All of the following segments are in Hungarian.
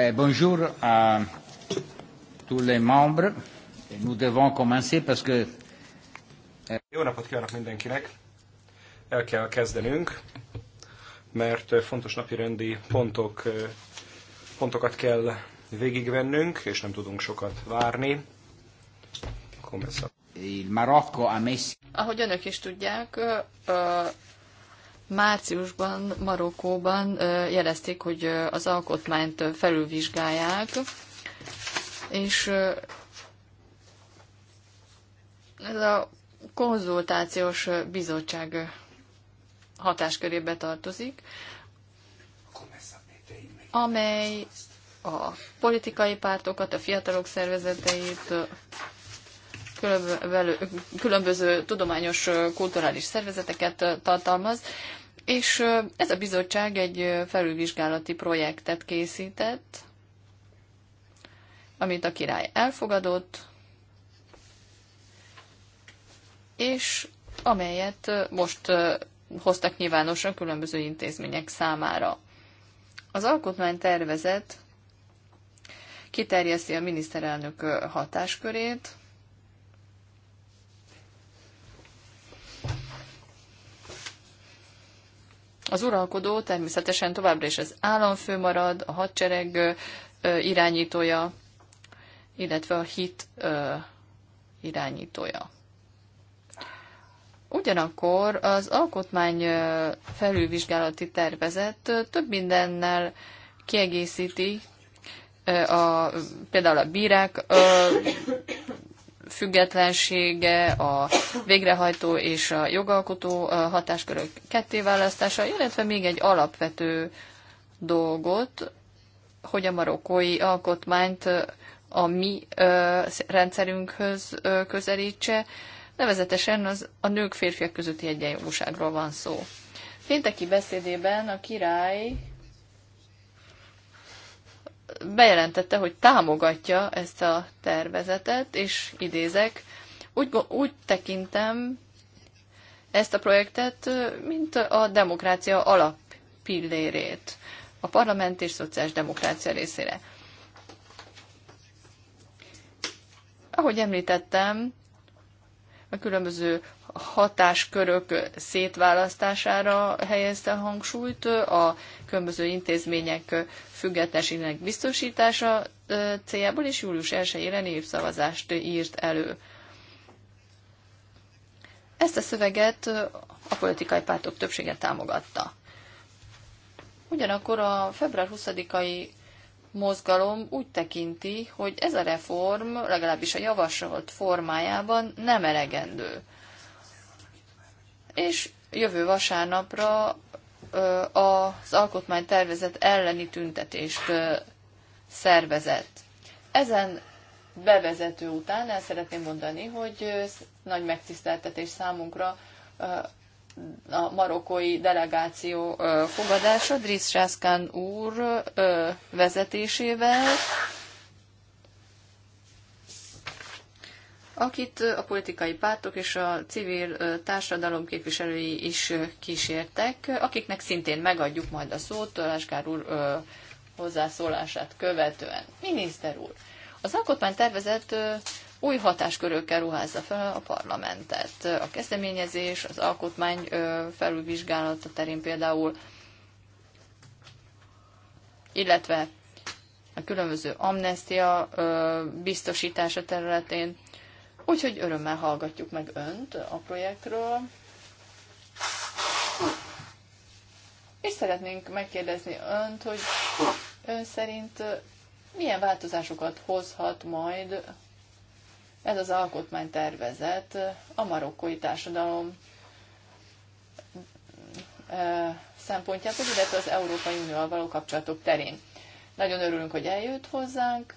Eh, bonjour à tous les membres. Nous devons commencer parce que... Eh, Jó napot kívánok mindenkinek! El kell kezdenünk, mert eh, fontos napi rendi pontok, eh, pontokat kell végigvennünk, és nem tudunk sokat várni. Il Marocco a messi... Ahogy önök is tudják, Márciusban Marokkóban jelezték, hogy az alkotmányt felülvizsgálják, és ez a konzultációs bizottság hatáskörébe tartozik, amely a politikai pártokat, a fiatalok szervezeteit, különböző tudományos kulturális szervezeteket tartalmaz, és ez a bizottság egy felülvizsgálati projektet készített, amit a király elfogadott, és amelyet most hoztak nyilvánosan különböző intézmények számára. Az alkotmánytervezet kiterjeszti a miniszterelnök hatáskörét, Az uralkodó természetesen továbbra is az államfő marad, a hadsereg irányítója, illetve a hit irányítója. Ugyanakkor az alkotmány felülvizsgálati tervezet több mindennel kiegészíti a, például a bírák függetlensége, a végrehajtó és a jogalkotó hatáskörök kettéválasztása, illetve még egy alapvető dolgot, hogy a marokkói alkotmányt a mi rendszerünkhöz közelítse, nevezetesen az a nők férfiak közötti egyenjogúságról van szó. Pénteki beszédében a király bejelentette, hogy támogatja ezt a tervezetet, és idézek, úgy, úgy tekintem ezt a projektet, mint a demokrácia alappillérét, a parlament és szociális demokrácia részére. Ahogy említettem, a különböző hatáskörök szétválasztására helyezte a hangsúlyt, a különböző intézmények függetlenségnek biztosítása céljából, és július 1-ére népszavazást írt elő. Ezt a szöveget a politikai pártok többsége támogatta. Ugyanakkor a február 20-ai mozgalom úgy tekinti, hogy ez a reform legalábbis a javasolt formájában nem elegendő. És jövő vasárnapra az alkotmánytervezet elleni tüntetést szervezett. Ezen bevezető után el szeretném mondani, hogy nagy megtiszteltetés számunkra a marokkói delegáció fogadása Driss Sászkán úr vezetésével, akit a politikai pártok és a civil társadalom képviselői is kísértek, akiknek szintén megadjuk majd a szót Láskár úr hozzászólását követően. Miniszter úr, az alkotmánytervezet új hatáskörökkel ruházza fel a parlamentet. A kezdeményezés, az alkotmány felülvizsgálata terén például, illetve a különböző amnestia biztosítása területén. Úgyhogy örömmel hallgatjuk meg Önt a projektről. És szeretnénk megkérdezni Önt, hogy Ön szerint milyen változásokat hozhat majd ez az alkotmánytervezet a marokkói társadalom e, szempontjából, illetve az Európai Unióval való kapcsolatok terén. Nagyon örülünk, hogy eljött hozzánk,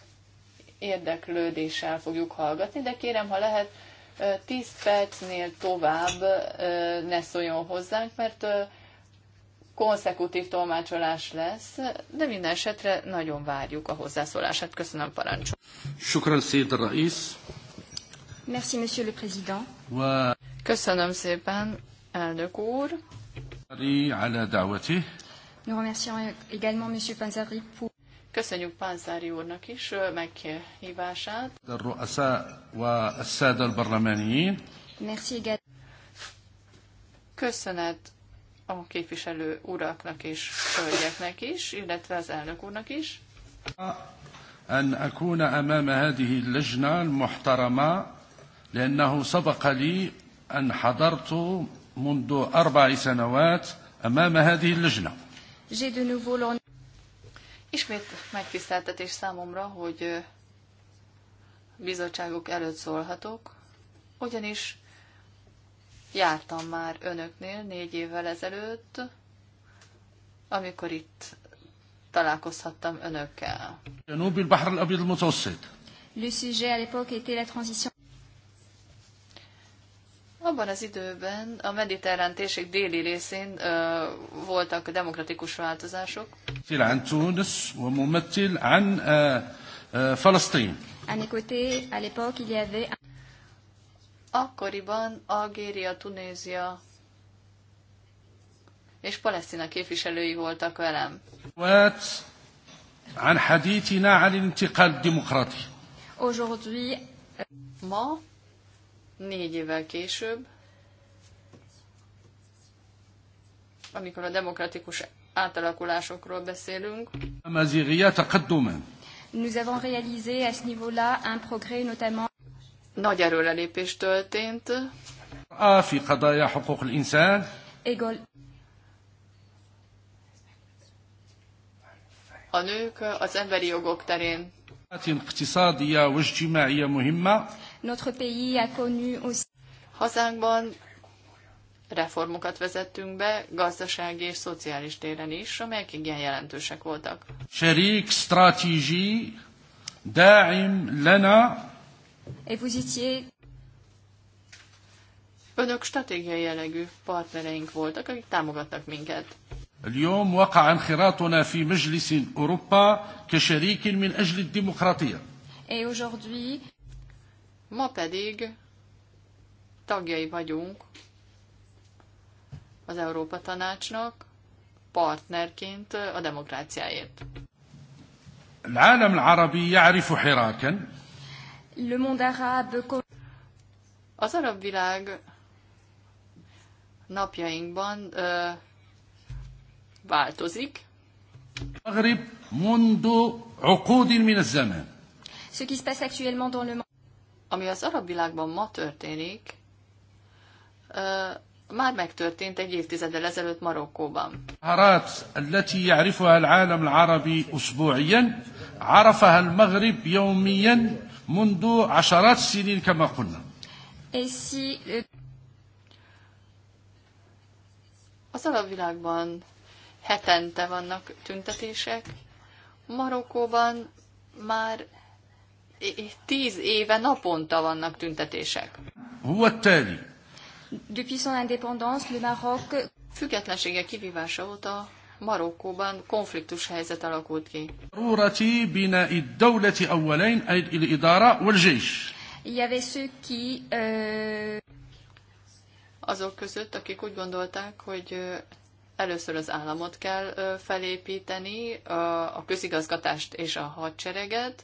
érdeklődéssel fogjuk hallgatni, de kérem, ha lehet, 10 percnél tovább ne szóljon hozzánk, mert konszekutív tolmácsolás lesz, de minden esetre nagyon várjuk a hozzászólását. Köszönöm, parancsol. Sokran szépen, Rais. Merci, Monsieur le Président. Köszönöm szépen, elnök úr. Nous remercions également Monsieur Panzari pour Köszönjük Pánzári úrnak is meghívását. Köszönet a képviselő uraknak és hölgyeknek is, illetve az elnök úrnak is. أن أكون أمام هذه اللجنة المحترمة لأنه سبق لي أن حضرت منذ أربع سنوات أمام هذه اللجنة. Ismét megtiszteltetés számomra, hogy bizottságok előtt szólhatok, ugyanis jártam már önöknél négy évvel ezelőtt, amikor itt találkozhattam önökkel. Le sujet à l'époque était la transition abban az időben a mediterrán térség déli részén ö, voltak demokratikus változások. Akkoriban Algéria, Tunézia és Palesztina képviselői voltak velem. Ma négy évvel később, amikor a demokratikus átalakulásokról beszélünk. Nous avons réalisé à ce niveau-là un progrès notamment nagy erőrelépés történt. في قضايا حقوق الإنسان. A nők az emberi jogok terén. Notre pays a connu aussi... Hazánkban reformokat vezettünk be gazdasági és szociális téren is, amelyek igen jelentősek voltak. Sherik stratégi dáim lena Önök stratégiai jellegű partnereink voltak, akik támogattak minket. اليوم وقع انخراطنا في مجلس أوروبا كشريك من أجل الديمقراطية. Et aujourd'hui, Ma pedig tagjai vagyunk az Európa Tanácsnak, partnerként a demokráciáért. Az arab világ napjainkban ö, változik. Ce qui se passe actuellement dans le monde ami az arab világban ma történik, már megtörtént egy évtizeddel ezelőtt Marokkóban. Harat, التي يعرفها العالم العربي أسبوعيا عرفها المغرب يوميا منذ عشرات السنين كما قلنا. Az arab világban hetente vannak tüntetések, Marokkóban már tíz éve naponta vannak tüntetések. Depuis son indépendance, le Maroc... Függetlensége kivívása óta Marokkóban konfliktus helyzet alakult ki. Euh, Azok között, akik úgy gondolták, hogy először az államot kell felépíteni, a közigazgatást és a hadsereget,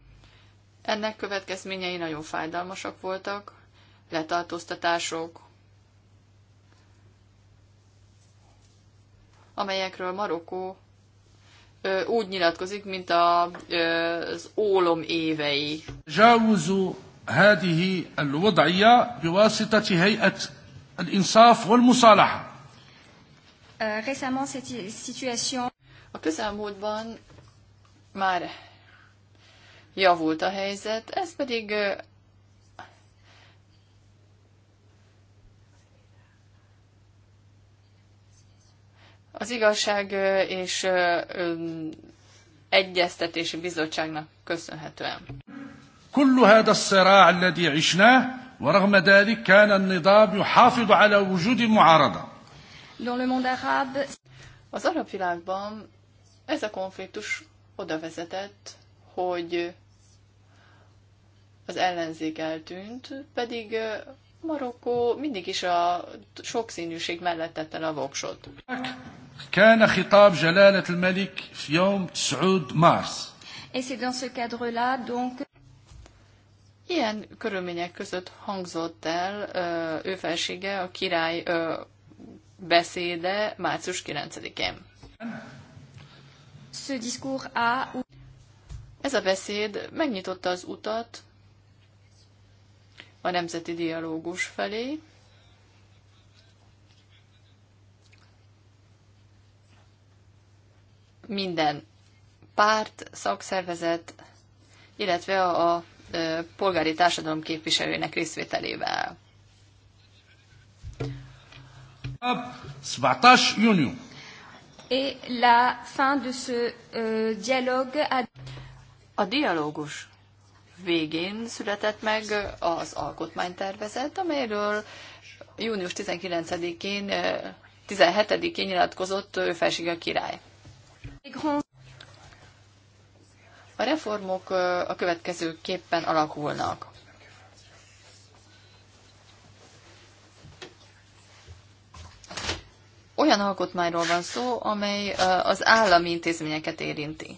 Ennek következményei nagyon fájdalmasak voltak, letartóztatások, amelyekről Marokkó úgy nyilatkozik, mint a, az ólom évei. جاوزوا هذه الوضعية بواسطة هيئة الإنصاف والمصالحة. Récemment, cette situation... A közelmúltban már javult a helyzet, ez pedig az igazság és egyeztetési bizottságnak köszönhetően. Kullu كل هذا الصراع الذي عشناه ورغم ذلك كان النظام يحافظ على وجود المعارضة. Az arab világban ez a konfliktus oda vezetett, hogy az ellenzék eltűnt, pedig Marokkó mindig is a sokszínűség mellett tette a voksot. كان خطاب جلالة الملك في يوم 9 مارس. Et c'est dans ce cadre-là donc Ilyen körülmények között hangzott el ö, ő felsége, a király ö, beszéde március 9-én. Ez a beszéd megnyitotta az utat a nemzeti dialógus felé. Minden párt, szakszervezet, illetve a polgári társadalom képviselőinek részvételével. Et la fin de ce euh, dialogue a... A dialógus végén született meg az alkotmánytervezet, amelyről június 19-én, 17-én eh, nyilatkozott a eh, király. A reformok eh, a következőképpen alakulnak. Olyan alkotmányról van szó, amely az állami intézményeket érinti.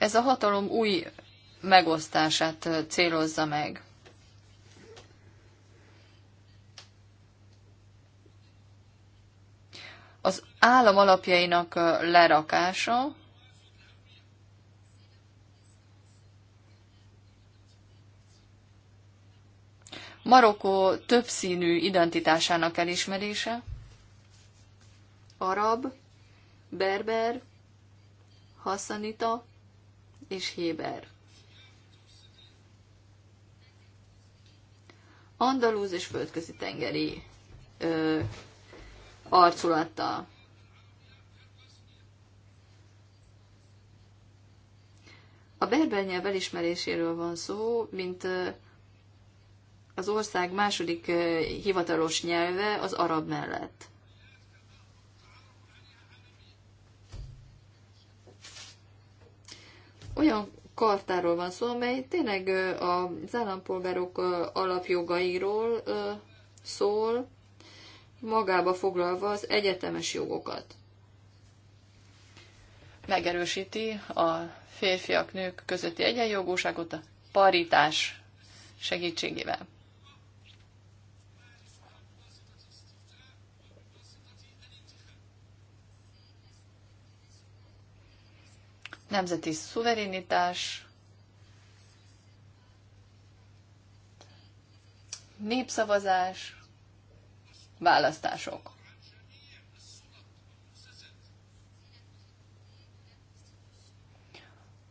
Ez a hatalom új megosztását célozza meg. Az állam alapjainak lerakása, Marokkó többszínű identitásának elismerése, arab, berber, haszanita, és Héber. Andalúz és földközi tengeri ö, arculattal. A berber nyelv elismeréséről van szó, mint az ország második hivatalos nyelve az arab mellett. olyan kartáról van szó, amely tényleg az állampolgárok alapjogairól szól, magába foglalva az egyetemes jogokat. Megerősíti a férfiak-nők közötti egyenjogúságot a paritás segítségével. nemzeti szuverenitás, népszavazás, választások.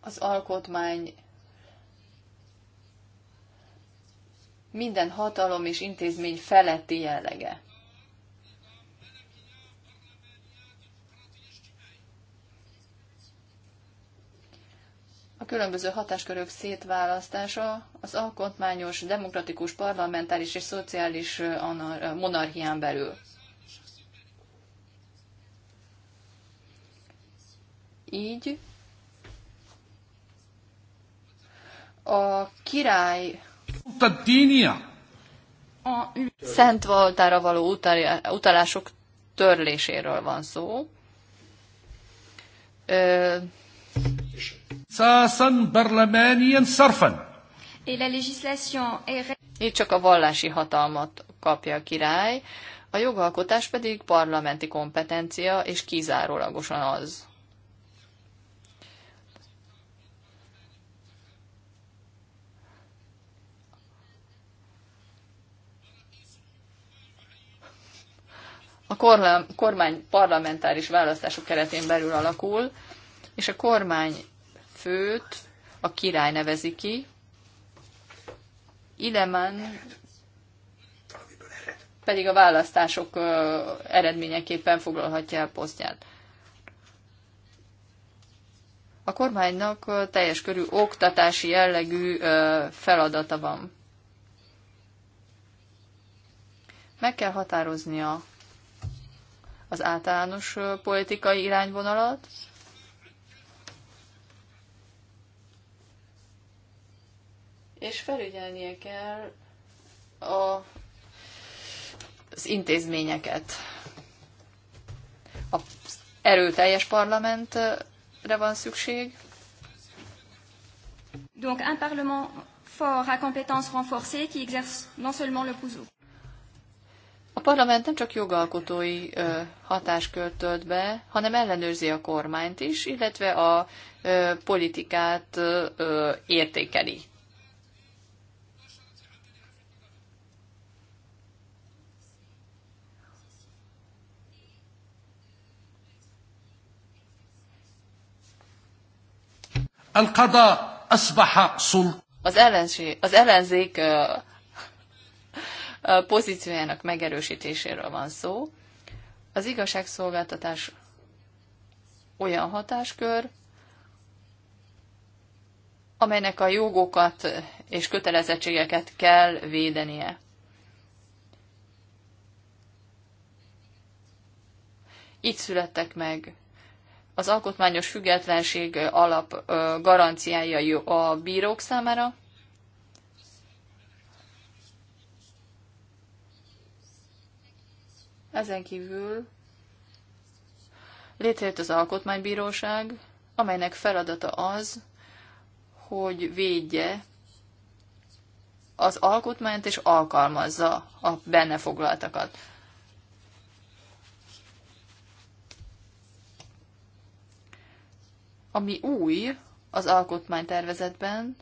Az alkotmány minden hatalom és intézmény feletti jellege. különböző hatáskörök szétválasztása az alkotmányos, demokratikus, parlamentáris és szociális monarchián belül. Így a király a Szent Voltára való utalások törléséről van szó. Itt csak a vallási hatalmat kapja a király, a jogalkotás pedig parlamenti kompetencia, és kizárólagosan az. a kormány parlamentáris választások keretén belül alakul, és a kormány főt a király nevezi ki, Ideman pedig a választások eredményeképpen foglalhatja el posztját. A kormánynak teljes körű oktatási jellegű feladata van. Meg kell határoznia az általános politikai irányvonalat, és felügyelnie kell a, az intézményeket. A erőteljes parlamentre van szükség. Donc un parlement fort à compétences renforcées qui exerce non seulement le pouvoir. A parlament nem csak jogalkotói ö, hatáskört tölt be, hanem ellenőrzi a kormányt is, illetve a ö, politikát ö, értékeli. القضاء أصبح سلطة az, ellenség, az ellenzék pozíciójának megerősítéséről van szó. Az igazságszolgáltatás olyan hatáskör, amelynek a jogokat és kötelezettségeket kell védenie. Így születtek meg az alkotmányos függetlenség alap garanciája a bírók számára, Ezen kívül létrejött az Alkotmánybíróság, amelynek feladata az, hogy védje az alkotmányt és alkalmazza a benne foglaltakat. ami új az alkotmánytervezetben,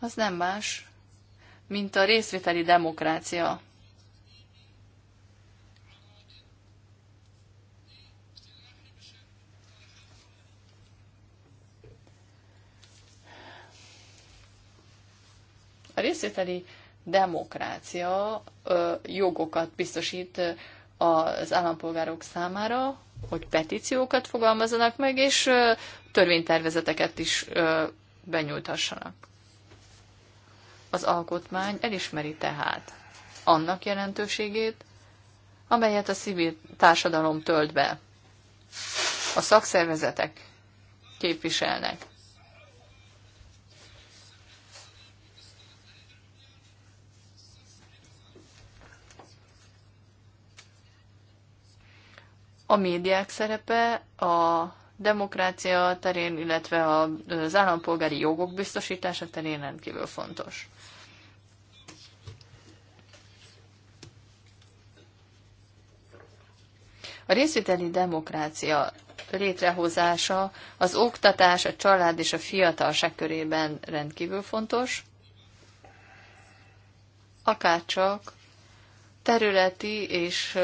az nem más, mint a részvételi demokrácia. A részvételi demokrácia ö, jogokat biztosít az állampolgárok számára, hogy petíciókat fogalmazanak meg, és törvénytervezeteket is benyújthassanak. Az alkotmány elismeri tehát annak jelentőségét, amelyet a civil társadalom tölt be. A szakszervezetek képviselnek. A médiák szerepe a demokrácia terén, illetve az állampolgári jogok biztosítása terén rendkívül fontos. A részvételi demokrácia létrehozása az oktatás, a család és a fiatalság körében rendkívül fontos, akárcsak területi és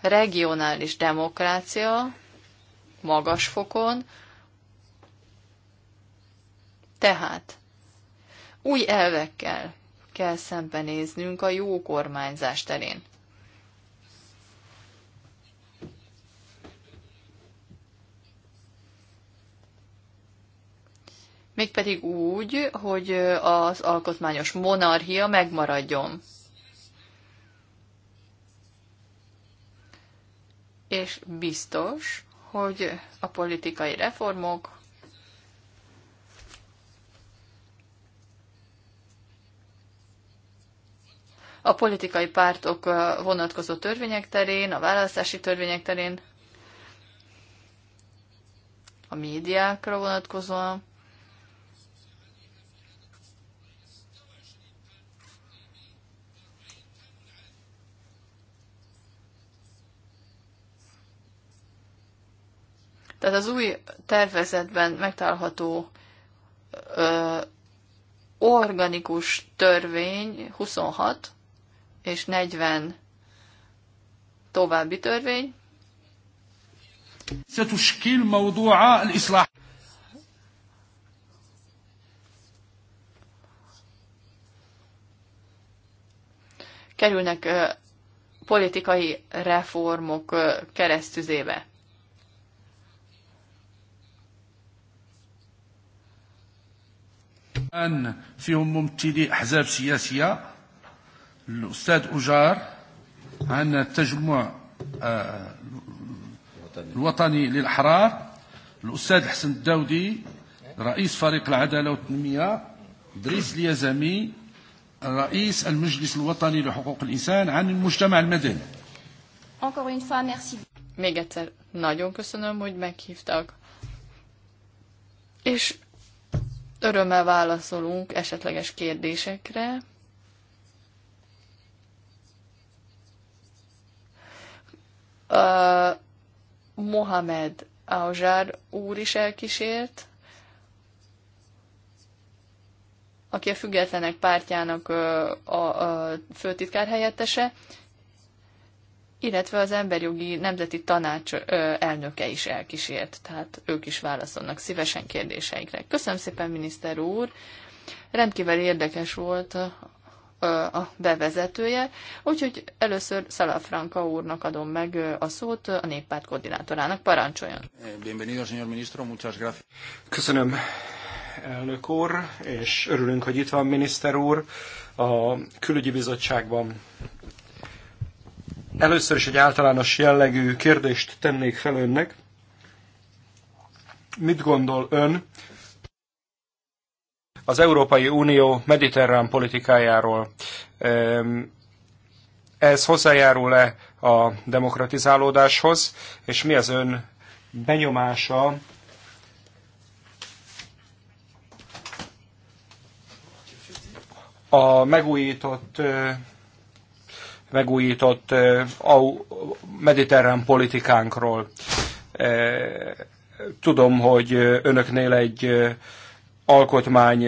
regionális demokrácia, magas fokon. Tehát új elvekkel kell szembenéznünk a jó kormányzás terén. mégpedig úgy, hogy az alkotmányos monarchia megmaradjon. És biztos, hogy a politikai reformok a politikai pártok vonatkozó törvények terén, a választási törvények terén, a médiákra vonatkozóan, Tehát az új tervezetben megtalálható ö, organikus törvény 26 és 40 további törvény. kerülnek ö, politikai reformok ö, keresztüzébe. أن فيهم ممثلي أحزاب سياسية الأستاذ أجار عن التجمع الوطني للأحرار الأستاذ حسن الداودي رئيس فريق العدالة والتنمية دريس اليزمي رئيس المجلس الوطني لحقوق الإنسان عن المجتمع المدني Encore une fois, merci. Még egyszer, nagyon köszönöm, hogy meghívtak. És Örömmel válaszolunk esetleges kérdésekre. Uh, Mohamed Auzsár úr is elkísért, aki a függetlenek pártjának a, a főtitkár helyettese, illetve az emberjogi nemzeti tanács elnöke is elkísért, tehát ők is válaszolnak szívesen kérdéseikre. Köszönöm szépen, miniszter úr! Rendkívül érdekes volt a bevezetője, úgyhogy először Szalafranka úrnak adom meg a szót a néppárt koordinátorának. Parancsoljon! Bienvenido, señor ministro, muchas gracias. Köszönöm, elnök úr, és örülünk, hogy itt van miniszter úr a külügyi bizottságban Először is egy általános jellegű kérdést tennék fel önnek. Mit gondol ön az Európai Unió mediterrán politikájáról? Ez hozzájárul-e a demokratizálódáshoz, és mi az ön benyomása a megújított megújított mediterrán politikánkról. Tudom, hogy önöknél egy alkotmány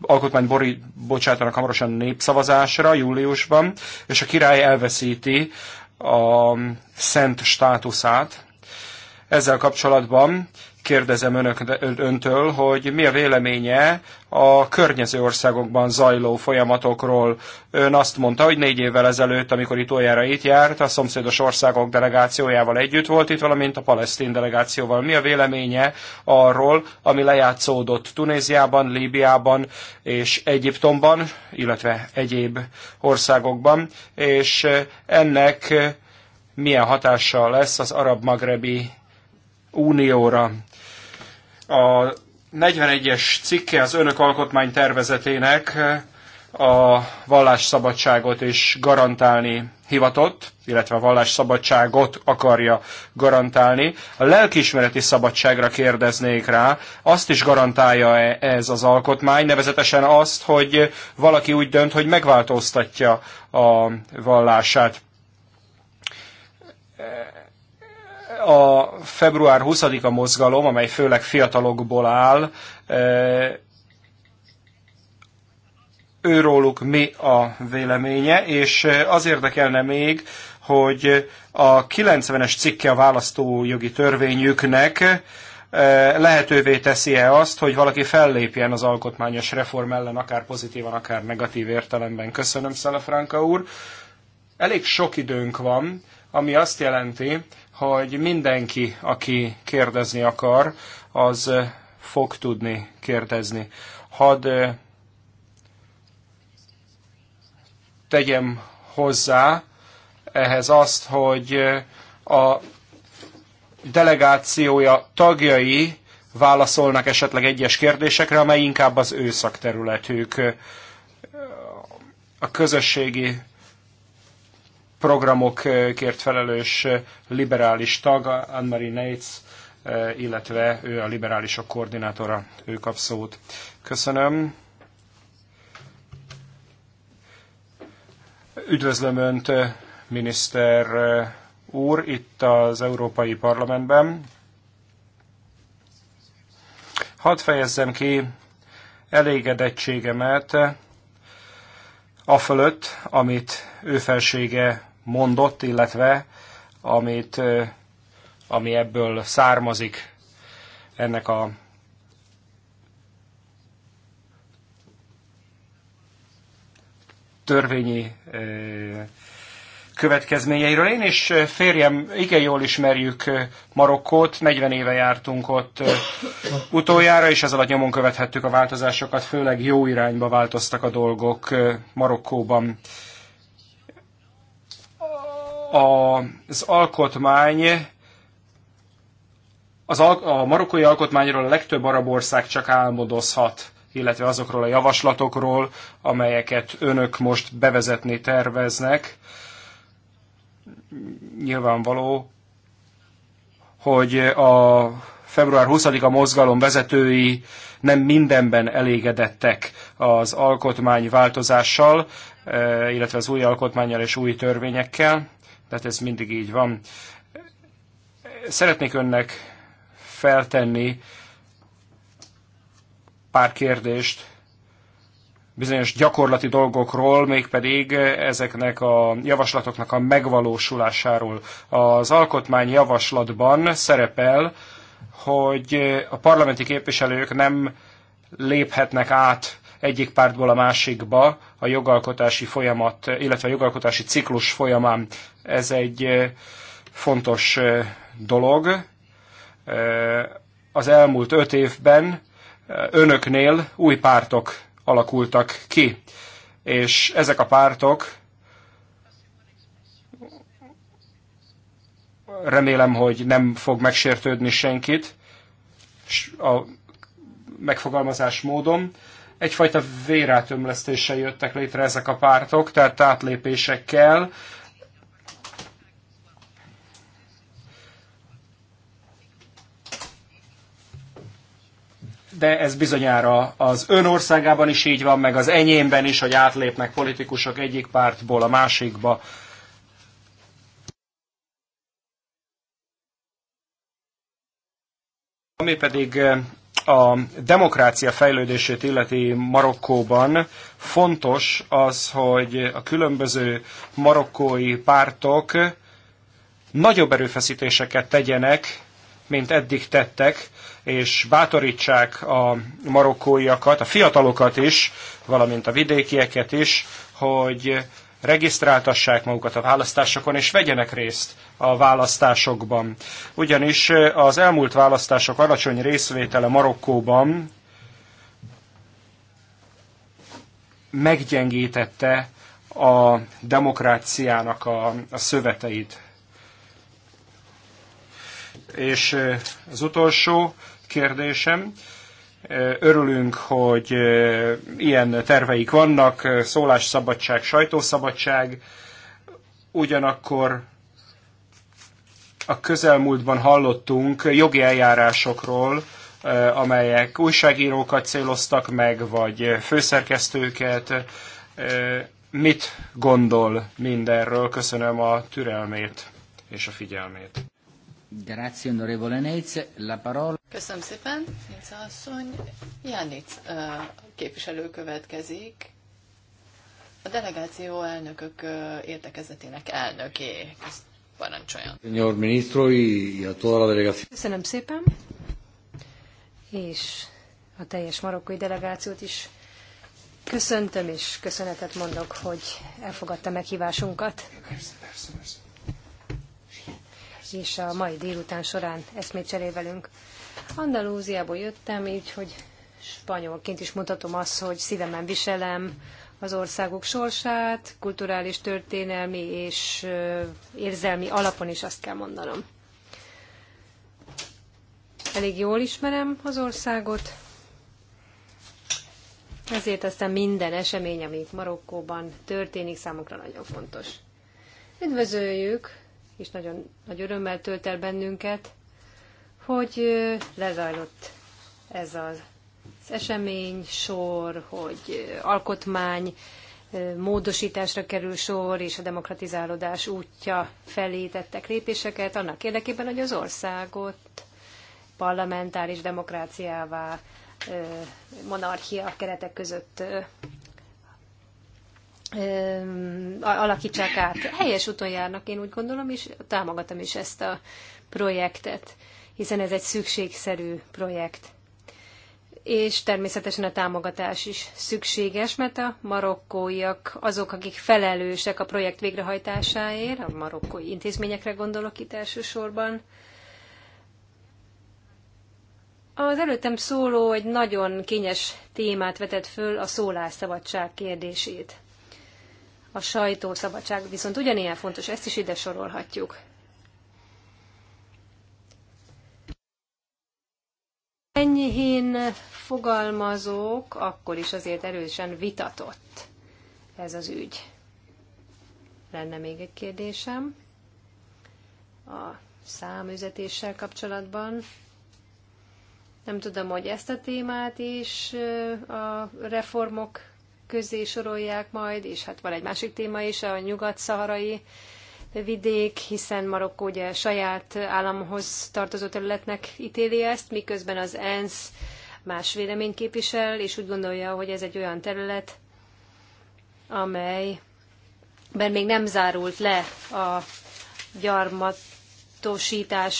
alkotmány borít, bocsátanak hamarosan népszavazásra júliusban, és a király elveszíti a szent státuszát. Ezzel kapcsolatban kérdezem önök, öntől, hogy mi a véleménye a környező országokban zajló folyamatokról. Ön azt mondta, hogy négy évvel ezelőtt, amikor olyára itt járt, a szomszédos országok delegációjával együtt volt itt, valamint a palesztin delegációval. Mi a véleménye arról, ami lejátszódott Tunéziában, Líbiában és Egyiptomban, illetve egyéb országokban, és ennek milyen hatással lesz az arab-magrebi unióra. A 41-es cikke az önök tervezetének a vallásszabadságot is garantálni hivatott, illetve a vallásszabadságot akarja garantálni. A lelkiismereti szabadságra kérdeznék rá, azt is garantálja -e ez az alkotmány, nevezetesen azt, hogy valaki úgy dönt, hogy megváltoztatja a vallását a február 20-a mozgalom, amely főleg fiatalokból áll, e, őróluk mi a véleménye, és az érdekelne még, hogy a 90-es cikke a választójogi törvényüknek e, lehetővé teszi-e azt, hogy valaki fellépjen az alkotmányos reform ellen, akár pozitívan, akár negatív értelemben. Köszönöm, Szelefranka úr. Elég sok időnk van, ami azt jelenti, hogy mindenki, aki kérdezni akar, az eh, fog tudni kérdezni. Hadd eh, tegyem hozzá ehhez azt, hogy eh, a delegációja tagjai válaszolnak esetleg egyes kérdésekre, amely inkább az ő szakterületük. A közösségi programokért felelős liberális tag, Anne-Marie Neitz, eh, illetve ő a liberálisok koordinátora, ő kap szót. Köszönöm. Üdvözlöm Önt, miniszter eh, úr, itt az Európai Parlamentben. Hadd fejezzem ki elégedettségemet afölött, amit ő felsége mondott, illetve amit, ami ebből származik ennek a törvényi következményeiről. Én és férjem igen jól ismerjük Marokkót, 40 éve jártunk ott utoljára, és ez alatt nyomon követhettük a változásokat, főleg jó irányba változtak a dolgok Marokkóban az alkotmány az al- a marokkói alkotmányról a legtöbb arab ország csak álmodozhat, illetve azokról a javaslatokról, amelyeket önök most bevezetni terveznek. Nyilvánvaló, hogy a február 20-a mozgalom vezetői nem mindenben elégedettek az alkotmány változással, eh, illetve az új alkotmányjal és új törvényekkel tehát ez mindig így van. Szeretnék önnek feltenni pár kérdést bizonyos gyakorlati dolgokról, mégpedig ezeknek a javaslatoknak a megvalósulásáról. Az alkotmány javaslatban szerepel, hogy a parlamenti képviselők nem léphetnek át egyik pártból a másikba a jogalkotási folyamat, illetve a jogalkotási ciklus folyamán. Ez egy fontos dolog. Az elmúlt öt évben önöknél új pártok alakultak ki, és ezek a pártok remélem, hogy nem fog megsértődni senkit a megfogalmazás módon egyfajta vérátömlesztéssel jöttek létre ezek a pártok, tehát átlépésekkel. de ez bizonyára az ön országában is így van, meg az enyémben is, hogy átlépnek politikusok egyik pártból a másikba. Ami pedig eh, a demokrácia fejlődését illeti Marokkóban fontos az, hogy a különböző marokkói pártok nagyobb erőfeszítéseket tegyenek, mint eddig tettek, és bátorítsák a marokkóiakat, a fiatalokat is, valamint a vidékieket is, hogy regisztráltassák magukat a választásokon, és vegyenek részt a választásokban. Ugyanis az elmúlt választások alacsony részvétele Marokkóban meggyengítette a demokráciának a, a szöveteit. És az utolsó kérdésem, Örülünk, hogy ilyen terveik vannak, szólásszabadság, sajtószabadság, ugyanakkor a közelmúltban hallottunk jogi eljárásokról, amelyek újságírókat céloztak meg, vagy főszerkesztőket. Mit gondol mindenről? Köszönöm a türelmét és a figyelmét. Grazie, onorevole Neitz. La parola... Köszönöm szépen, Neitz asszony. Jánic képviselő következik. A delegáció elnökök értekezletének elnöké. Parancsoljon. Señor ministro y a toda la delegación. Köszönöm szépen, és a teljes marokkói delegációt is köszöntöm, és köszönetet mondok, hogy elfogadta meghívásunkat. Persze, persze, persze és a mai délután során eszmét cserél velünk. Andalúziából jöttem, így, hogy spanyolként is mutatom azt, hogy szívemen viselem az országok sorsát, kulturális, történelmi és érzelmi alapon is azt kell mondanom. Elég jól ismerem az országot, ezért aztán minden esemény, ami Marokkóban történik, számukra nagyon fontos. Üdvözöljük és nagyon nagy örömmel tölt el bennünket, hogy lezajlott ez az esemény, sor, hogy alkotmány módosításra kerül sor, és a demokratizálódás útja felé tettek lépéseket, annak érdekében, hogy az országot parlamentáris demokráciává, monarchia keretek között alakítsák át. Helyes úton járnak, én úgy gondolom, és támogatom is ezt a projektet, hiszen ez egy szükségszerű projekt. És természetesen a támogatás is szükséges, mert a marokkóiak azok, akik felelősek a projekt végrehajtásáért, a marokkói intézményekre gondolok itt elsősorban, az előttem szóló egy nagyon kényes témát vetett föl, a szólásszabadság kérdését. A sajtószabadság viszont ugyanilyen fontos, ezt is ide sorolhatjuk. Enyhén fogalmazók, akkor is azért erősen vitatott ez az ügy. Lenne még egy kérdésem a számüzetéssel kapcsolatban. Nem tudom, hogy ezt a témát is a reformok közé sorolják majd, és hát van egy másik téma is, a nyugat-szaharai vidék, hiszen Marokkó ugye saját államhoz tartozó területnek ítéli ezt, miközben az ENSZ más véleményt képvisel, és úgy gondolja, hogy ez egy olyan terület, amelyben még nem zárult le a gyarmatosítás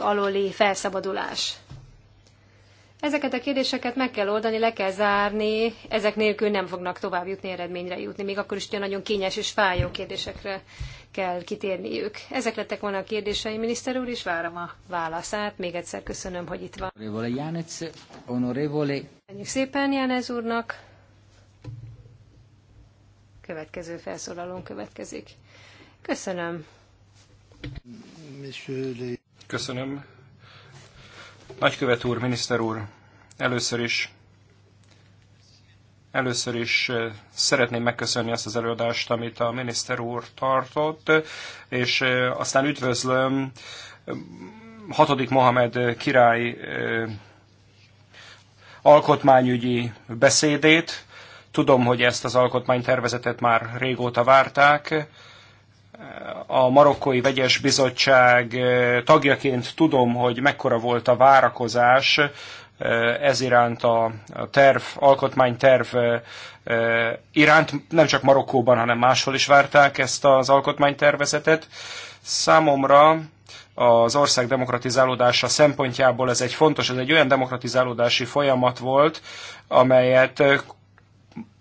alóli felszabadulás. Ezeket a kérdéseket meg kell oldani, le kell zárni, ezek nélkül nem fognak tovább jutni, eredményre jutni, még akkor is, hogy nagyon kényes és fájó kérdésekre kell kitérniük. Ezek lettek volna a kérdései, miniszter úr, és várom a válaszát. Még egyszer köszönöm, hogy itt van. Köszönjük szépen Jánez úrnak. Következő felszólalón következik. Köszönöm. Köszönöm, Nagykövet úr, miniszter úr, először is, először is eh, szeretném megköszönni azt az előadást, amit a miniszter úr tartott, és eh, aztán üdvözlöm eh, hatodik Mohamed király alkotmányügyi beszédét. Tudom, hogy ezt az alkotmánytervezetet már régóta várták, a Marokkói Vegyes Bizottság eh, tagjaként tudom, hogy mekkora volt a várakozás eh, ez iránt a terv, alkotmányterv eh, iránt, nem csak Marokkóban, hanem máshol is várták ezt az alkotmánytervezetet. Számomra az ország demokratizálódása szempontjából ez egy fontos, ez egy olyan demokratizálódási folyamat volt, amelyet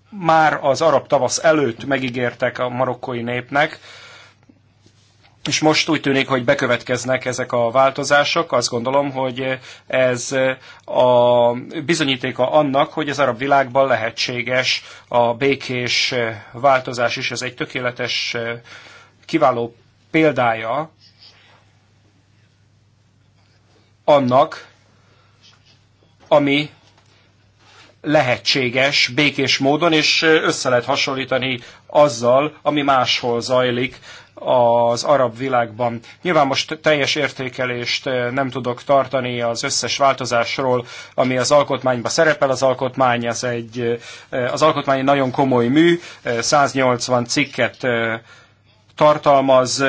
már az arab tavasz előtt megígértek a marokkói népnek, és most úgy tűnik, hogy bekövetkeznek ezek a változások. Azt gondolom, hogy ez a bizonyítéka annak, hogy az arab világban lehetséges a békés változás is. Ez egy tökéletes, kiváló példája annak, ami lehetséges, békés módon, és össze lehet hasonlítani azzal, ami máshol zajlik az arab világban. Nyilván most teljes értékelést eh, nem tudok tartani az összes változásról, ami az alkotmányban szerepel. Az alkotmány az egy, eh, az alkotmány egy nagyon komoly mű, 180 eh, cikket tartalmaz,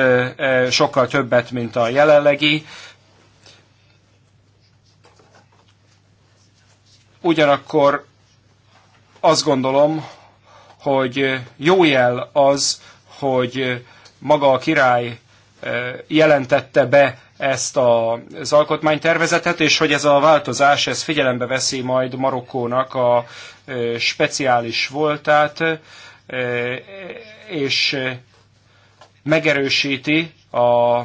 sokkal többet, mint a jelenlegi. Ugyanakkor azt gondolom, hogy jó jel az, hogy maga a király eh, jelentette be ezt a, az alkotmánytervezetet, és hogy ez a változás ez figyelembe veszi majd Marokkónak a eh, speciális voltát, eh, és megerősíti a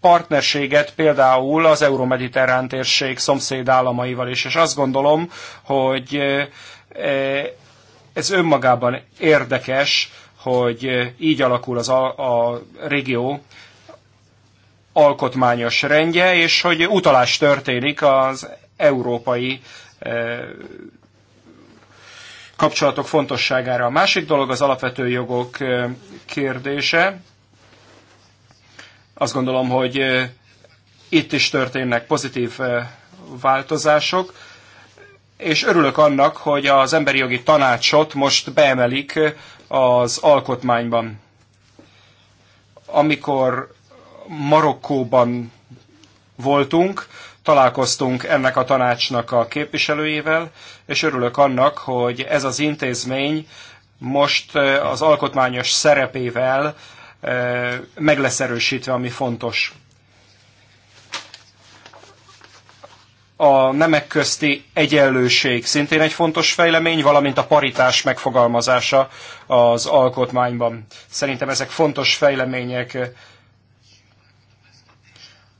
partnerséget például az euromediterrán térség szomszéd államaival is, és azt gondolom, hogy ez önmagában érdekes, hogy így alakul az a, a régió alkotmányos rendje, és hogy utalás történik az európai kapcsolatok fontosságára. A másik dolog az alapvető jogok kérdése. Azt gondolom, hogy itt is történnek pozitív változások, és örülök annak, hogy az emberi jogi tanácsot most beemelik az alkotmányban. Amikor Marokkóban voltunk, találkoztunk ennek a tanácsnak a képviselőjével, és örülök annak, hogy ez az intézmény most az alkotmányos szerepével meg lesz erősítve, ami fontos. a nemek közti egyenlőség szintén egy fontos fejlemény, valamint a paritás megfogalmazása az alkotmányban. Szerintem ezek fontos fejlemények.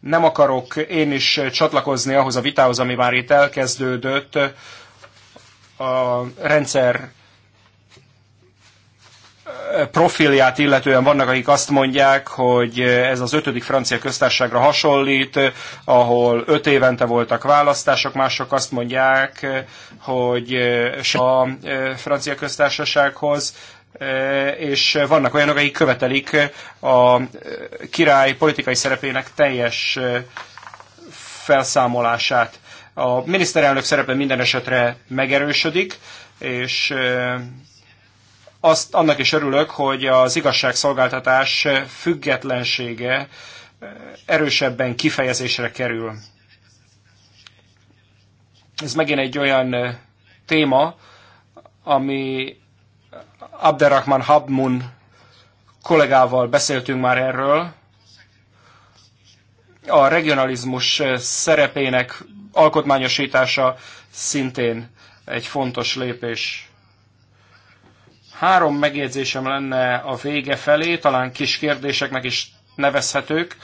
Nem akarok én is csatlakozni ahhoz a vitához, ami már itt elkezdődött, a rendszer profilját illetően vannak, akik azt mondják, hogy ez az ötödik francia köztársaságra hasonlít, ahol öt évente voltak választások, mások azt mondják, hogy a e, francia köztársasághoz, e, és vannak olyanok, akik követelik a király politikai szerepének teljes e, felszámolását. A miniszterelnök szerepe minden esetre megerősödik, és azt annak is örülök, hogy az igazságszolgáltatás függetlensége eh, erősebben kifejezésre kerül. Ez megint egy olyan eh, téma, ami Abderrahman Habmun kollégával beszéltünk már erről. A regionalizmus eh, szerepének alkotmányosítása szintén egy fontos lépés. Három megjegyzésem lenne a vége felé, talán kis kérdéseknek is nevezhetők.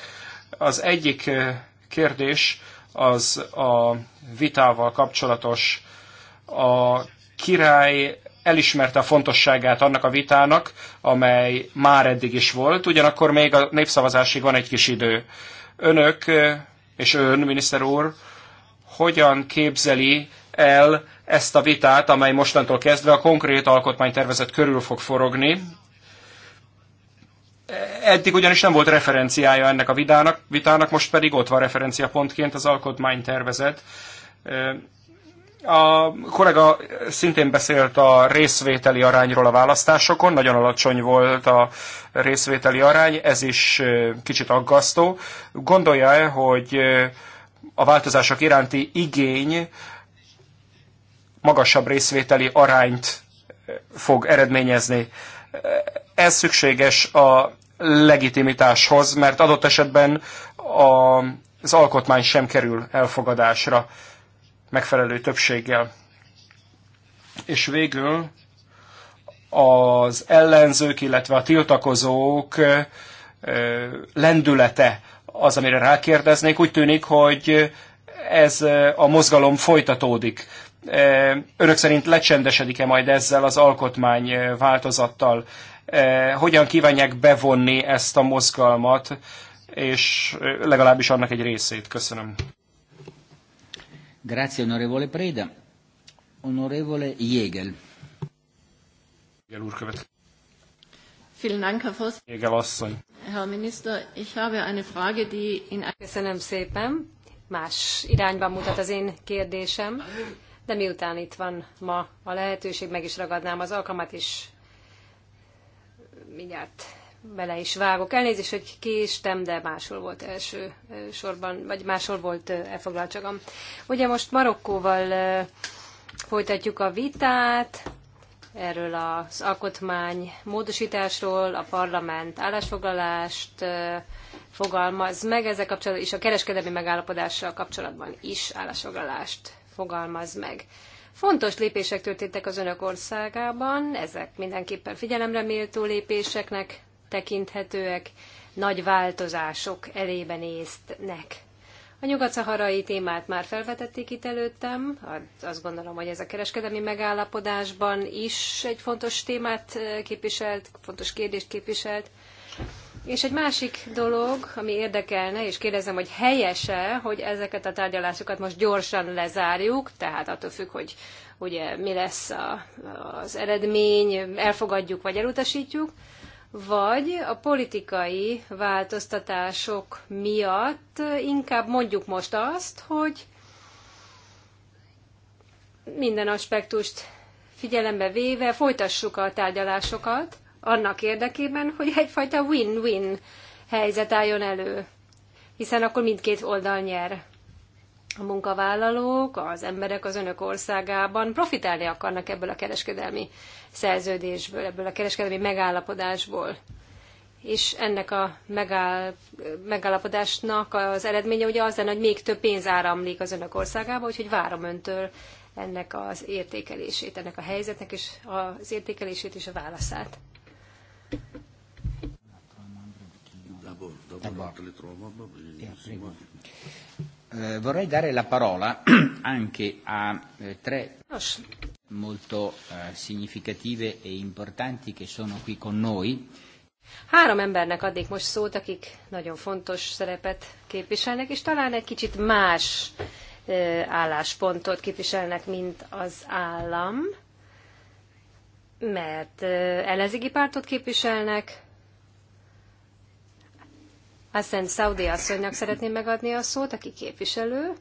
Az egyik eh, kérdés az a vitával kapcsolatos. A király elismerte a fontosságát annak a vitának, amely már eddig is volt, ugyanakkor még a népszavazásig van egy kis idő. Önök eh, és ön, miniszter úr, hogyan képzeli el ezt a vitát, amely mostantól kezdve a konkrét alkotmánytervezet körül fog forogni. Eddig ugyanis nem volt referenciája ennek a vitának, vitának most pedig ott van referenciapontként az alkotmánytervezet. A kollega szintén beszélt a részvételi arányról a választásokon, nagyon alacsony volt a részvételi arány, ez is kicsit aggasztó. Gondolja-e, hogy a változások iránti igény magasabb részvételi arányt eh, fog eredményezni. Eh, ez szükséges a legitimitáshoz, mert adott esetben a, az alkotmány sem kerül elfogadásra megfelelő többséggel. És végül az ellenzők, illetve a tiltakozók eh, lendülete az, amire rákérdeznék. Úgy tűnik, hogy ez a mozgalom folytatódik örök szerint lecsendesedik-e majd ezzel az alkotmány változattal? Hogyan kívánják bevonni ezt a mozgalmat, és legalábbis annak egy részét? Köszönöm. Grazie, onorevole Preda. Onorevole Jégel. Jégel úr követ. Vielen Dank, Herr Voss. Jégel asszony. Herr Minister, ich habe eine Frage, die in... Köszönöm szépen. Más irányban mutat az én kérdésem de miután itt van ma a lehetőség, meg is ragadnám az alkalmat, és mindjárt bele is vágok. Elnézést, hogy késtem, de máshol volt első sorban, vagy máshol volt elfoglaltságom. Ugye most Marokkóval folytatjuk a vitát, erről az alkotmány módosításról, a parlament állásfoglalást fogalmaz meg ezzel kapcsolatban, és a kereskedelmi megállapodással kapcsolatban is állásfoglalást fogalmaz meg. Fontos lépések történtek az önök országában, ezek mindenképpen figyelemre méltó lépéseknek tekinthetőek, nagy változások elébe néztnek. A nyugat-szaharai témát már felvetették itt előttem, hát azt gondolom, hogy ez a kereskedelmi megállapodásban is egy fontos témát eh, képviselt, fontos kérdést képviselt. És egy másik dolog, ami érdekelne, és kérdezem, hogy helyese, hogy ezeket a tárgyalásokat most gyorsan lezárjuk, tehát attól függ, hogy ugye mi lesz a, az eredmény, elfogadjuk vagy elutasítjuk, vagy a politikai változtatások miatt inkább mondjuk most azt, hogy minden aspektust figyelembe véve folytassuk a tárgyalásokat, annak érdekében, hogy egyfajta win-win helyzet álljon elő, hiszen akkor mindkét oldal nyer. A munkavállalók, az emberek az önök országában profitálni akarnak ebből a kereskedelmi szerződésből, ebből a kereskedelmi megállapodásból. És ennek a megáll, megállapodásnak az eredménye ugye az lenne, hogy még több pénz áramlik az önök országába, úgyhogy várom öntől ennek az értékelését, ennek a helyzetnek és az értékelését és a válaszát. Eh, vorrei dare la parola anche a eh, tre molto eh, significative e importanti che sono qui con noi. Három embernek adnék most szót, akik nagyon fontos szerepet képviselnek, és talán egy kicsit más álláspontot képviselnek, mint az állam, mert ellenzéki pártot képviselnek, aztán Saudi asszonynak szeretném megadni a szót, aki képviselő,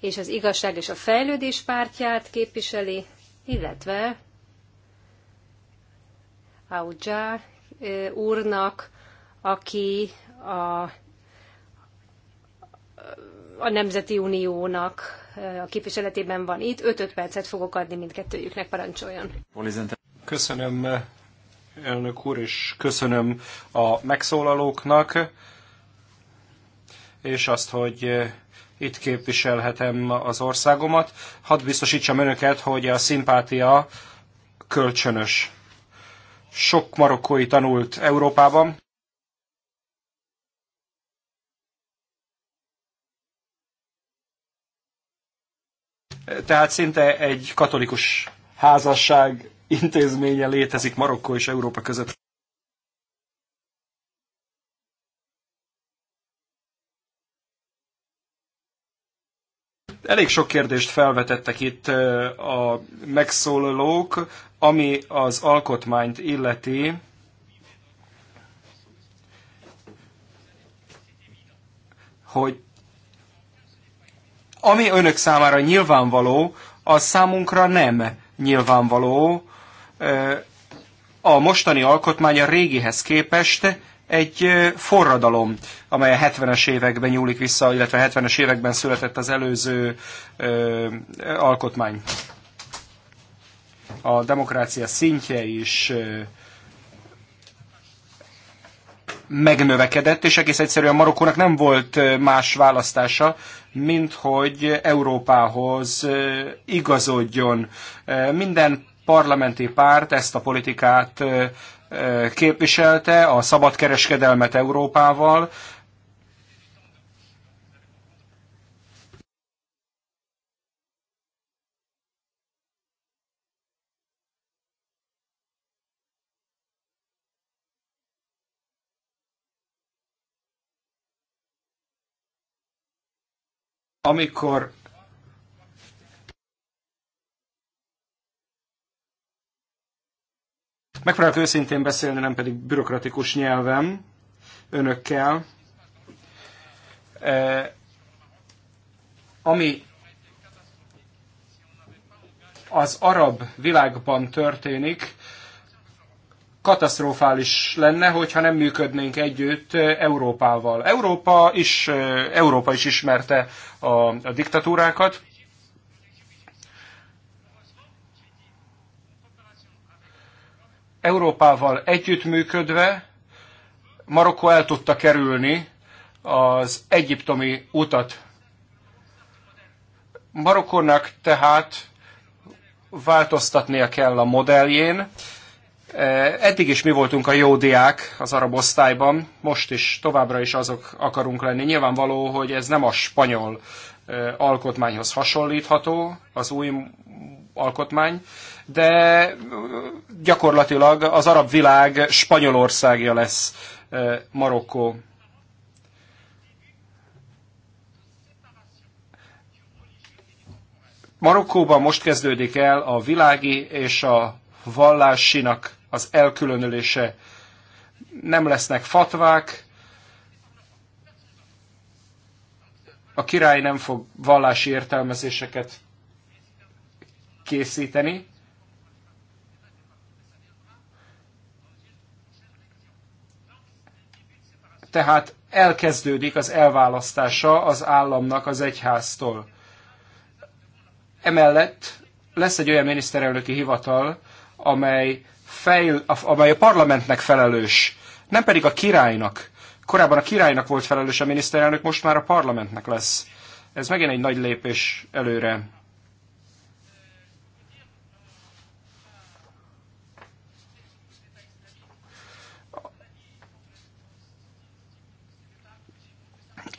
és az igazság és a fejlődés pártját képviseli, illetve Audja úrnak, aki a, a Nemzeti Uniónak a képviseletében van itt. 5-5 percet fogok adni mindkettőjüknek, parancsoljon. Köszönöm elnök úr, és köszönöm a megszólalóknak, és azt, hogy eh, itt képviselhetem az országomat. Hadd biztosítsam önöket, hogy a szimpátia kölcsönös. Sok marokkói tanult Európában. Tehát szinte egy katolikus házasság intézménye létezik Marokkó és Európa között. Elég sok kérdést felvetettek itt a megszólalók, ami az alkotmányt illeti. hogy ami önök számára nyilvánvaló, az számunkra nem nyilvánvaló, a mostani alkotmány a régihez képest egy forradalom, amely a 70-es években nyúlik vissza, illetve 70-es években született az előző ö, alkotmány. A demokrácia szintje is ö, megnövekedett, és egész egyszerűen Marokkónak nem volt más választása, mint hogy Európához igazodjon. Minden parlamenti párt ezt a politikát képviselte, a szabad kereskedelmet Európával, amikor Megpróbálok őszintén beszélni, nem pedig bürokratikus nyelvem önökkel. Eh, ami az arab világban történik, katasztrofális lenne, hogyha nem működnénk együtt Európával. Európa is, eh, Európa is ismerte a, a diktatúrákat, Európával együttműködve Marokko el tudta kerülni az egyiptomi utat. Marokkónak tehát változtatnia kell a modelljén. E, eddig is mi voltunk a jó diák az arab osztályban, most is továbbra is azok akarunk lenni. Nyilvánvaló, hogy ez nem a spanyol e, alkotmányhoz hasonlítható, az új alkotmány, de gyakorlatilag az arab világ Spanyolországja lesz eh, Marokkó. Marokkóban most kezdődik el a világi és a vallásinak az elkülönülése. Nem lesznek fatvák, a király nem fog vallási értelmezéseket készíteni. Tehát elkezdődik az elválasztása az államnak az egyháztól. Emellett lesz egy olyan miniszterelnöki hivatal, amely, fejl, amely a parlamentnek felelős, nem pedig a királynak. Korábban a királynak volt felelős a miniszterelnök, most már a parlamentnek lesz. Ez megint egy nagy lépés előre.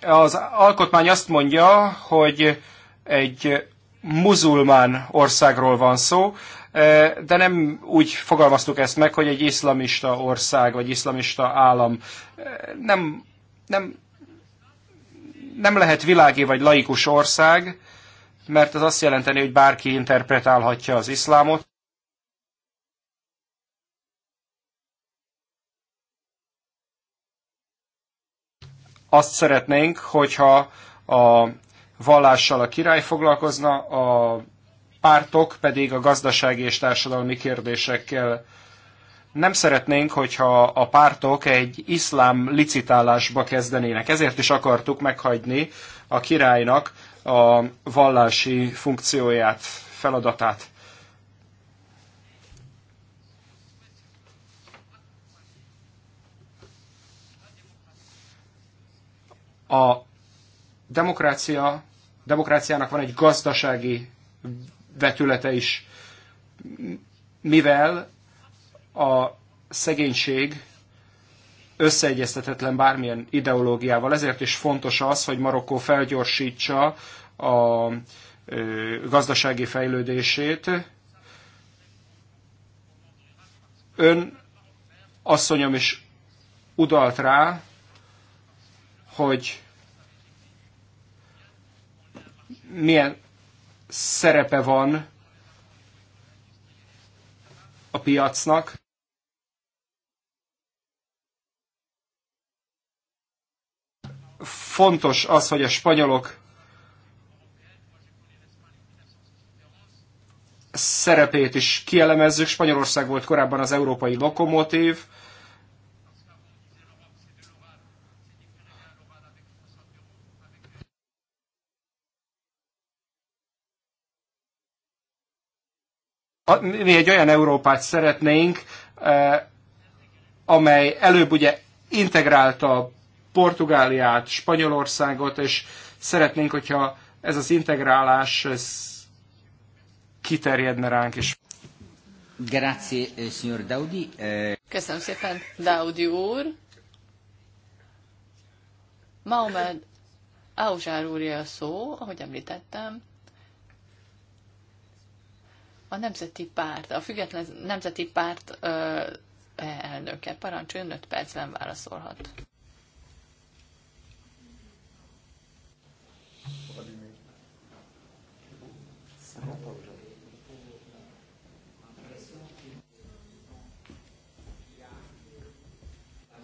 Az alkotmány azt mondja, hogy egy muzulmán országról van szó, e, de nem úgy fogalmaztuk ezt meg, hogy egy iszlamista ország vagy iszlamista állam. E, nem, nem, nem lehet világi vagy laikus ország, mert az azt jelenteni, hogy bárki interpretálhatja az iszlámot. azt szeretnénk, hogyha a vallással a király foglalkozna, a pártok pedig a gazdasági és társadalmi kérdésekkel. Nem szeretnénk, hogyha a pártok egy iszlám licitálásba kezdenének. Ezért is akartuk meghagyni a királynak a vallási funkcióját, feladatát. A demokrácia, demokráciának van egy gazdasági vetülete is, mivel a szegénység összeegyeztetetlen bármilyen ideológiával. Ezért is fontos az, hogy Marokkó felgyorsítsa a gazdasági fejlődését. Ön asszonyom is udalt rá, hogy milyen szerepe van a piacnak. Fontos az, hogy a spanyolok szerepét is kielemezzük. Spanyolország volt korábban az európai lokomotív, mi egy olyan Európát szeretnénk, e, amely előbb ugye integrálta Portugáliát, Spanyolországot, és szeretnénk, hogyha ez az integrálás ez kiterjedne ránk is. Grazie, eh, signor Daudi. Eh, Köszönöm szépen, Daudi úr. Mahomed Auzsár úr a szó, ahogy említettem, a Nemzeti Párt, a Független Nemzeti Párt ö, elnöke. Parancsoljon, 5 percben válaszolhat.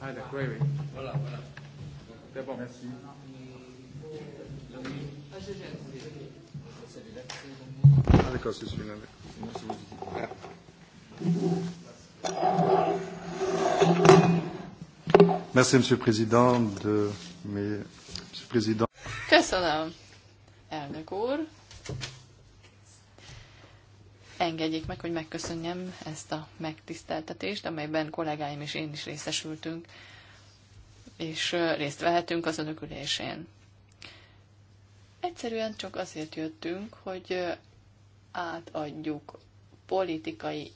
Ah, d'accord, oui. Voilà, voilà. C'est bon. Merci. Ah, Merci, Monsieur le Président, de mes... Monsieur le Président. Köszönöm, elnök úr. Engedjék meg, hogy megköszönjem ezt a megtiszteltetést, amelyben kollégáim és én is részesültünk, és részt vehetünk az önök ülésén. Egyszerűen csak azért jöttünk, hogy átadjuk politikai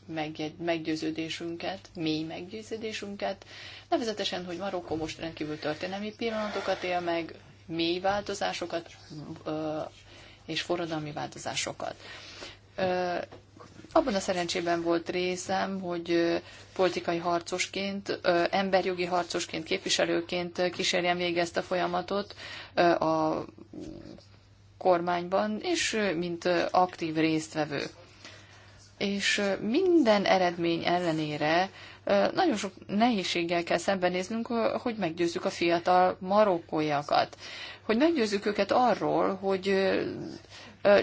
meggyőződésünket, mély meggyőződésünket, nevezetesen, hogy Marokkó most rendkívül történelmi pillanatokat él meg, mély változásokat és forradalmi változásokat. Abban a szerencsében volt részem, hogy politikai harcosként, emberjogi harcosként, képviselőként kísérjem végezt a folyamatot a kormányban, és mint aktív résztvevő. És minden eredmény ellenére nagyon sok nehézséggel kell szembenéznünk, hogy meggyőzzük a fiatal marokkóiakat. Hogy meggyőzzük őket arról, hogy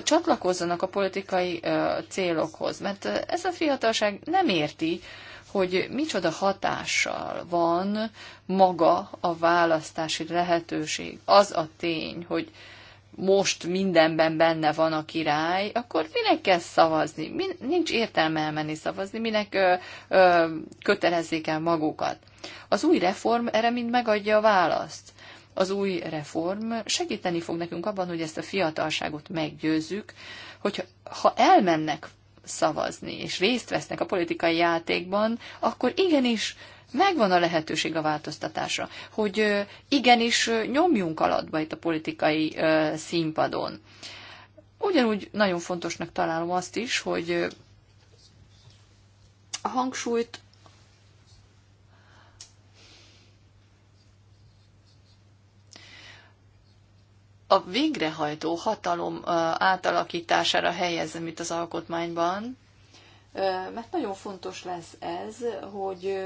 csatlakozzanak a politikai célokhoz, mert ez a fiatalság nem érti, hogy micsoda hatással van maga a választási lehetőség. Az a tény, hogy most mindenben benne van a király, akkor minek kell szavazni? Min, nincs értelme elmenni szavazni, minek ö, ö, kötelezzék el magukat. Az új reform erre mind megadja a választ. Az új reform segíteni fog nekünk abban, hogy ezt a fiatalságot meggyőzzük, hogy ha elmennek szavazni, és részt vesznek a politikai játékban, akkor igenis megvan a lehetőség a változtatásra, hogy igenis nyomjunk alatba itt a politikai színpadon. Ugyanúgy nagyon fontosnak találom azt is, hogy a hangsúlyt a végrehajtó hatalom átalakítására helyezem itt az alkotmányban, mert nagyon fontos lesz ez, hogy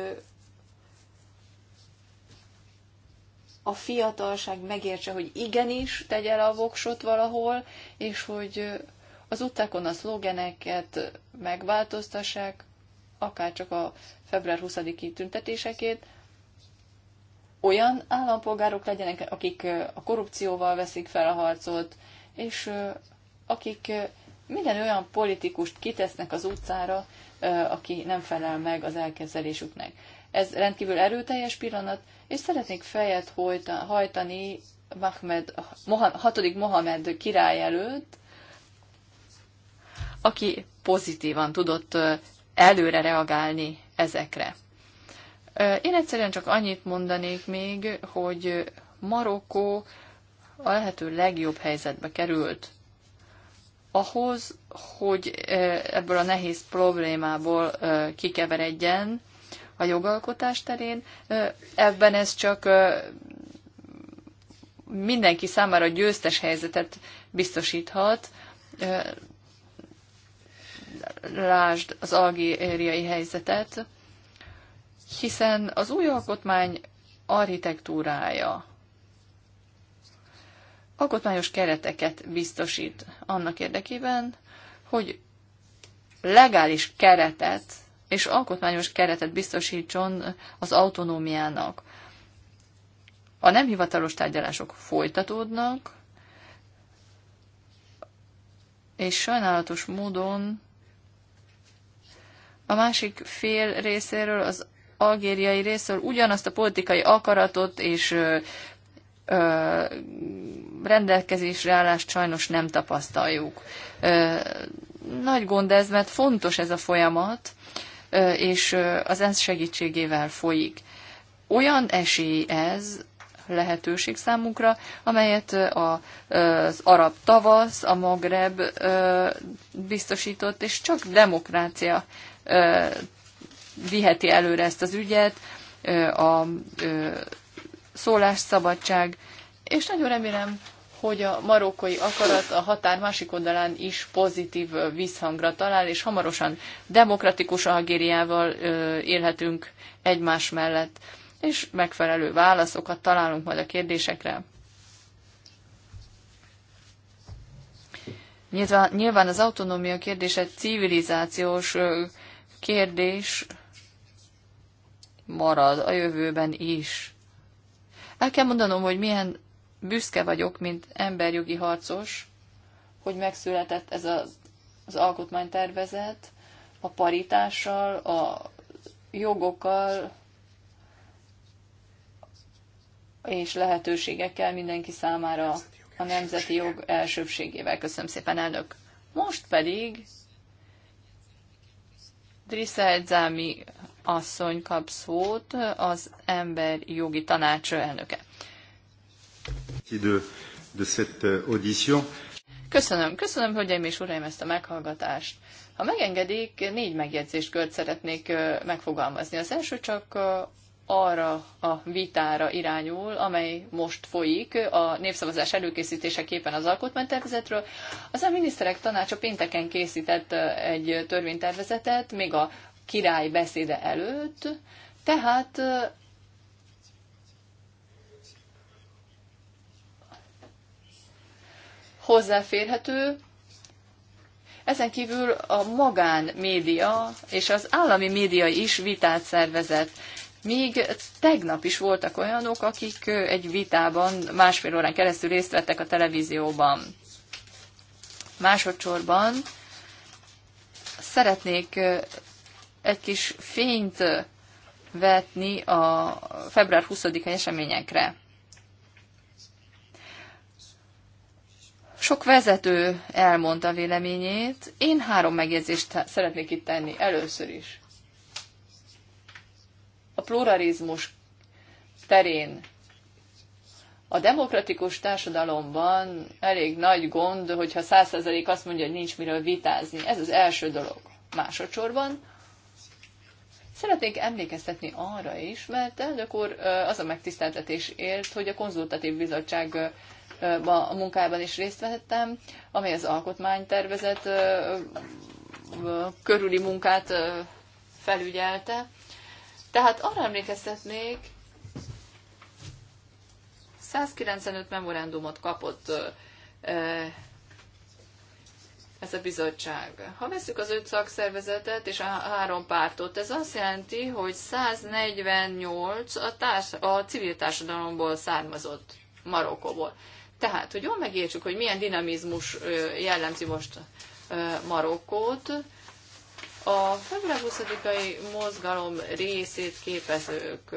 a fiatalság megértse, hogy igenis tegye le a voksot valahol, és hogy az utákon a szlogeneket megváltoztassák, akár csak a február 20-i tüntetésekét, olyan állampolgárok legyenek, akik a korrupcióval veszik fel a harcot, és akik minden olyan politikust kitesznek az utcára, aki nem felel meg az elképzelésüknek. Ez rendkívül erőteljes pillanat, és szeretnék fejet hajtani Mahmed, hatodik Mohamed király előtt, aki pozitívan tudott előre reagálni ezekre. Én egyszerűen csak annyit mondanék még, hogy Marokkó a lehető legjobb helyzetbe került ahhoz, hogy ebből a nehéz problémából kikeveredjen, a jogalkotás terén. Ebben ez csak mindenki számára győztes helyzetet biztosíthat. Lásd az algériai helyzetet, hiszen az új alkotmány architektúrája alkotmányos kereteket biztosít annak érdekében, hogy legális keretet és alkotmányos keretet biztosítson az autonómiának. A nem hivatalos tárgyalások folytatódnak, és sajnálatos módon a másik fél részéről, az algériai részről ugyanazt a politikai akaratot és ö, rendelkezésre állást sajnos nem tapasztaljuk. Ö, nagy gond ez, mert fontos ez a folyamat, és az ENSZ segítségével folyik. Olyan esély ez, lehetőség számunkra, amelyet az arab tavasz, a Magreb biztosított, és csak demokrácia viheti előre ezt az ügyet, a szólásszabadság, és nagyon remélem, hogy a marokkói akarat a határ másik oldalán is pozitív visszhangra talál, és hamarosan demokratikus Algériával élhetünk egymás mellett, és megfelelő válaszokat találunk majd a kérdésekre. Nyilván, nyilván az autonómia kérdése civilizációs kérdés marad a jövőben is. El kell mondanom, hogy milyen büszke vagyok, mint emberjogi harcos, hogy megszületett ez az, az alkotmánytervezet a paritással, a jogokkal és lehetőségekkel mindenki számára a nemzeti jog elsőbségével. Köszönöm szépen, elnök. Most pedig Drisza Edzámi asszony kap szót, az ember jogi tanács elnöke. Euh, köszönöm, köszönöm, hölgyeim és uraim, ezt a meghallgatást. Ha megengedik, négy megjegyzéskört szeretnék megfogalmazni. Az első csak arra a vitára irányul, amely most folyik a népszavazás előkészítéseképpen az alkotmánytervezetről. Az a miniszterek tanácsa pénteken készített egy törvénytervezetet, még a király beszéde előtt, tehát hozzáférhető. Ezen kívül a magán média és az állami média is vitát szervezett. Míg tegnap is voltak olyanok, akik egy vitában másfél órán keresztül részt vettek a televízióban. Másodszorban szeretnék egy kis fényt vetni a február 20 i eseményekre. Sok vezető elmondta véleményét. Én három megjegyzést szeretnék itt tenni először is. A pluralizmus terén a demokratikus társadalomban elég nagy gond, hogyha százszerzelék azt mondja, hogy nincs miről vitázni. Ez az első dolog. Másodszorban szeretnék emlékeztetni arra is, mert elnök úr az a megtiszteltetés ért, hogy a konzultatív bizottság a munkában is részt vehettem, amely az alkotmánytervezet körüli munkát felügyelte. Tehát arra emlékeztetnék, 195 memorandumot kapott ez a bizottság. Ha veszük az öt szakszervezetet és a három pártot, ez azt jelenti, hogy 148 a, társ, a civil társadalomból származott Marokkóból. Tehát, hogy jól megértsük, hogy milyen dinamizmus jellemzi most Marokkót, a február 20 mozgalom részét képezők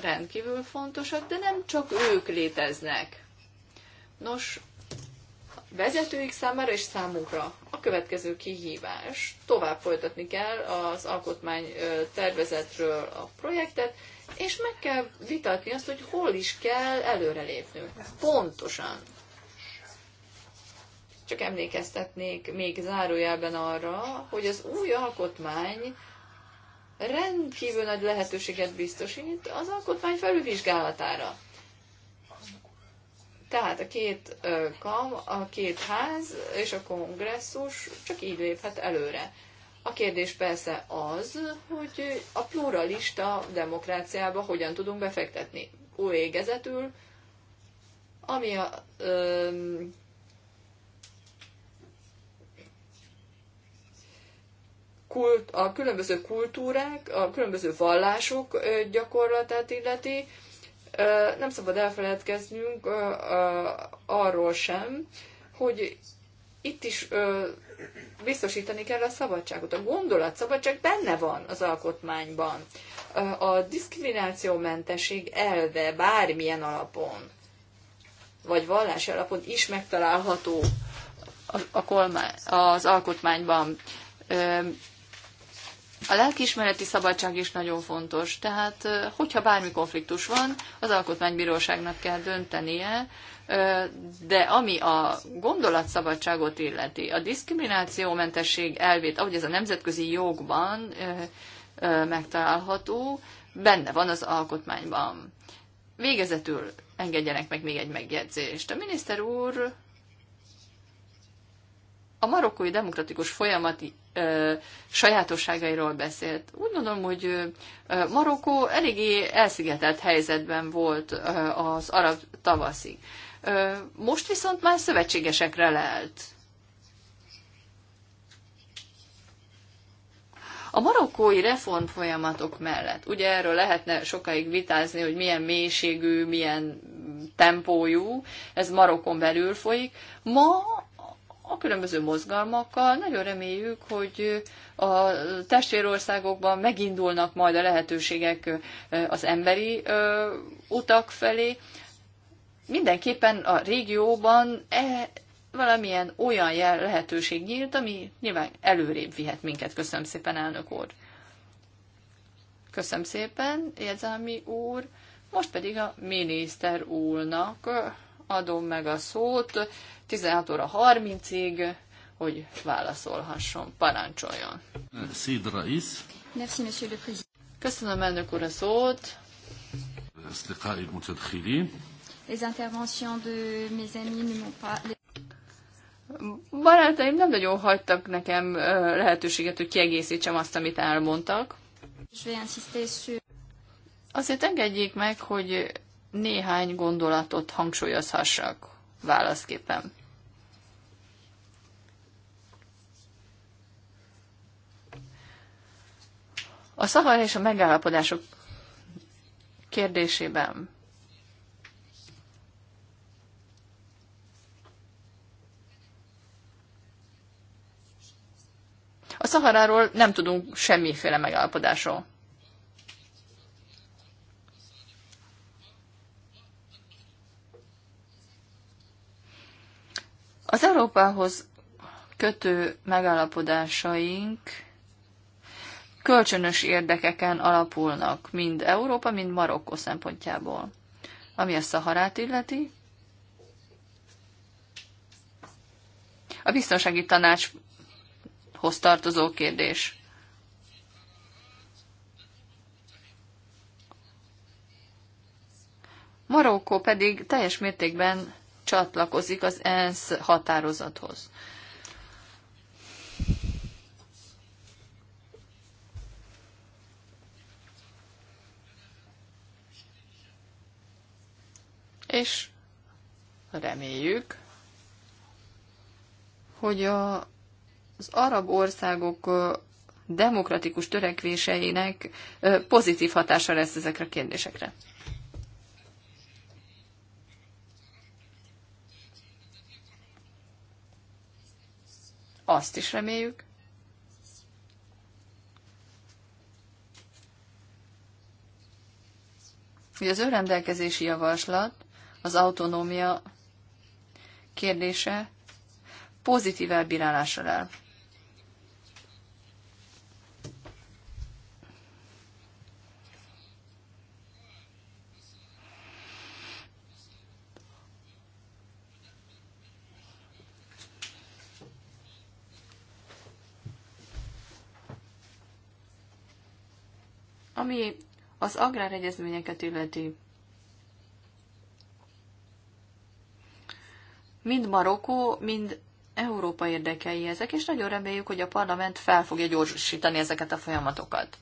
rendkívül fontosak, de nem csak ők léteznek. Nos, vezetőik számára és számukra a következő kihívás. Tovább folytatni kell az alkotmány tervezetről a projektet, és meg kell vitatni azt, hogy hol is kell előrelépnünk. Pontosan. Csak emlékeztetnék még zárójelben arra, hogy az új alkotmány rendkívül nagy lehetőséget biztosít az alkotmány felülvizsgálatára. Tehát a két kam, a két ház és a kongresszus csak így léphet előre. A kérdés persze az, hogy a pluralista demokráciába hogyan tudunk befektetni. Végezetül, ami a ö, kult, a különböző kultúrák, a különböző vallások gyakorlatát illeti, nem szabad elfeledkeznünk arról sem, hogy itt is biztosítani kell a szabadságot. A gondolat szabadság benne van az alkotmányban. A diszkriminációmentesség elve bármilyen alapon, vagy vallási alapon is megtalálható a, a kolmány, az alkotmányban. A lelkiismereti szabadság is nagyon fontos, tehát hogyha bármi konfliktus van, az alkotmánybíróságnak kell döntenie, de ami a gondolatszabadságot illeti, a diszkriminációmentesség elvét, ahogy ez a nemzetközi jogban megtalálható, benne van az alkotmányban. Végezetül engedjenek meg még egy megjegyzést. A miniszter úr a marokkói demokratikus folyamati ö, sajátosságairól beszélt. Úgy gondolom, hogy ö, Marokkó eléggé elszigetelt helyzetben volt ö, az arab tavaszig. Ö, most viszont már szövetségesekre lelt. A marokkói reform folyamatok mellett, ugye erről lehetne sokáig vitázni, hogy milyen mélységű, milyen tempójú, ez Marokkon belül folyik, ma a különböző mozgalmakkal. Nagyon reméljük, hogy a testvérországokban megindulnak majd a lehetőségek az emberi utak felé. Mindenképpen a régióban e, valamilyen olyan jel lehetőség nyílt, ami nyilván előrébb vihet minket. Köszönöm szépen, elnök úr. Köszönöm szépen, Jegyzelmi úr. Most pedig a miniszter úrnak adom meg a szót 16 óra 30-ig, hogy válaszolhasson, parancsoljon. Köszönöm elnök úr a szót. Les interventions de mes amis ne m'ont pas... Barátaim nem nagyon hagytak nekem lehetőséget, hogy kiegészítsem azt, amit elmondtak. Azért engedjék meg, hogy néhány gondolatot hangsúlyozhassak válaszképpen. A szahar és a megállapodások kérdésében A szaharáról nem tudunk semmiféle megállapodásról. Az Európához kötő megállapodásaink kölcsönös érdekeken alapulnak, mind Európa, mind Marokkó szempontjából. Ami a Szaharát illeti, a biztonsági tanácshoz tartozó kérdés. Marokkó pedig teljes mértékben csatlakozik az ENSZ határozathoz. És reméljük, hogy a, az arab országok demokratikus törekvéseinek pozitív hatása lesz ezekre a kérdésekre. Azt is reméljük. hogy az önrendelkezési javaslat, az autonómia kérdése pozitív elbírálással el. Ami az agráregyezményeket illeti, mind Marokkó, mind Európa érdekei ezek, és nagyon reméljük, hogy a parlament fel fogja gyorsítani ezeket a folyamatokat.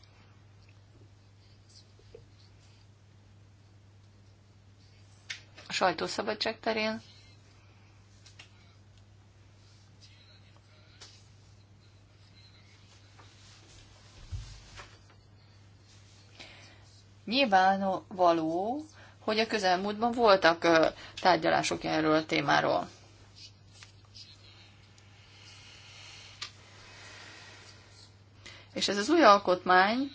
A sajtószabadság terén Nyilvánvaló, hogy a közelmúltban voltak tárgyalások erről a témáról. És ez az új alkotmány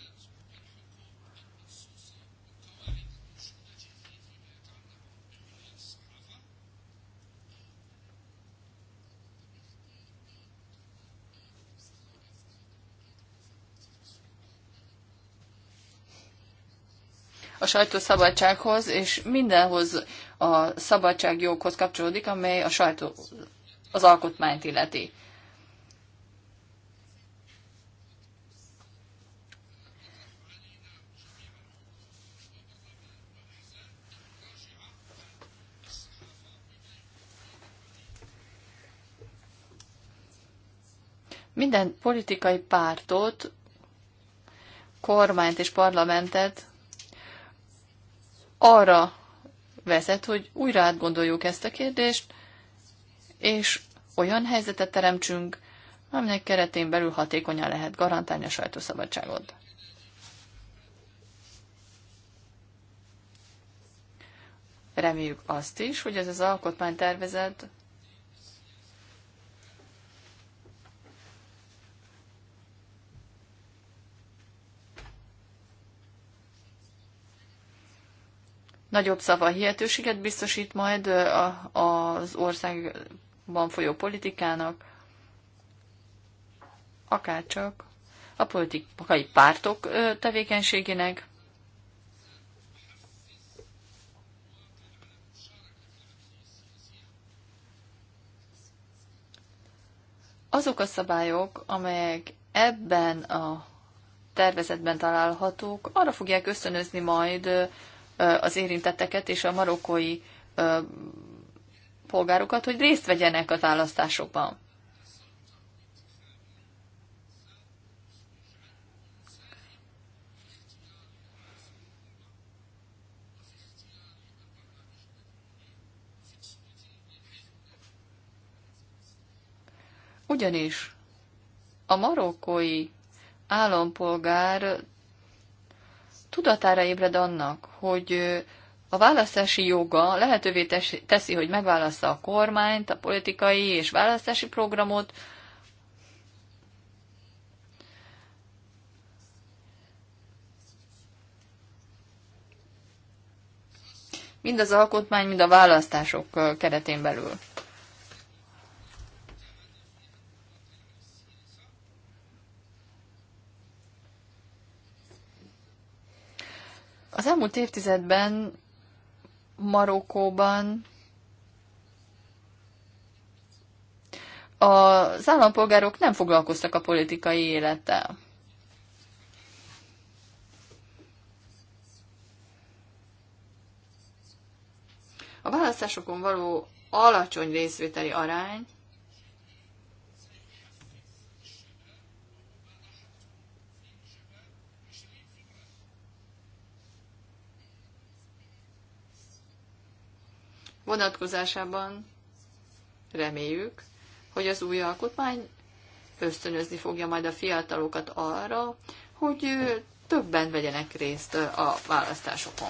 a sajtószabadsághoz, és mindenhoz a szabadságjoghoz kapcsolódik, amely a sajtó az alkotmányt illeti. minden politikai pártot, kormányt és parlamentet arra vezet, hogy újra átgondoljuk ezt a kérdést, és olyan helyzetet teremtsünk, aminek keretén belül hatékonyan lehet garantálni a sajtószabadságot. Reméljük azt is, hogy ez az alkotmánytervezet nagyobb szava hihetőséget biztosít majd az országban folyó politikának, akárcsak a politikai pártok tevékenységének. Azok a szabályok, amelyek ebben a tervezetben találhatók, arra fogják ösztönözni majd az érintetteket és a marokkói polgárokat, hogy részt vegyenek a választásokban. Ugyanis a marokkói állampolgár tudatára ébred annak, hogy a választási joga lehetővé teszi, hogy megválassza a kormányt, a politikai és választási programot, mind az alkotmány, mind a választások keretén belül. Az elmúlt évtizedben Marokkóban az állampolgárok nem foglalkoztak a politikai élettel. A választásokon való alacsony részvételi arány vonatkozásában reméljük, hogy az új alkotmány ösztönözni fogja majd a fiatalokat arra, hogy többen vegyenek részt a választásokon.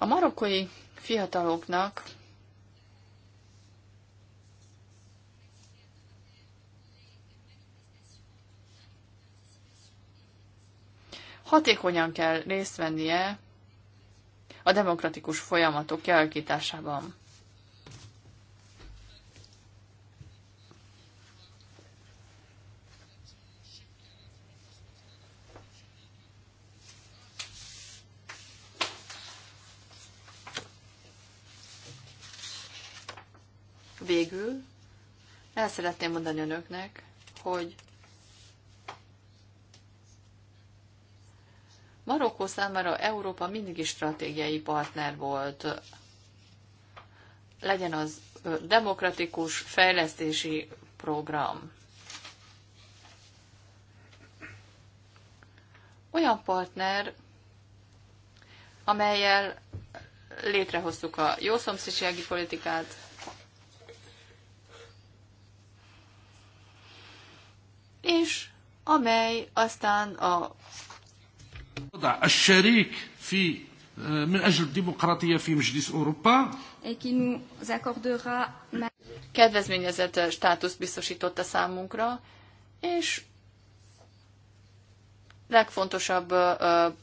A marokkai fiataloknak hatékonyan kell részt vennie a demokratikus folyamatok kialakításában. Végül el szeretném mondani önöknek, hogy Marokkó számára Európa mindig is stratégiai partner volt, legyen az demokratikus fejlesztési program. Olyan partner, amelyel létrehoztuk a jó szomszédsági politikát, és amely aztán a Kedvezményezett státuszt biztosította számunkra, és legfontosabb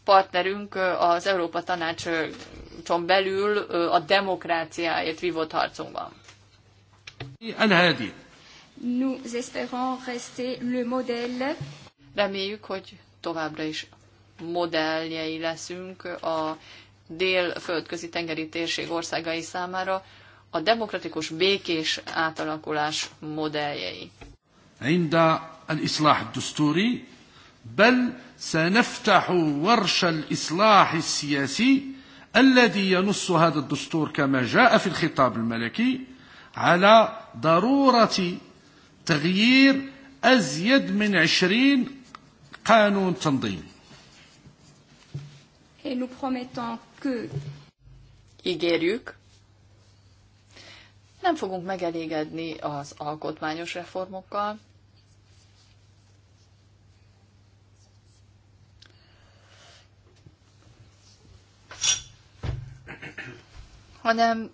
partnerünk az Európa Tanácson belül a demokráciáért vívott harcunkban. Nous espérons rester le modèle. Reméljük, hogy továbbra is modelljei leszünk a dél-földközi tengeri térség országai számára, a demokratikus békés átalakulás modelljei. عند الإصلاح الدستوري بل سنفتح ورش الإصلاح السياسي الذي ينص هذا الدستور كما جاء في الخطاب الملكي على ضرورة تغيير أزيد من عشرين قانون تنظيمي et nous promettons que ígérjük, nem fogunk megelégedni az alkotmányos reformokkal, hanem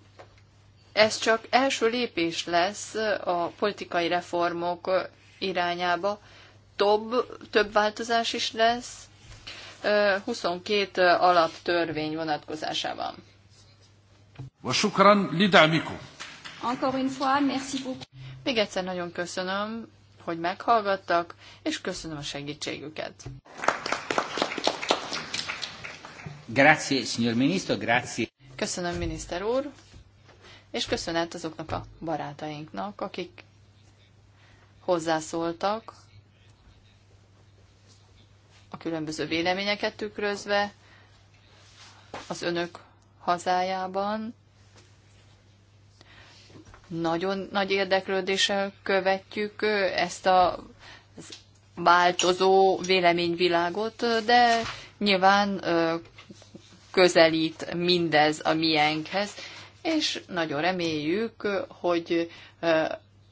ez csak első lépés lesz a politikai reformok irányába. Több, több változás is lesz, 22 alaptörvény vonatkozásában. Még egyszer nagyon köszönöm, hogy meghallgattak, és köszönöm a segítségüket. Grazie, signor ministro, grazie. Köszönöm, miniszter úr, és köszönet azoknak a barátainknak, akik hozzászóltak a különböző véleményeket tükrözve az önök hazájában. Nagyon nagy érdeklődéssel követjük ezt a változó véleményvilágot, de nyilván közelít mindez a miénkhez, és nagyon reméljük, hogy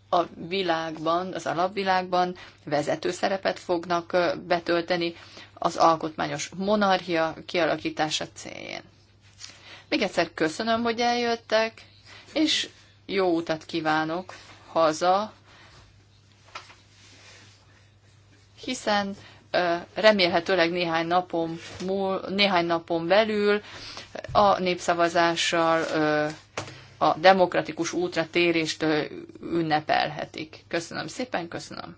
a világban, az alapvilágban vezető szerepet fognak betölteni az alkotmányos monarchia kialakítása céljén. Még egyszer köszönöm, hogy eljöttek, és jó utat kívánok haza, hiszen remélhetőleg néhány napon, múl, néhány napon belül a népszavazással a demokratikus útra térést ünnepelhetik. Köszönöm szépen, köszönöm.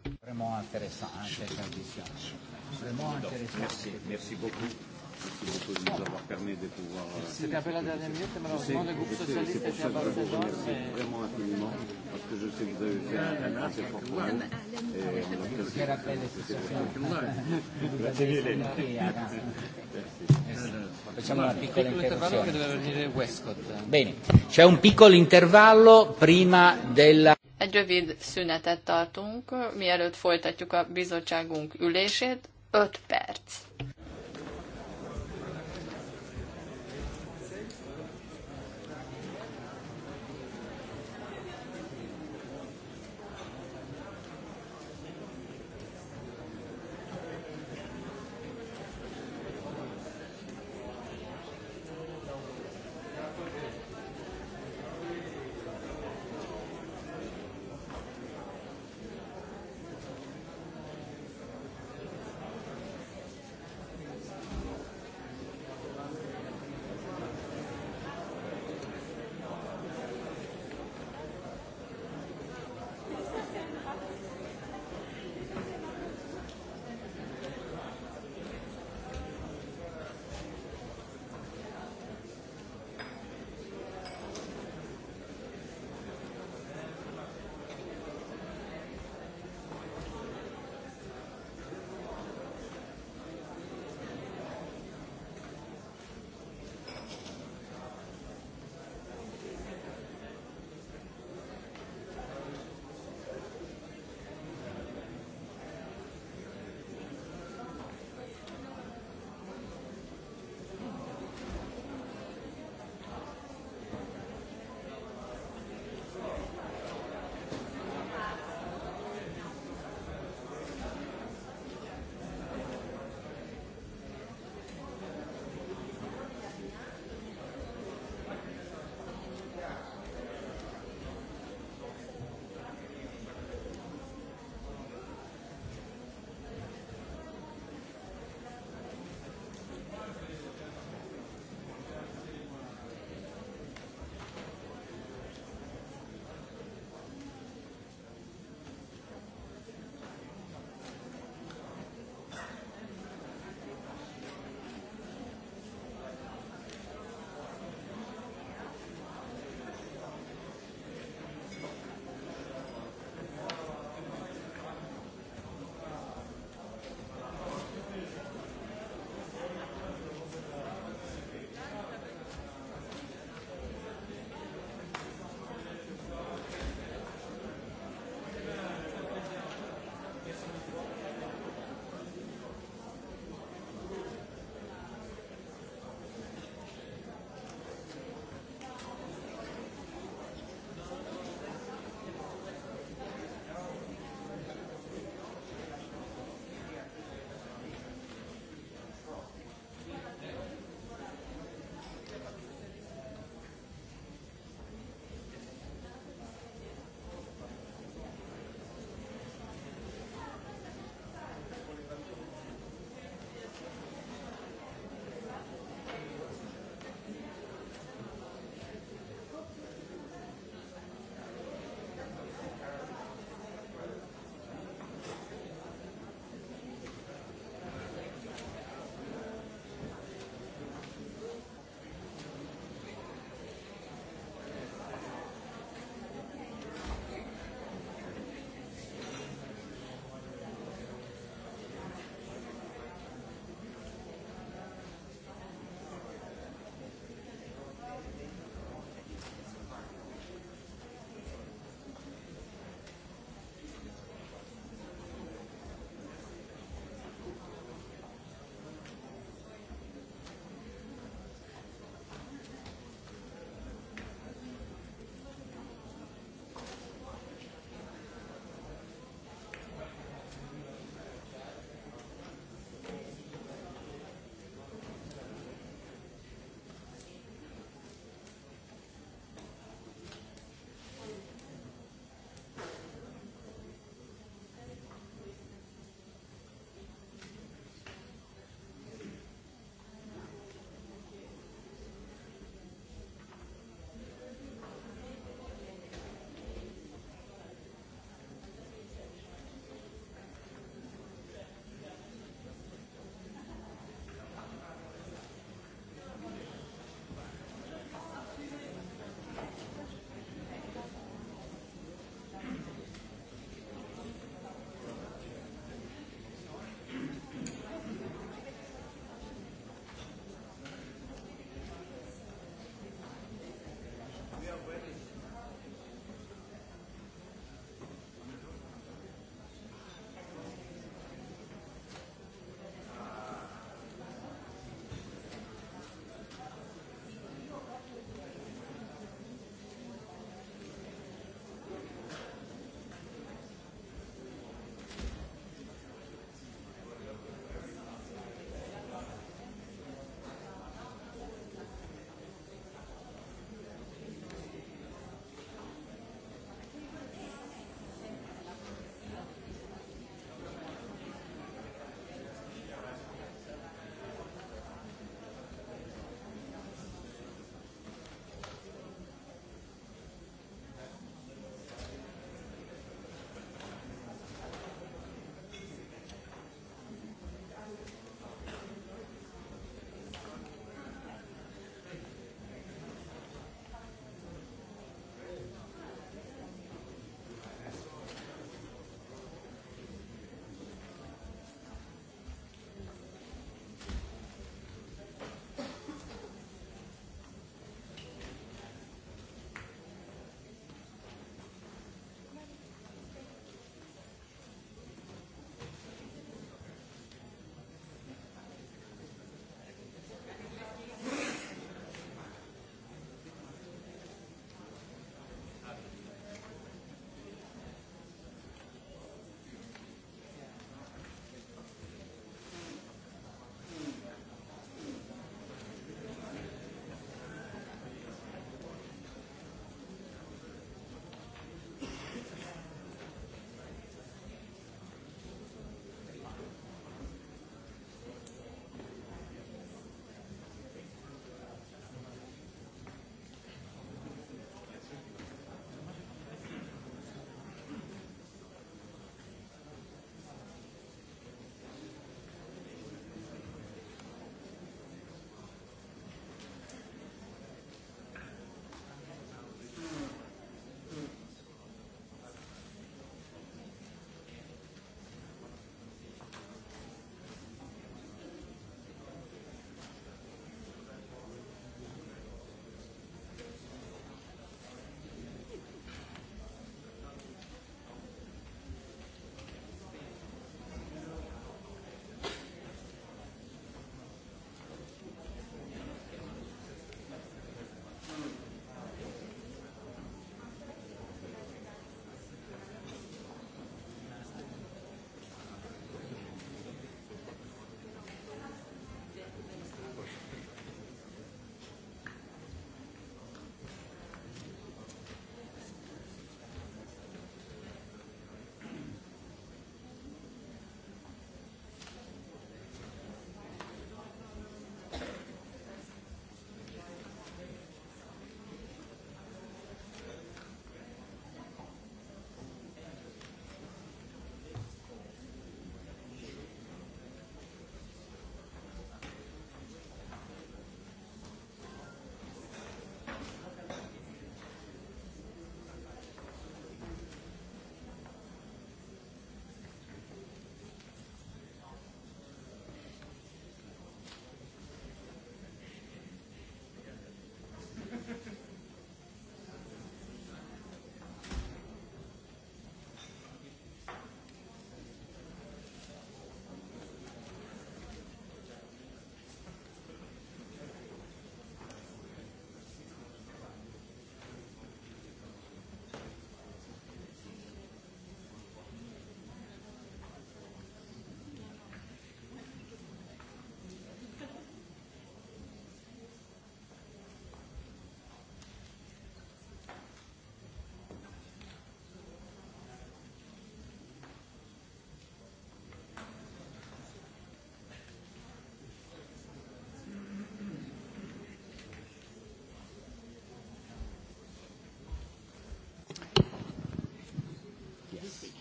C'était un peu la dernière minute, malheureusement, le groupe socialiste était à Vraiment infiniment, parce que je sais que vous avez fait un assez fort euh, Facciamo una piccola interruzione. Bene, c'è un piccolo intervallo prima della. Egy rövid szünetet tartunk, mielőtt folytatjuk a bizottságunk ülését, 5 perc.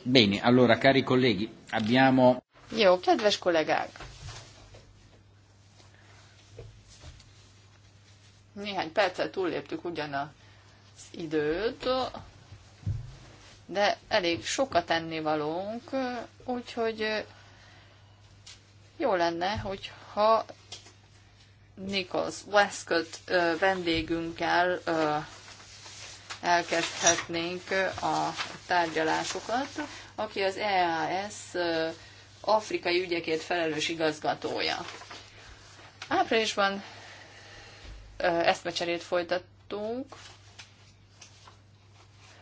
Bene, allora cari colleghi, abbiamo... Jó, kedves kollégák! Néhány perccel túlléptük ugyan az időt, de elég sokat ennivalónk, úgyhogy jó lenne, hogyha Nichols Westcott vendégünkkel elkezdhetnénk a tárgyalásokat, aki az EAS afrikai ügyekért felelős igazgatója. Áprilisban eszmecserét folytattunk.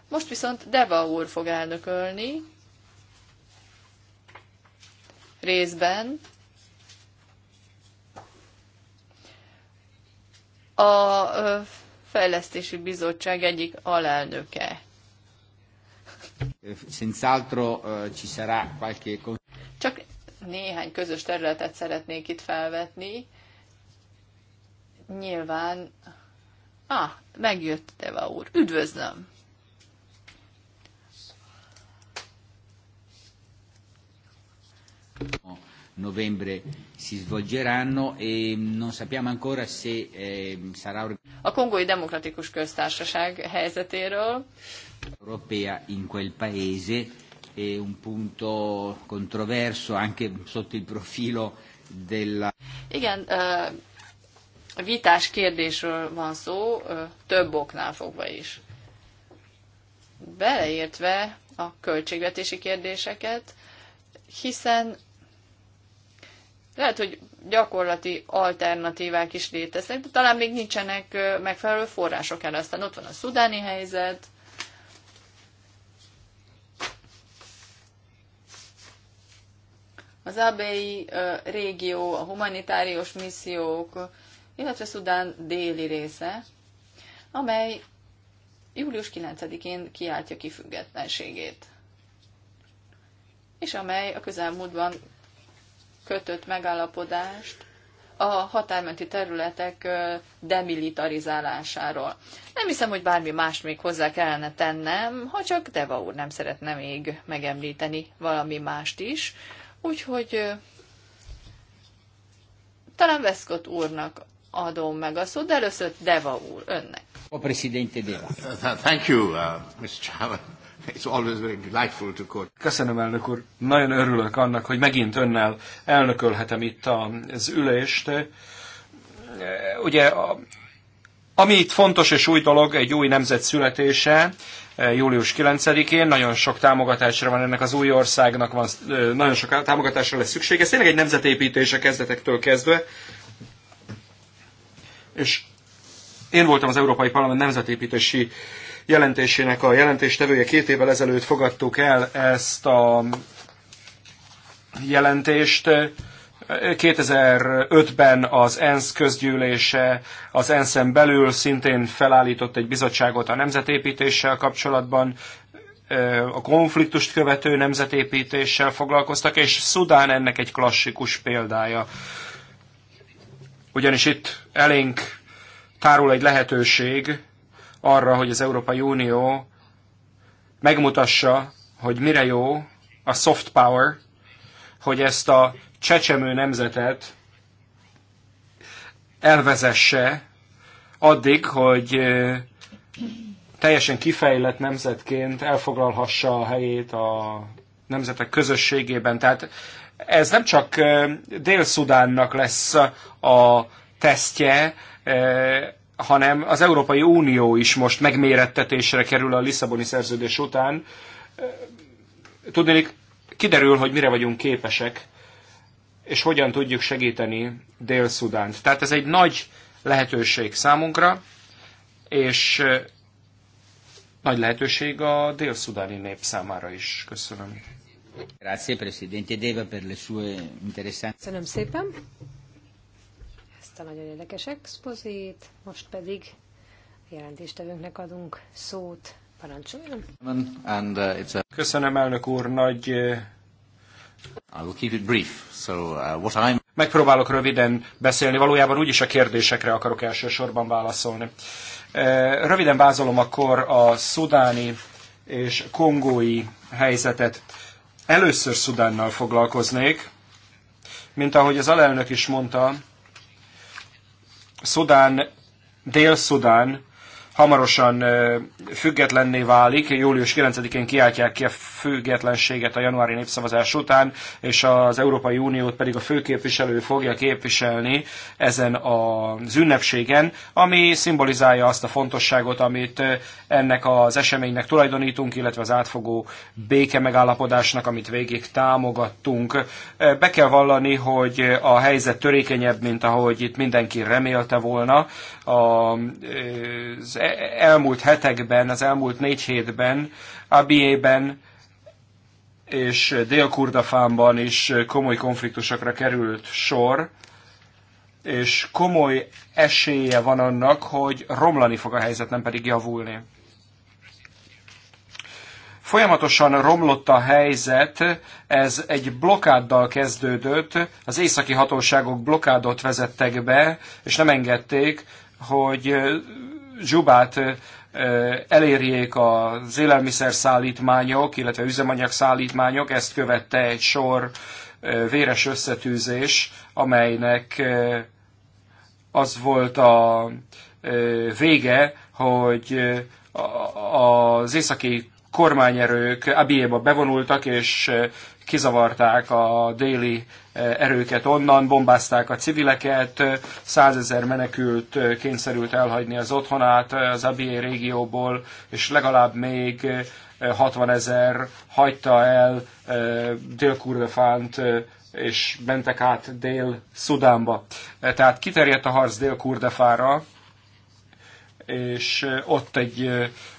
Most viszont Deva úr fog elnökölni, részben. A Fejlesztési Bizottság egyik alelnöke senz'altro eh, ci sarà qualche... Csak néhány közös területet szeretnék itt felvetni. Nyilván... Ah, megjött Deva úr. Üdvözlöm! novembre si svolgeranno e non sappiamo ancora se eh, sarà A Kongói Demokratikus Köztársaság helyzetéről. Europea in quel paese è un punto controverso anche sotto il profilo della... Igen, uh, vitás kérdésről van szó, uh, több oknál fogva is. Beleértve a költségvetési kérdéseket, hiszen lehet, hogy gyakorlati alternatívák is léteznek, de talán még nincsenek megfelelő források erre. Aztán ott van a szudáni helyzet, az abéi régió, a humanitárius missziók, illetve Szudán déli része, amely július 9-én kiáltja ki függetlenségét, és amely a közelmúltban kötött megállapodást a határmenti területek demilitarizálásáról. Nem hiszem, hogy bármi más még hozzá kellene tennem, ha csak Deva úr nem szeretne még megemlíteni valami mást is. Úgyhogy talán Veszkot úrnak adom meg a szót, de először Deva úr, önnek. A presidente Deva. Thank you, uh, Mr. Chairman. It's always very delightful to Köszönöm, elnök úr. Nagyon örülök annak, hogy megint önnel elnökölhetem itt az ülést. Ugye, ami itt fontos és új dolog, egy új nemzet születése, július 9-én. Nagyon sok támogatásra van ennek az új országnak, van, nagyon sok támogatásra lesz szükség. Ez tényleg egy nemzetépítése kezdetektől kezdve. És én voltam az Európai Parlament nemzetépítési jelentésének a jelentéstevője. Két évvel ezelőtt fogadtuk el ezt a jelentést. 2005-ben az ENSZ közgyűlése az ensz belül szintén felállított egy bizottságot a nemzetépítéssel kapcsolatban, a konfliktust követő nemzetépítéssel foglalkoztak, és Szudán ennek egy klasszikus példája. Ugyanis itt elénk tárul egy lehetőség, arra, hogy az Európai Unió megmutassa, hogy mire jó a soft power, hogy ezt a csecsemő nemzetet elvezesse addig, hogy teljesen kifejlett nemzetként elfoglalhassa a helyét a nemzetek közösségében. Tehát ez nem csak Dél-Szudánnak lesz a tesztje, hanem az Európai Unió is most megmérettetésre kerül a Lisszaboni szerződés után. Tudnék, kiderül, hogy mire vagyunk képesek, és hogyan tudjuk segíteni Dél-Szudánt. Tehát ez egy nagy lehetőség számunkra, és nagy lehetőség a dél-szudáni nép számára is. Köszönöm. Grazie, Presidente Deva, per le sue interessanti... Köszönöm szépen ezt a nagyon érdekes expozét, most pedig a jelentéstevőnknek adunk szót. Parancsoljon! Uh, Köszönöm elnök úr, nagy... Uh, I will keep it brief. So, uh, what I'm... Megpróbálok röviden beszélni, valójában úgyis a kérdésekre akarok elsősorban válaszolni. Uh, röviden vázolom akkor a szudáni és kongói helyzetet. Először Szudánnal foglalkoznék, mint ahogy az alelnök is mondta, Szudán, Dél-Szudán hamarosan függetlenné válik. Július 9-én kiáltják ki a függetlenséget a januári népszavazás után, és az Európai Uniót pedig a főképviselő fogja képviselni ezen az ünnepségen, ami szimbolizálja azt a fontosságot, amit ennek az eseménynek tulajdonítunk, illetve az átfogó béke megállapodásnak, amit végig támogattunk. Be kell vallani, hogy a helyzet törékenyebb, mint ahogy itt mindenki remélte volna. Az elmúlt hetekben, az elmúlt négy hétben, Abiében és Dél-Kurdafánban is komoly konfliktusokra került sor, és komoly esélye van annak, hogy romlani fog a helyzet, nem pedig javulni. Folyamatosan romlott a helyzet, ez egy blokáddal kezdődött, az északi hatóságok blokádot vezettek be, és nem engedték, hogy zsubát elérjék az élelmiszer szállítmányok, illetve üzemanyag szállítmányok, ezt követte egy sor véres összetűzés, amelynek az volt a vége, hogy az északi kormányerők Abiéba bevonultak, és kizavarták a déli E, erőket onnan, bombázták a civileket, e, százezer menekült e, kényszerült elhagyni az otthonát az Abié régióból, és legalább még 60 ezer hagyta el dél és mentek át Dél-Szudánba. Tehát kiterjedt a harc Dél-Kurdefára, és ott egy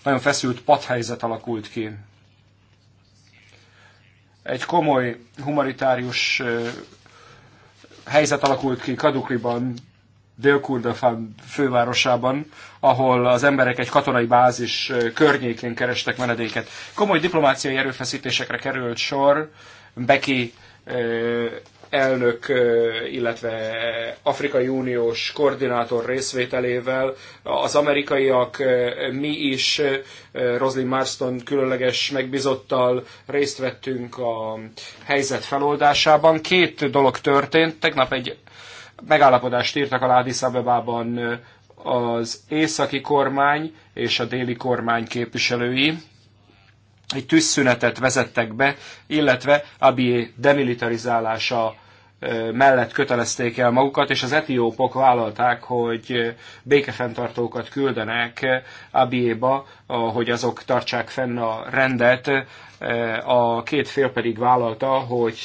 nagyon feszült padhelyzet alakult ki egy komoly humanitárius helyzet alakult ki Kadukliban, Dél-Kurdafán fővárosában, ahol az emberek egy katonai bázis környékén kerestek menedéket. Komoly diplomáciai erőfeszítésekre került sor, Beki elnök, illetve Afrikai Uniós koordinátor részvételével, az amerikaiak, mi is Roslyn Marston különleges megbizottal részt vettünk a helyzet feloldásában. Két dolog történt, tegnap egy megállapodást írtak a Addis Abebában az északi kormány és a déli kormány képviselői, egy tűzszünetet vezettek be, illetve Abiy demilitarizálása mellett kötelezték el magukat, és az etiópok vállalták, hogy békefenntartókat küldenek Abiéba hogy azok tartsák fenn a rendet, a két fél pedig vállalta, hogy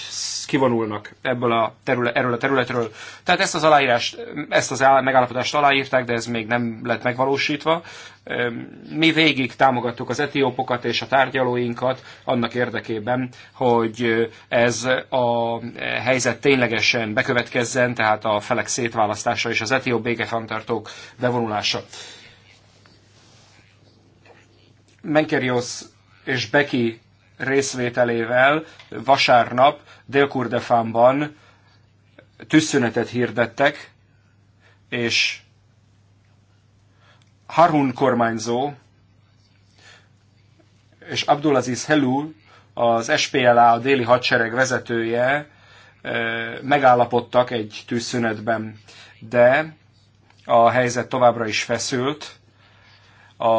kivonulnak ebből a terület, erről a területről. Tehát ezt az aláírást, ezt az megállapodást aláírták, de ez még nem lett megvalósítva. Mi végig támogattuk az etiópokat és a tárgyalóinkat annak érdekében, hogy ez a helyzet ténylegesen bekövetkezzen, tehát a felek szétválasztása és az etióp békefenntartók bevonulása. Menkerios és Beki részvételével vasárnap Dél-Kurdefánban tűzszünetet hirdettek, és Harun kormányzó és Abdulaziz Helu, az SPLA, a déli hadsereg vezetője megállapodtak egy tűzszünetben, de a helyzet továbbra is feszült, a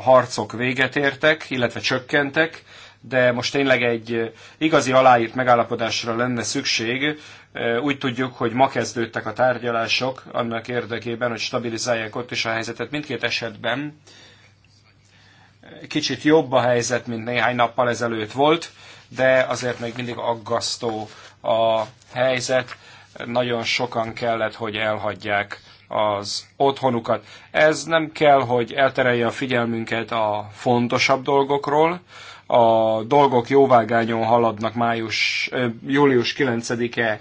harcok véget értek, illetve csökkentek, de most tényleg egy igazi aláírt megállapodásra lenne szükség. Úgy tudjuk, hogy ma kezdődtek a tárgyalások annak érdekében, hogy stabilizálják ott is a helyzetet. Mindkét esetben kicsit jobb a helyzet, mint néhány nappal ezelőtt volt, de azért még mindig aggasztó a helyzet. Nagyon sokan kellett, hogy elhagyják az otthonukat. Ez nem kell, hogy elterelje a figyelmünket a fontosabb dolgokról. A dolgok jóvágányon haladnak május, július 9-e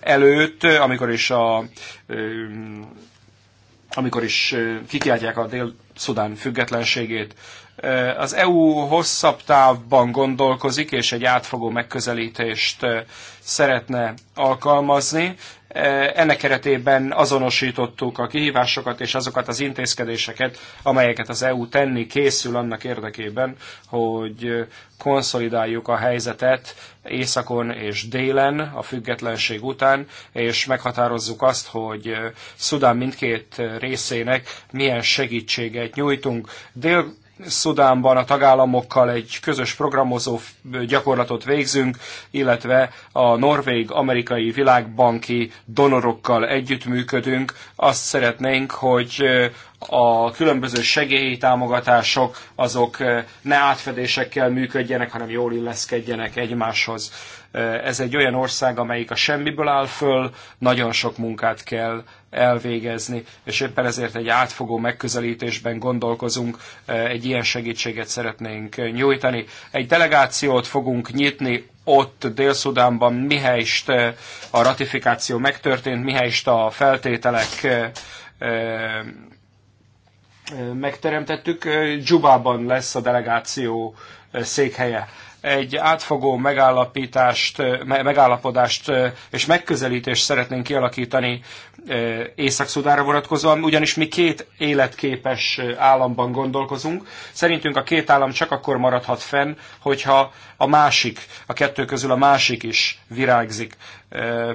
előtt, amikor is a amikor is kikiáltják a Dél-Szudán függetlenségét. Az EU hosszabb távban gondolkozik, és egy átfogó megközelítést szeretne alkalmazni. Eh, ennek keretében azonosítottuk a kihívásokat és azokat az intézkedéseket, amelyeket az EU tenni készül annak érdekében, hogy konszolidáljuk a helyzetet északon és délen a függetlenség után, és meghatározzuk azt, hogy eh, Szudán mindkét részének milyen segítséget nyújtunk. Dél Szudánban a tagállamokkal egy közös programozó gyakorlatot végzünk, illetve a norvég-amerikai világbanki donorokkal együttműködünk. Azt szeretnénk, hogy a különböző segélytámogatások azok ne átfedésekkel működjenek, hanem jól illeszkedjenek egymáshoz. Eh, ez egy olyan ország, amelyik a semmiből áll föl, nagyon sok munkát kell elvégezni, és éppen ezért egy átfogó megközelítésben gondolkozunk, eh, egy ilyen segítséget szeretnénk nyújtani. Egy delegációt fogunk nyitni ott Dél-Szudánban, mihelyst eh, a ratifikáció megtörtént, mihelyst a feltételek megteremtettük. Dzsubában lesz a delegáció székhelye egy átfogó megállapítást, megállapodást és megközelítést szeretnénk kialakítani Észak-Szudára vonatkozóan, ugyanis mi két életképes államban gondolkozunk. Szerintünk a két állam csak akkor maradhat fenn, hogyha a másik, a kettő közül a másik is virágzik.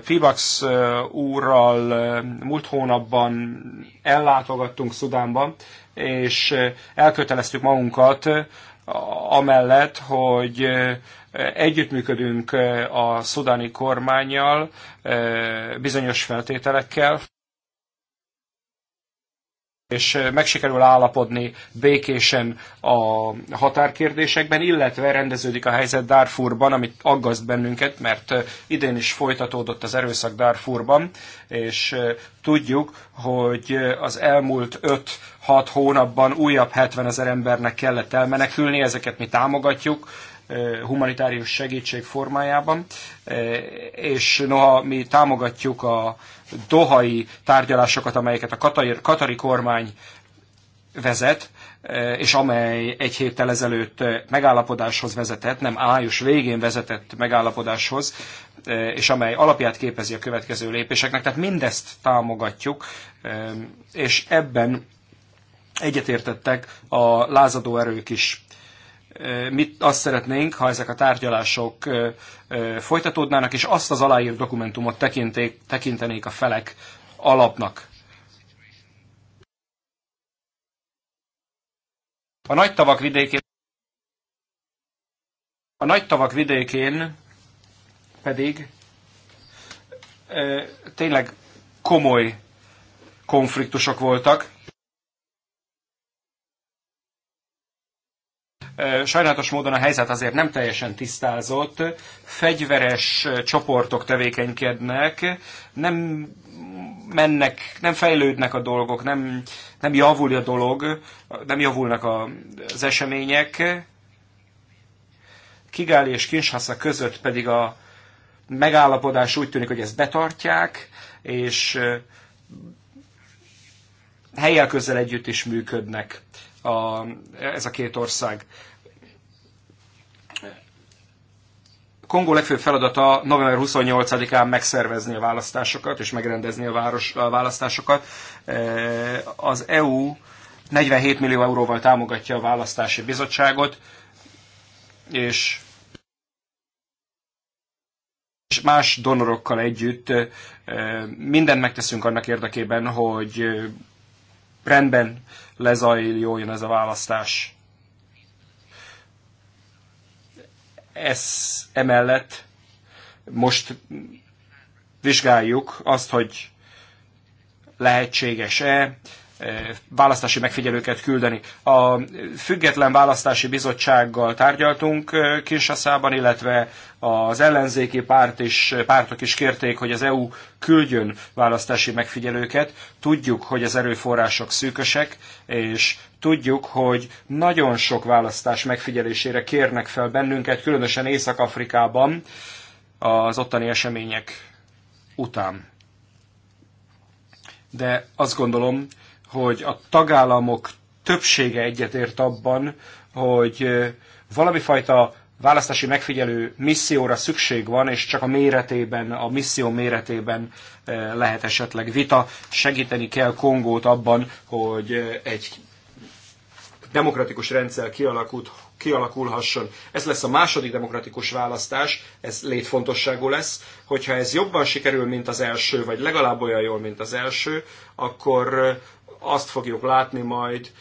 Pibax úrral múlt hónapban ellátogattunk Szudánba, és elköteleztük magunkat amellett, hogy együttműködünk a szudáni kormányjal bizonyos feltételekkel, és meg sikerül állapodni békésen a határkérdésekben, illetve rendeződik a helyzet Darfurban, amit aggaszt bennünket, mert idén is folytatódott az erőszak Darfurban, és tudjuk, hogy az elmúlt 5-6 hónapban újabb 70 ezer embernek kellett elmenekülni, ezeket mi támogatjuk, humanitárius segítség formájában, és noha mi támogatjuk a dohai tárgyalásokat, amelyeket a katari, katari kormány vezet, és amely egy héttel ezelőtt megállapodáshoz vezetett, nem ájus végén vezetett megállapodáshoz, és amely alapját képezi a következő lépéseknek. Tehát mindezt támogatjuk, és ebben egyetértettek a lázadó erők is mit azt szeretnénk, ha ezek a tárgyalások folytatódnának, és azt az aláírt dokumentumot tekinték, tekintenék a felek alapnak. A nagy tavak vidékén a nagy tavak vidékén pedig tényleg komoly konfliktusok voltak. Sajnálatos módon a helyzet azért nem teljesen tisztázott, fegyveres csoportok tevékenykednek, nem mennek, nem fejlődnek a dolgok, nem, nem javul a dolog, nem javulnak a, az események. Kigáli és Kinshasa között pedig a megállapodás úgy tűnik, hogy ezt betartják, és helyel közel együtt is működnek a, ez a két ország. Kongó legfőbb feladata november 28-án megszervezni a választásokat és megrendezni a, város, a választásokat. E, az EU 47 millió euróval támogatja a választási bizottságot, és és más donorokkal együtt e, mindent megteszünk annak érdekében, hogy e, rendben lezajljon ez a választás. ez emellett most vizsgáljuk azt, hogy lehetséges-e választási megfigyelőket küldeni. A Független Választási Bizottsággal tárgyaltunk Kinsaszában, illetve az ellenzéki párt is, pártok is kérték, hogy az EU küldjön választási megfigyelőket. Tudjuk, hogy az erőforrások szűkösek, és tudjuk, hogy nagyon sok választás megfigyelésére kérnek fel bennünket, különösen Észak-Afrikában az ottani események után. De azt gondolom, hogy a tagállamok többsége egyetért abban, hogy valami fajta választási megfigyelő misszióra szükség van, és csak a méretében, a misszió méretében lehet esetleg vita. Segíteni kell Kongót abban, hogy egy demokratikus rendszer kialakult, kialakulhasson. Ez lesz a második demokratikus választás, ez létfontosságú lesz. Hogyha ez jobban sikerül, mint az első, vagy legalább olyan jól, mint az első, akkor azt fogjuk látni majd,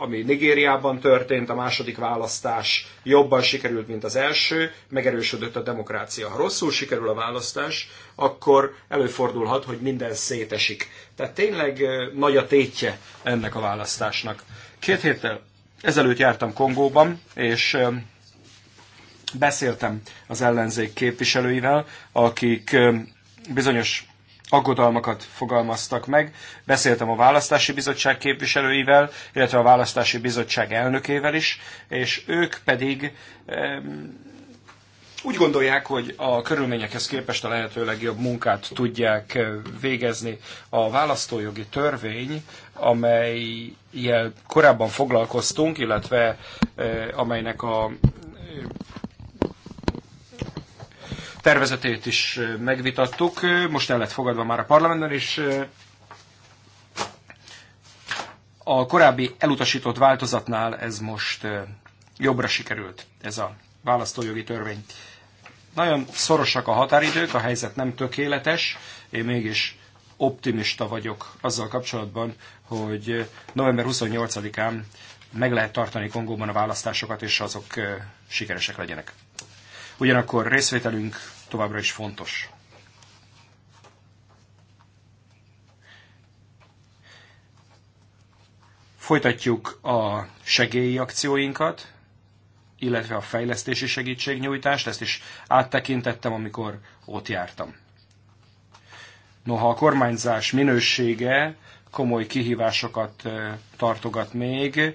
ami Nigériában történt, a második választás jobban sikerült, mint az első, megerősödött a demokrácia. Ha rosszul sikerül a választás, akkor előfordulhat, hogy minden szétesik. Tehát tényleg nagy a tétje ennek a választásnak. Két héttel ezelőtt jártam Kongóban, és beszéltem az ellenzék képviselőivel, akik bizonyos aggodalmakat fogalmaztak meg. Beszéltem a választási bizottság képviselőivel, illetve a választási bizottság elnökével is, és ők pedig úgy gondolják, hogy a körülményekhez képest a lehető legjobb munkát tudják eh, végezni. A választójogi törvény, amelyel korábban foglalkoztunk, illetve eh, amelynek a tervezetét is megvitattuk, most el lett fogadva már a parlamentben, és a korábbi elutasított változatnál ez most jobbra sikerült, ez a választójogi törvény. Nagyon szorosak a határidők, a helyzet nem tökéletes, én mégis optimista vagyok azzal kapcsolatban, hogy november 28-án meg lehet tartani Kongóban a választásokat, és azok sikeresek legyenek. Ugyanakkor részvételünk továbbra is fontos. Folytatjuk a segélyi akcióinkat, illetve a fejlesztési segítségnyújtást, ezt is áttekintettem, amikor ott jártam. Noha a kormányzás minősége komoly kihívásokat tartogat még.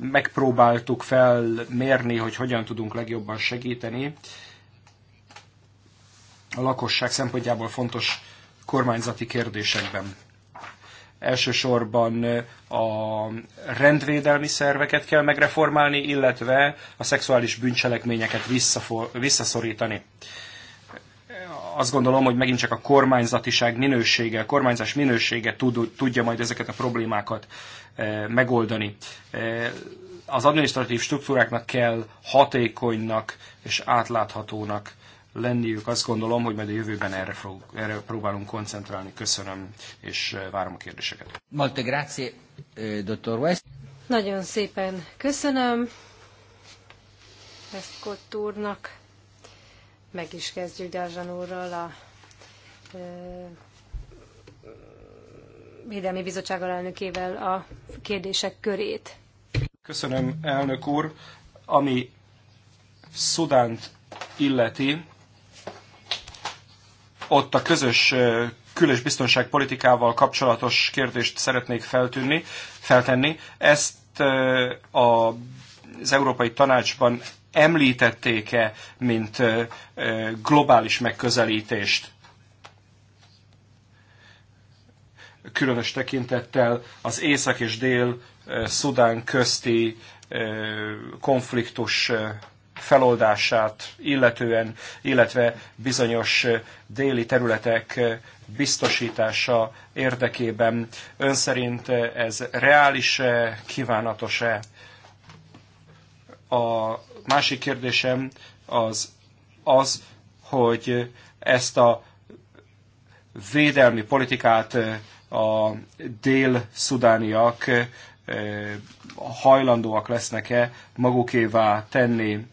Megpróbáltuk felmérni, hogy hogyan tudunk legjobban segíteni a lakosság szempontjából fontos kormányzati kérdésekben. Elsősorban a rendvédelmi szerveket kell megreformálni, illetve a szexuális bűncselekményeket visszaszorítani azt gondolom, hogy megint csak a kormányzatiság minősége, a kormányzás minősége tud, tudja majd ezeket a problémákat eh, megoldani. Eh, az administratív struktúráknak kell hatékonynak és átláthatónak lenniük. Azt gondolom, hogy majd a jövőben erre, fog, erre próbálunk koncentrálni. Köszönöm, és eh, várom a kérdéseket. Molte grazie, dottor West. Nagyon szépen köszönöm ezt Kott úrnak. Meg is kezdjük Dázsan úrral a Védelmi Bizottság alelnökével a kérdések körét. Köszönöm, elnök úr. Ami Szudánt illeti, ott a közös külös biztonságpolitikával kapcsolatos kérdést szeretnék feltűnni, feltenni. Ezt az Európai Tanácsban említették-e, mint globális megközelítést? Különös tekintettel az észak és dél Szudán közti konfliktus feloldását illetően, illetve bizonyos déli területek biztosítása érdekében. Ön szerint ez reális-e, kívánatos-e? A másik kérdésem az az, hogy ezt a védelmi politikát a dél-szudániak hajlandóak lesznek-e magukévá tenni.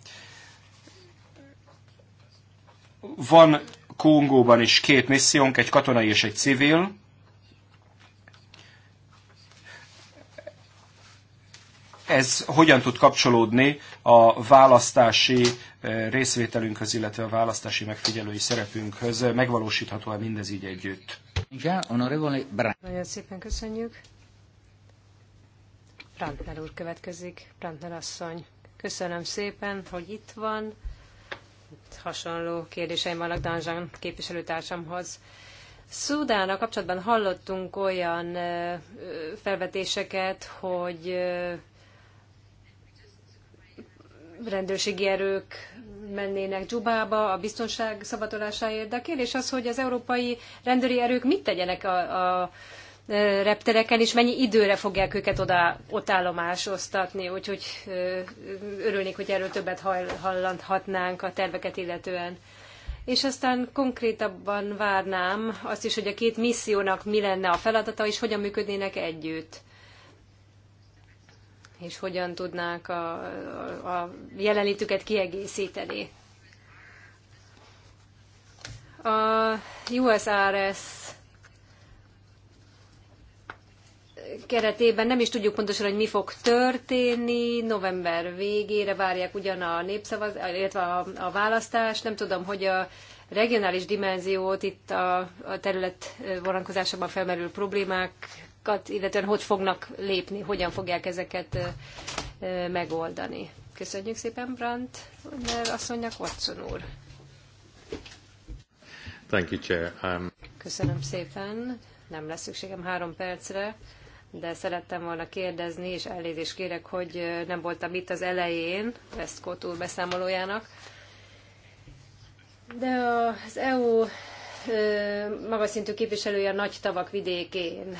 Van Kongóban is két missziónk, egy katonai és egy civil. ez hogyan tud kapcsolódni a választási eh, részvételünkhöz, illetve a választási megfigyelői szerepünkhöz? Megvalósítható-e mindez így együtt? Nagyon szépen köszönjük. Prantner úr következik, Prantner asszony. Köszönöm szépen, hogy itt van. Itt hasonló kérdéseim vannak Danzsán képviselőtársamhoz. Szudánnal kapcsolatban hallottunk olyan eh, felvetéseket, hogy eh, rendőrségi erők mennének Dzsubába a biztonság szabadulásáért, de a kérdés az, hogy az európai rendőri erők mit tegyenek a, a e, reptereken, és mennyi időre fogják őket oda, ott állomásoztatni, úgyhogy e, örülnék, hogy erről többet hallandhatnánk a terveket illetően. És aztán konkrétabban várnám azt is, hogy a két missziónak mi lenne a feladata, és hogyan működnének együtt és hogyan tudnák a, a, a jelenlétüket kiegészíteni. A USRS keretében nem is tudjuk pontosan, hogy mi fog történni. November végére várják ugyan a népszavaz, illetve a, a választást. Nem tudom, hogy a regionális dimenziót itt a, a terület vonatkozásában felmerül problémák problémákat, illetően hogy fognak lépni, hogyan fogják ezeket megoldani. Köszönjük szépen, Brandt, mert asszonynak Watson úr. Thank you, Chair. Um... Köszönöm szépen. Nem lesz szükségem három percre, de szerettem volna kérdezni, és elnézést kérek, hogy nem voltam itt az elején Westcott úr beszámolójának. De az EU magas szintű képviselője a nagy tavak vidékén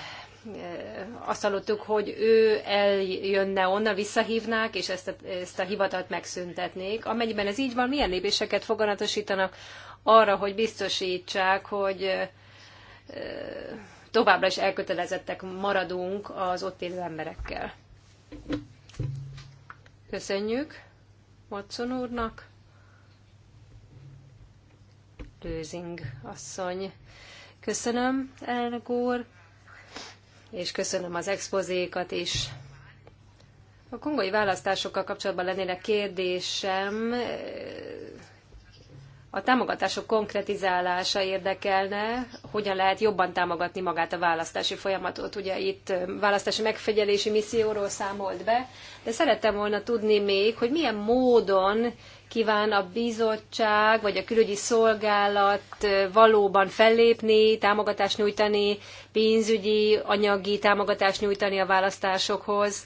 azt hallottuk, hogy ő eljönne onnan, visszahívnák, és ezt a, ezt a hivatalt megszüntetnék. Amennyiben ez így van, milyen lépéseket foganatosítanak arra, hogy biztosítsák, hogy továbbra is elkötelezettek maradunk az ott élő emberekkel. Köszönjük Watson úrnak. Lőzing asszony. Köszönöm, elnök úr és köszönöm az expozékat is. A kongói választásokkal kapcsolatban lennének kérdésem, a támogatások konkretizálása érdekelne, hogyan lehet jobban támogatni magát a választási folyamatot. Ugye itt választási megfigyelési misszióról számolt be, de szerettem volna tudni még, hogy milyen módon kíván a bizottság vagy a külügyi szolgálat valóban fellépni, támogatást nyújtani, pénzügyi, anyagi támogatást nyújtani a választásokhoz?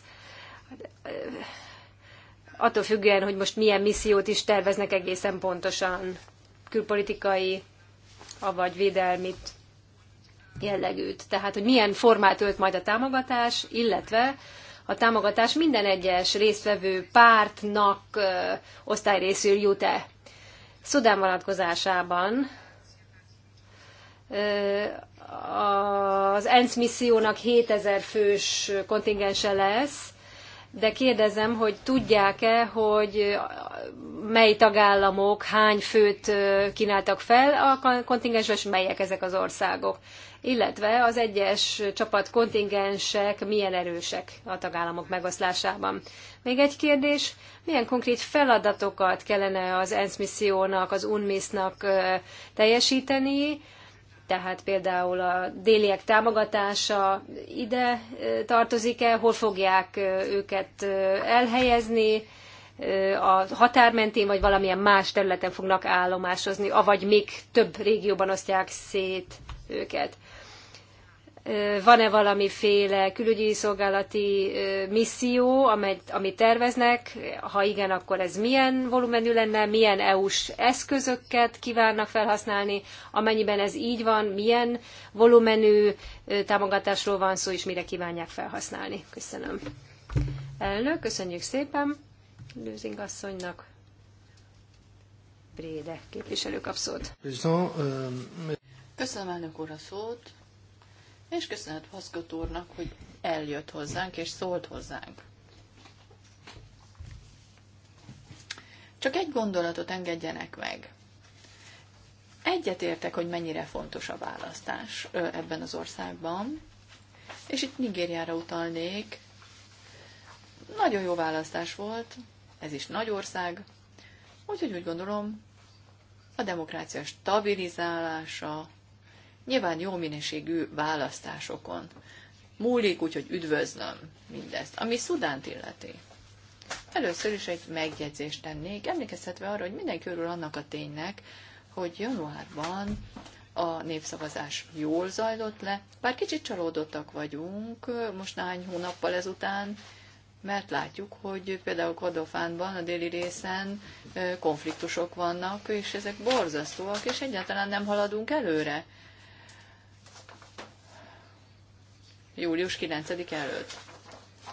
Attól függően, hogy most milyen missziót is terveznek egészen pontosan, külpolitikai, avagy védelmit jellegűt. Tehát, hogy milyen formát ölt majd a támogatás, illetve a támogatás minden egyes résztvevő pártnak osztályrészül jut-e. Szudán vonatkozásában az ENSZ missziónak 7000 fős kontingense lesz, de kérdezem, hogy tudják-e, hogy mely tagállamok hány főt kínáltak fel a kontingensbe, és melyek ezek az országok illetve az egyes csapat kontingensek milyen erősek a tagállamok megoszlásában. Még egy kérdés, milyen konkrét feladatokat kellene az ENSZ missziónak, az UNMISZ-nak teljesíteni, tehát például a déliek támogatása ide tartozik-e, hol fogják őket elhelyezni, a határ mentén vagy valamilyen más területen fognak állomásozni, avagy még több régióban osztják szét őket van-e valamiféle külügyi szolgálati misszió, amit, amit terveznek, ha igen, akkor ez milyen volumenű lenne, milyen EU-s eszközöket kívánnak felhasználni, amennyiben ez így van, milyen volumenű támogatásról van szó, és mire kívánják felhasználni. Köszönöm. Elnök, köszönjük szépen Lőzing asszonynak. Bréde képviselő kap euh, Köszönöm elnök úr a szót és köszönet Paszkot úrnak, hogy eljött hozzánk és szólt hozzánk. Csak egy gondolatot engedjenek meg. Egyetértek, hogy mennyire fontos a választás ebben az országban, és itt Nigériára utalnék. Nagyon jó választás volt, ez is nagy ország, úgyhogy úgy gondolom, a demokrácia stabilizálása nyilván jó minőségű választásokon múlik, úgyhogy üdvözlöm mindezt, ami Szudánt illeti. Először is egy megjegyzést tennék, emlékeztetve arra, hogy mindenki örül annak a ténynek, hogy januárban a népszavazás jól zajlott le, bár kicsit csalódottak vagyunk most néhány hónappal ezután, mert látjuk, hogy például Kodofánban, a déli részen konfliktusok vannak, és ezek borzasztóak, és egyáltalán nem haladunk előre. július 9 előtt.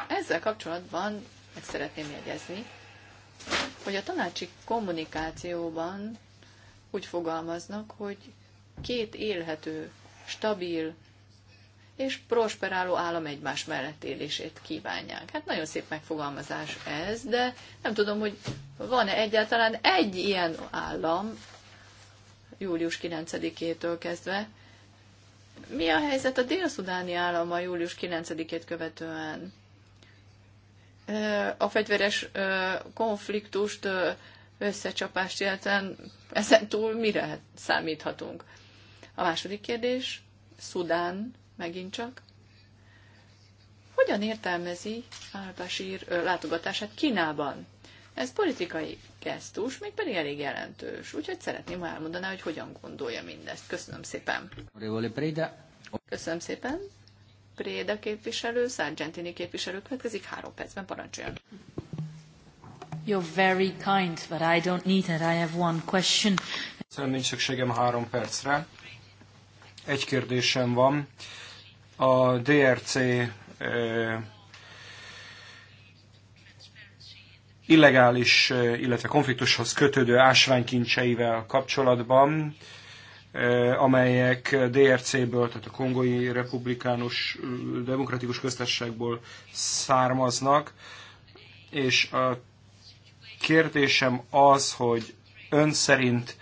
Ezzel kapcsolatban meg szeretném jegyezni, hogy a tanácsi kommunikációban úgy fogalmaznak, hogy két élhető, stabil és prosperáló állam egymás mellett élését kívánják. Hát nagyon szép megfogalmazás ez, de nem tudom, hogy van-e egyáltalán egy ilyen állam július 9-től kezdve, mi a helyzet a dél-szudáni állama július 9-ét követően? A fegyveres konfliktust, összecsapást jelten, ezen túl mire számíthatunk? A második kérdés, Szudán megint csak. Hogyan értelmezi Álpásír látogatását Kínában? Ez politikai gesztus, mégpedig elég jelentős. Úgyhogy szeretném, ha elmondaná, hogy hogyan gondolja mindezt. Köszönöm szépen. Köszönöm szépen. Préda képviselő, Sargentini képviselő következik három percben, parancsoljon. You're very kind, but I don't need it. I have one question. Szerintem nincs szükségem három percre. Egy kérdésem van. A DRC eh, illegális, illetve konfliktushoz kötődő ásványkincseivel kapcsolatban, amelyek DRC-ből, tehát a Kongói Republikánus Demokratikus Köztársaságból származnak, és a kérdésem az, hogy ön szerint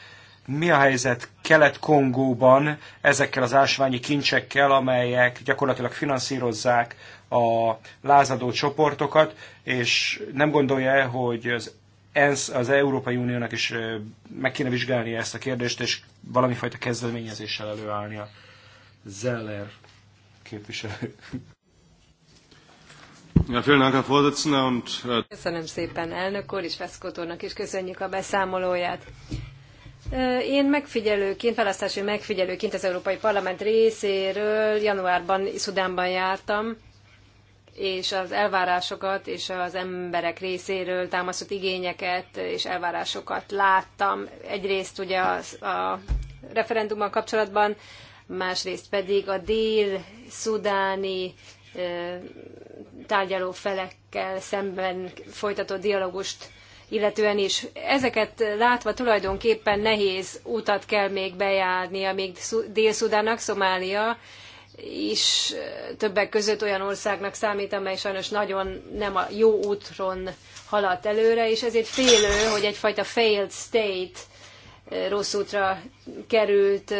mi a helyzet Kelet-Kongóban ezekkel az ásványi kincsekkel, amelyek gyakorlatilag finanszírozzák a lázadó csoportokat, és nem gondolja el, hogy az ENSZ, az Európai Uniónak is meg kéne vizsgálnia ezt a kérdést, és valamifajta kezdeményezéssel előállnia. Zeller képviselő. Äh, Köszönöm szépen elnök úr és Veszkotónak is köszönjük a beszámolóját. Én megfigyelőként, választási megfigyelőként az Európai Parlament részéről januárban Szudánban jártam, és az elvárásokat és az emberek részéről támasztott igényeket és elvárásokat láttam. Egyrészt ugye a, a referendummal kapcsolatban, másrészt pedig a dél-szudáni tárgyaló felekkel szemben folytatott dialogust illetően is. Ezeket látva tulajdonképpen nehéz utat kell még bejárni, amíg Dél-Szudának, Szomália is többek között olyan országnak számít, amely sajnos nagyon nem a jó útron haladt előre, és ezért félő, hogy egyfajta failed state rossz útra került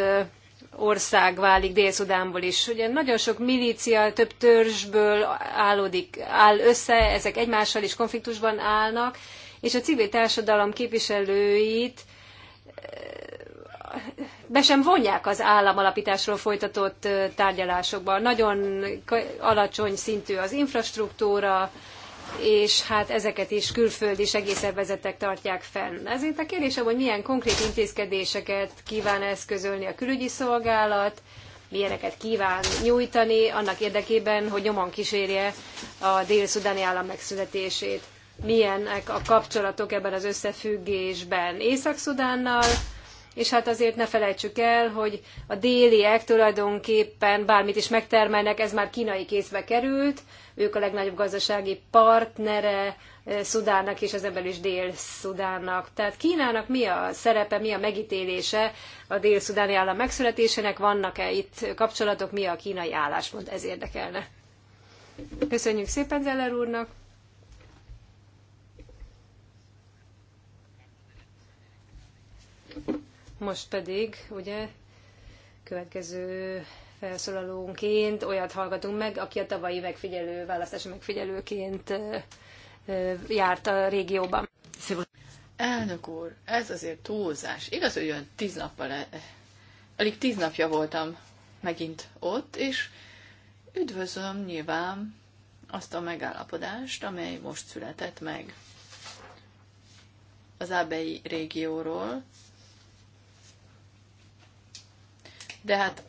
ország válik Dél-Szudánból is. Ugye nagyon sok milícia több törzsből állódik, áll össze, ezek egymással is konfliktusban állnak, és a civil társadalom képviselőit be sem vonják az államalapításról folytatott tárgyalásokban. Nagyon alacsony szintű az infrastruktúra, és hát ezeket is külföldi segélyszervezetek tartják fenn. Ezért a kérdésem, hogy milyen konkrét intézkedéseket kíván eszközölni a külügyi szolgálat, milyeneket kíván nyújtani annak érdekében, hogy nyomon kísérje a dél-szudáni állam megszületését. Milyenek a kapcsolatok ebben az összefüggésben Észak-Szudánnal, és hát azért ne felejtsük el, hogy a déliek tulajdonképpen bármit is megtermelnek, ez már kínai kézbe került, ők a legnagyobb gazdasági partnere eh, Szudánnak és ezen belül is Dél-Szudánnak. Tehát Kínának mi a szerepe, mi a megítélése a dél-szudáni állam megszületésének, vannak-e itt kapcsolatok, mi a kínai álláspont, ez érdekelne. Köszönjük szépen Zeller úrnak! Most pedig, ugye, következő felszólalónként olyat hallgatunk meg, aki a tavalyi megfigyelő, választási megfigyelőként járt a régióban. Elnök úr, ez azért túlzás. Igaz, hogy olyan tíz nappal, e- e- alig tíz napja voltam megint ott, és üdvözlöm nyilván azt a megállapodást, amely most született meg az Ábei régióról, De hát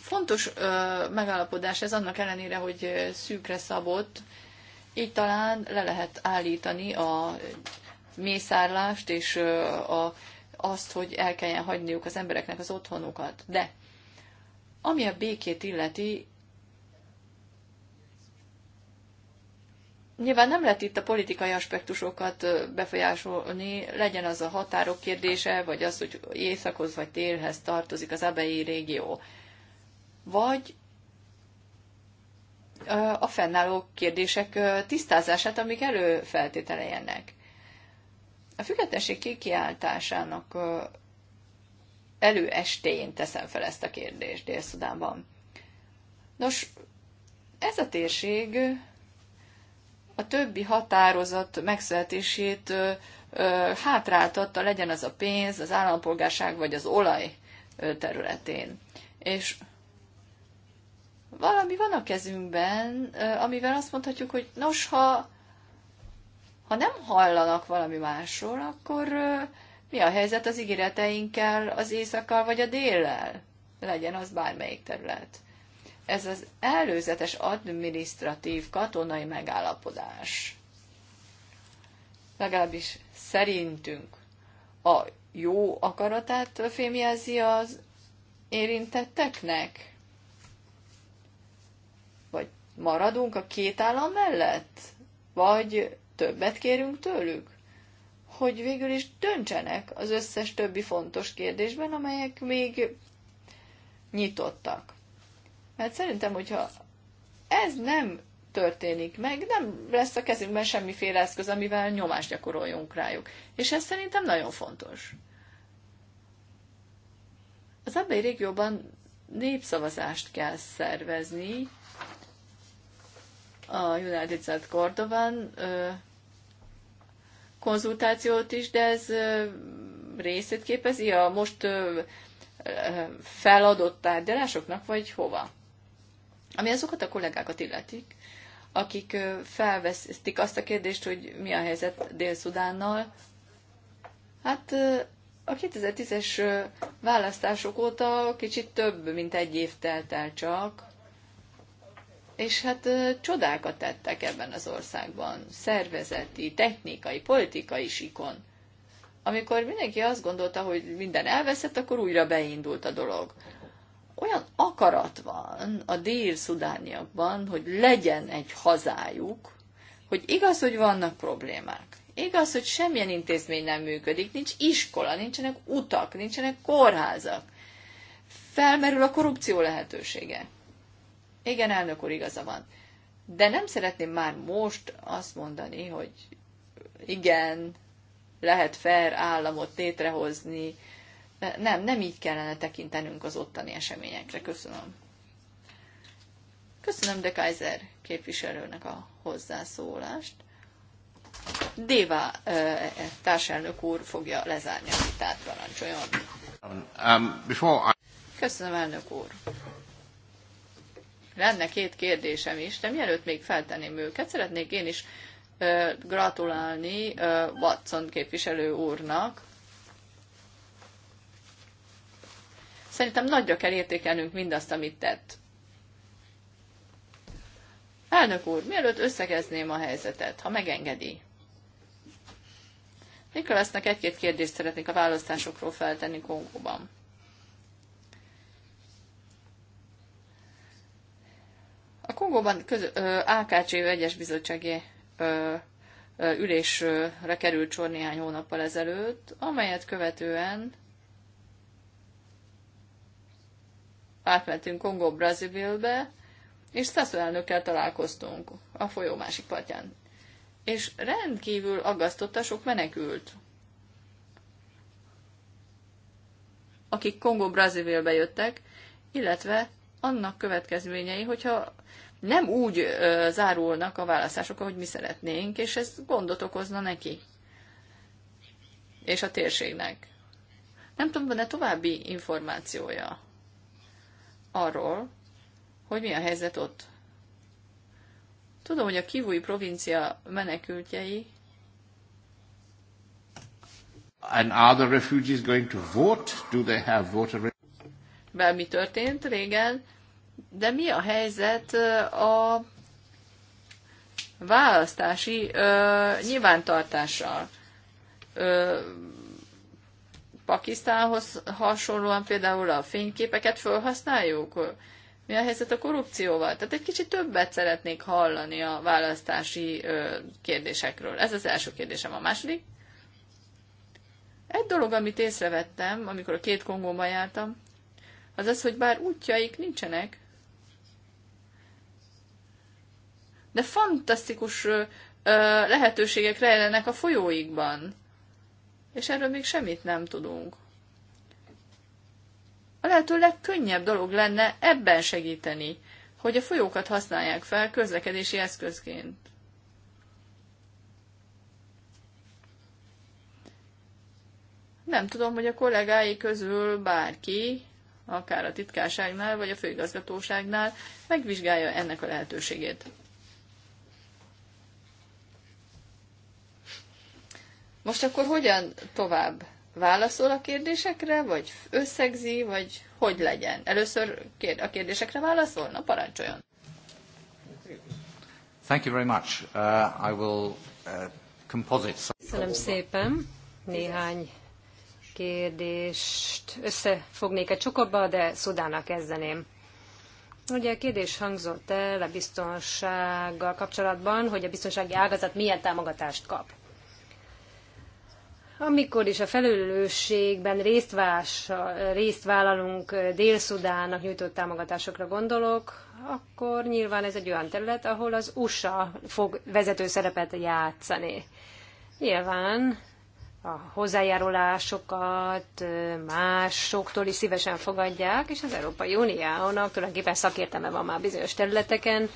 fontos ö, megállapodás ez annak ellenére, hogy szűkre szabott, így talán le lehet állítani a mészárlást és ö, a, azt, hogy el kelljen hagyniuk az embereknek az otthonukat. De ami a békét illeti, Nyilván nem lehet itt a politikai aspektusokat befolyásolni, legyen az a határok kérdése, vagy az, hogy északhoz vagy télhez tartozik az abei régió. Vagy a fennálló kérdések tisztázását, amik előfeltételejenek. A függetlenség kikiáltásának előestéjén teszem fel ezt a kérdést Dél-Szudánban. Nos, ez a térség a többi határozat megszületését hátráltatta, legyen az a pénz, az állampolgárság vagy az olaj területén. És valami van a kezünkben, amivel azt mondhatjuk, hogy nos, ha, ha nem hallanak valami másról, akkor mi a helyzet az ígéreteinkkel, az éjszakkal vagy a déllel? Legyen az bármelyik terület ez az előzetes administratív katonai megállapodás, legalábbis szerintünk a jó akaratát fémjelzi az érintetteknek? Vagy maradunk a két állam mellett? Vagy többet kérünk tőlük? Hogy végül is döntsenek az összes többi fontos kérdésben, amelyek még nyitottak. Mert hát szerintem, hogyha ez nem történik meg, nem lesz a kezünkben semmiféle eszköz, amivel nyomást gyakoroljunk rájuk. És ez szerintem nagyon fontos. Az abbé régióban népszavazást kell szervezni a United States Cordovan konzultációt is, de ez részét képezi a most feladott tárgyalásoknak, vagy hova? Ami azokat a kollégákat illetik, akik felvesztik azt a kérdést, hogy mi a helyzet Dél-Szudánnal, hát a 2010-es választások óta kicsit több, mint egy év telt el csak, és hát csodákat tettek ebben az országban, szervezeti, technikai, politikai sikon. Amikor mindenki azt gondolta, hogy minden elveszett, akkor újra beindult a dolog olyan akarat van a dél-szudániakban, hogy legyen egy hazájuk, hogy igaz, hogy vannak problémák. Igaz, hogy semmilyen intézmény nem működik, nincs iskola, nincsenek utak, nincsenek kórházak. Felmerül a korrupció lehetősége. Igen, elnök úr, igaza van. De nem szeretném már most azt mondani, hogy igen, lehet fair államot létrehozni, nem, nem így kellene tekintenünk az ottani eseményekre. Köszönöm. Köszönöm de Kaiser képviselőnek a hozzászólást. Déva e, társelnök úr fogja lezárni a vitát, parancsoljon. Um, Köszönöm, elnök úr. Lenne két kérdésem is, de mielőtt még feltenném őket, szeretnék én is gratulálni Watson képviselő úrnak Szerintem nagyra kell értékelnünk mindazt, amit tett. Elnök úr, mielőtt összegezném a helyzetet, ha megengedi. Nikolasznak egy-két kérdést szeretnék a választásokról feltenni Kongóban. A Kongóban köz, AKC vegyes bizottsági ülésre került sor néhány hónappal ezelőtt, amelyet követően átmentünk Kongó Brazilbe, és Sassou elnökkel találkoztunk a folyó másik partján. És rendkívül aggasztotta sok menekült, akik Kongó Brazilbe jöttek, illetve annak következményei, hogyha nem úgy ö, zárulnak a választások, ahogy mi szeretnénk, és ez gondot okozna neki és a térségnek. Nem tudom, van-e további információja? arról, hogy mi a helyzet ott. Tudom, hogy a kivúi provincia menekültjei And are the refugees going to vote? Do they have voter Bár mi történt régen, de mi a helyzet a választási ö, nyilvántartással? Pakisztánhoz hasonlóan például a fényképeket felhasználjuk? Mi a helyzet a korrupcióval? Tehát egy kicsit többet szeretnék hallani a választási kérdésekről. Ez az első kérdésem. A második? Egy dolog, amit észrevettem, amikor a két Kongóban jártam, az az, hogy bár útjaik nincsenek, de fantasztikus lehetőségek rejlenek a folyóikban és erről még semmit nem tudunk. A lehető legkönnyebb dolog lenne ebben segíteni, hogy a folyókat használják fel közlekedési eszközként. Nem tudom, hogy a kollégái közül bárki, akár a titkárságnál vagy a főigazgatóságnál megvizsgálja ennek a lehetőségét. Most akkor hogyan tovább? Válaszol a kérdésekre, vagy összegzi, vagy hogy legyen? Először a kérdésekre válaszol? Na, parancsoljon! Thank you very much. Uh, I will uh, composite some... Köszönöm szépen. Néhány kérdést összefognék egy csokorba, de Szudának kezdeném. Ugye a kérdés hangzott el a biztonsággal kapcsolatban, hogy a biztonsági ágazat milyen támogatást kap. Amikor is a felelősségben részt, vás, részt vállalunk Dél-Szudának nyújtott támogatásokra gondolok, akkor nyilván ez egy olyan terület, ahol az USA fog vezető szerepet játszani. Nyilván a hozzájárulásokat másoktól is szívesen fogadják, és az Európai Uniónak tulajdonképpen szakértelme van már bizonyos területeken,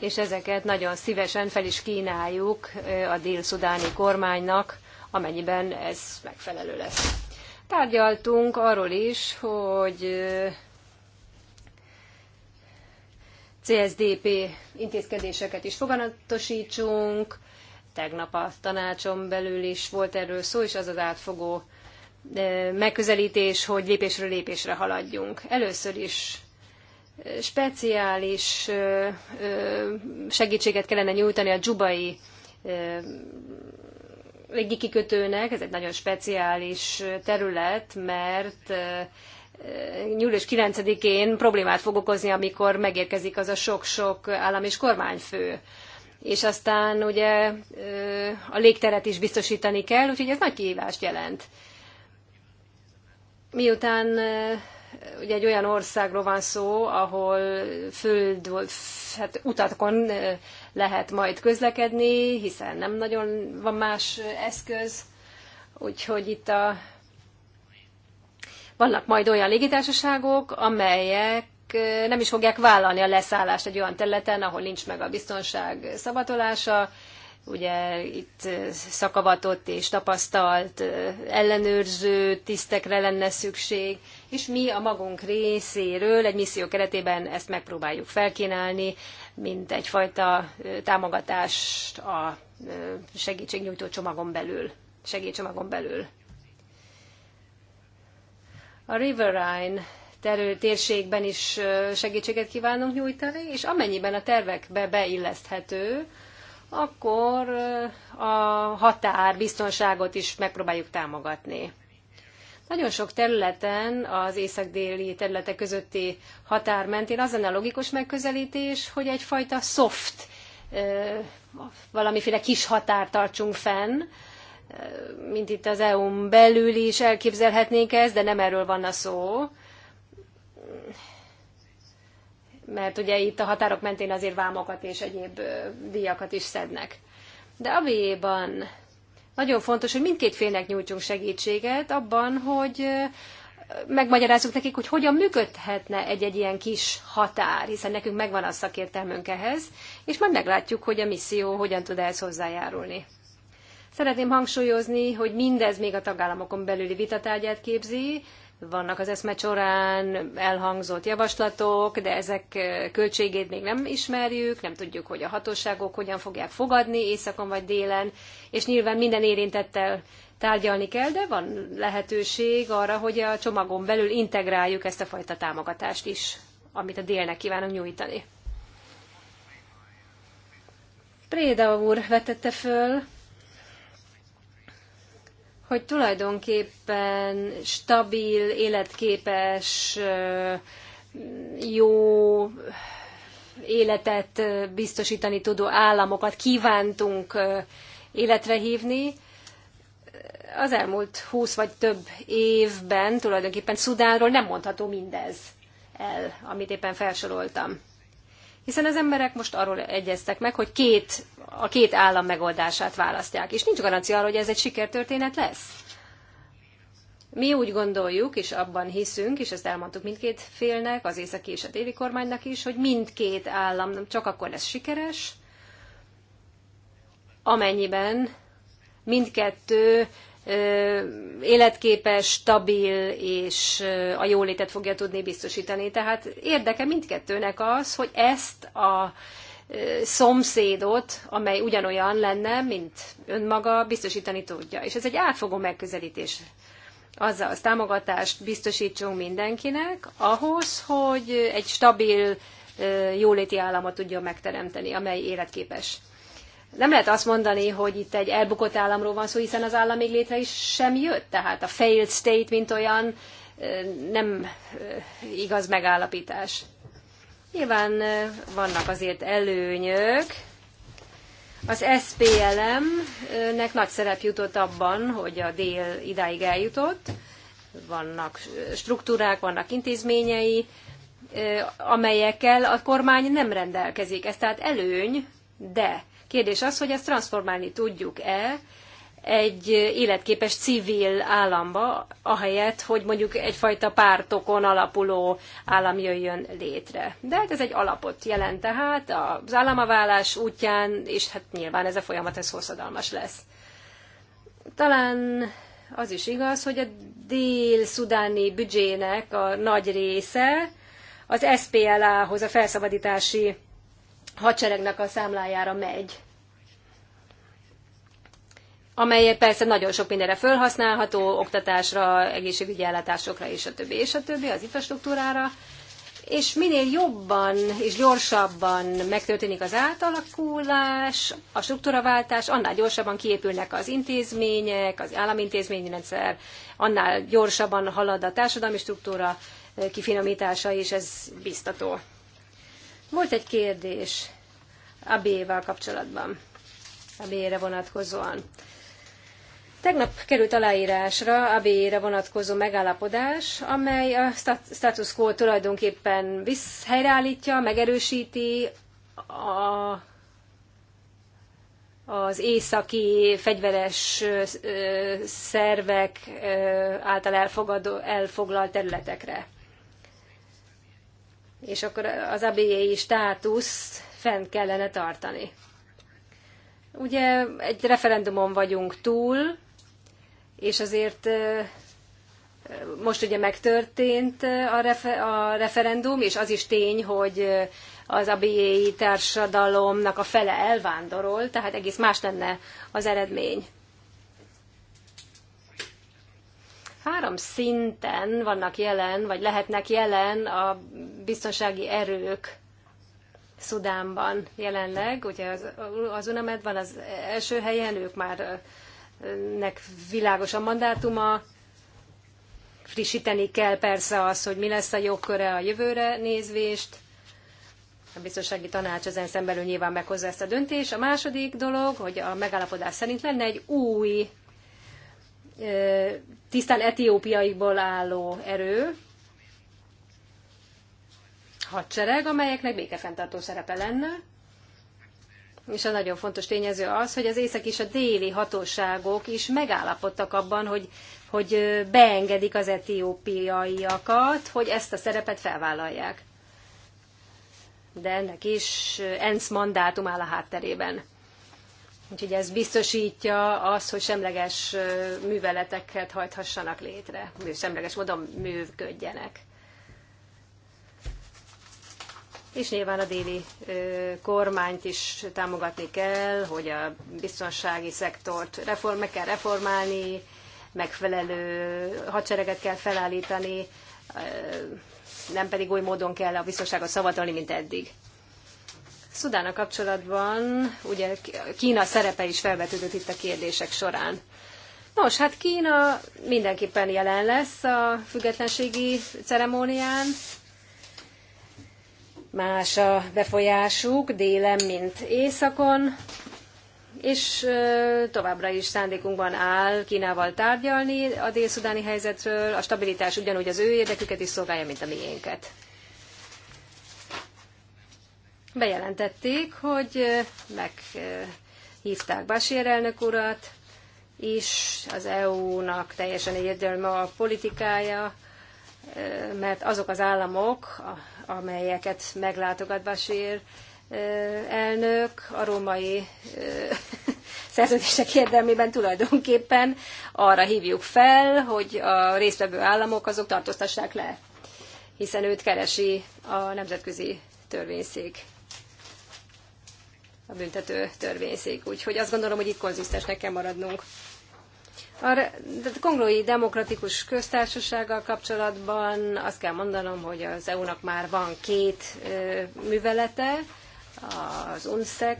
és ezeket nagyon szívesen fel is kínáljuk a dél-szudáni kormánynak, amennyiben ez megfelelő lesz. Tárgyaltunk arról is, hogy CSDP intézkedéseket is foganatosítsunk. Tegnap a tanácson belül is volt erről szó, és az az átfogó megközelítés, hogy lépésről lépésre haladjunk. Először is speciális segítséget kellene nyújtani a dzsubai légikikötőnek, ez egy nagyon speciális terület, mert július 9-én problémát fog okozni, amikor megérkezik az a sok-sok állam és kormányfő. És aztán ugye a légteret is biztosítani kell, úgyhogy ez nagy kihívást jelent. Miután ugye egy olyan országról van szó, ahol föld, hát utakon lehet majd közlekedni, hiszen nem nagyon van más eszköz. Úgyhogy itt a... vannak majd olyan légitársaságok, amelyek nem is fogják vállalni a leszállást egy olyan területen, ahol nincs meg a biztonság szabatolása. Ugye itt szakavatott és tapasztalt ellenőrző tisztekre lenne szükség, és mi a magunk részéről egy misszió keretében ezt megpróbáljuk felkínálni mint egyfajta támogatást a segítségnyújtó csomagon belül, segítségcsomagon belül. A Riverine terül, térségben is segítséget kívánunk nyújtani, és amennyiben a tervekbe beilleszthető, akkor a határ biztonságot is megpróbáljuk támogatni. Nagyon sok területen az észak-déli területek közötti határ mentén az lenne a logikus megközelítés, hogy egyfajta soft, valamiféle kis határ tartsunk fenn, mint itt az EU-n belül is elképzelhetnénk ezt, de nem erről van a szó. Mert ugye itt a határok mentén azért vámokat és egyéb díjakat is szednek. De a nagyon fontos, hogy mindkét félnek nyújtsunk segítséget abban, hogy megmagyarázzuk nekik, hogy hogyan működhetne egy-egy ilyen kis határ, hiszen nekünk megvan a szakértelmünk ehhez, és majd meglátjuk, hogy a misszió hogyan tud ehhez hozzájárulni. Szeretném hangsúlyozni, hogy mindez még a tagállamokon belüli vitatárgyát képzi, vannak az eszme során elhangzott javaslatok, de ezek költségét még nem ismerjük, nem tudjuk, hogy a hatóságok hogyan fogják fogadni éjszakon vagy délen, és nyilván minden érintettel tárgyalni kell, de van lehetőség arra, hogy a csomagon belül integráljuk ezt a fajta támogatást is, amit a délnek kívánunk nyújtani. Préda úr vetette föl hogy tulajdonképpen stabil, életképes, jó életet biztosítani tudó államokat kívántunk életre hívni. Az elmúlt húsz vagy több évben tulajdonképpen Szudánról nem mondható mindez el, amit éppen felsoroltam. Hiszen az emberek most arról egyeztek meg, hogy két, a két állam megoldását választják, és nincs garancia arra, hogy ez egy sikertörténet lesz. Mi úgy gondoljuk, és abban hiszünk, és ezt elmondtuk mindkét félnek, az északi és a déli kormánynak is, hogy mindkét állam csak akkor lesz sikeres, amennyiben mindkettő életképes, stabil és a jólétet fogja tudni biztosítani. Tehát érdeke mindkettőnek az, hogy ezt a szomszédot, amely ugyanolyan lenne, mint önmaga, biztosítani tudja. És ez egy átfogó megközelítés. Azzal az támogatást biztosítsunk mindenkinek, ahhoz, hogy egy stabil jóléti államot tudjon megteremteni, amely életképes nem lehet azt mondani, hogy itt egy elbukott államról van szó, hiszen az állam még létre is sem jött, tehát a failed state, mint olyan, nem igaz megállapítás. Nyilván vannak azért előnyök. Az SPLM-nek nagy szerep jutott abban, hogy a dél idáig eljutott. Vannak struktúrák, vannak intézményei, amelyekkel a kormány nem rendelkezik. Ez tehát előny, de Kérdés az, hogy ezt transformálni tudjuk-e egy életképes civil államba, ahelyett, hogy mondjuk egyfajta pártokon alapuló állam jöjjön létre. De hát ez egy alapot jelent tehát az államaválás útján, és hát nyilván ez a folyamat ez hosszadalmas lesz. Talán az is igaz, hogy a dél-szudáni büdzsének a nagy része az SPLA-hoz, a felszabadítási hadseregnek a számlájára megy amely persze nagyon sok mindenre felhasználható, oktatásra, egészségügyi ellátásokra és a többi, és a többi, az infrastruktúrára. És minél jobban és gyorsabban megtörténik az átalakulás, a struktúraváltás, annál gyorsabban kiépülnek az intézmények, az államintézményi rendszer, annál gyorsabban halad a társadalmi struktúra kifinomítása, és ez biztató. Volt egy kérdés a b kapcsolatban, a B-re vonatkozóan. Tegnap került aláírásra a B-re vonatkozó megállapodás, amely a status quo tulajdonképpen helyreállítja, megerősíti a, az északi fegyveres szervek által elfogadó, elfoglalt területekre és akkor az abéjai státusz fent kellene tartani. Ugye egy referendumon vagyunk túl, és azért most ugye megtörtént a, refer- a referendum, és az is tény, hogy az abéjai társadalomnak a fele elvándorol, tehát egész más lenne az eredmény. Három szinten vannak jelen, vagy lehetnek jelen a biztonsági erők Szudánban jelenleg. Ugye az, az UNAMED van az első helyen, ők már nek világos a mandátuma, frissíteni kell persze az, hogy mi lesz a jogköre a jövőre nézvést. A biztonsági tanács ezen szemben belül nyilván meghozza ezt a döntést. A második dolog, hogy a megállapodás szerint lenne egy új tisztán etiópiaiból álló erő, hadsereg, amelyeknek békefenntartó szerepe lenne. És a nagyon fontos tényező az, hogy az észak és a déli hatóságok is megállapodtak abban, hogy, hogy beengedik az etiópiaiakat, hogy ezt a szerepet felvállalják. De ennek is ENSZ mandátum áll a hátterében. Úgyhogy ez biztosítja azt, hogy semleges műveleteket hajthassanak létre, semleges módon működjenek. És nyilván a déli kormányt is támogatni kell, hogy a biztonsági szektort reform, meg kell reformálni, megfelelő hadsereget kell felállítani, nem pedig oly módon kell a biztonságot szavatolni, mint eddig. Szudána kapcsolatban ugye Kína szerepe is felvetődött itt a kérdések során. Nos, hát Kína mindenképpen jelen lesz a függetlenségi ceremónián. Más a befolyásuk délen, mint északon, és továbbra is szándékunkban áll Kínával tárgyalni a dél-szudáni helyzetről. A stabilitás ugyanúgy az ő érdeküket is szolgálja, mint a miénket bejelentették, hogy meghívták Basér elnök urat, és az EU-nak teljesen egyedülme a politikája, mert azok az államok, amelyeket meglátogat Basér elnök, a római szerződések érdemében tulajdonképpen arra hívjuk fel, hogy a résztvevő államok azok tartóztassák le, hiszen őt keresi a nemzetközi törvényszék a büntető törvényszék. Úgyhogy azt gondolom, hogy itt konzisztensnek kell maradnunk. A kongolói demokratikus köztársasággal kapcsolatban azt kell mondanom, hogy az EU-nak már van két művelete, az UNSEC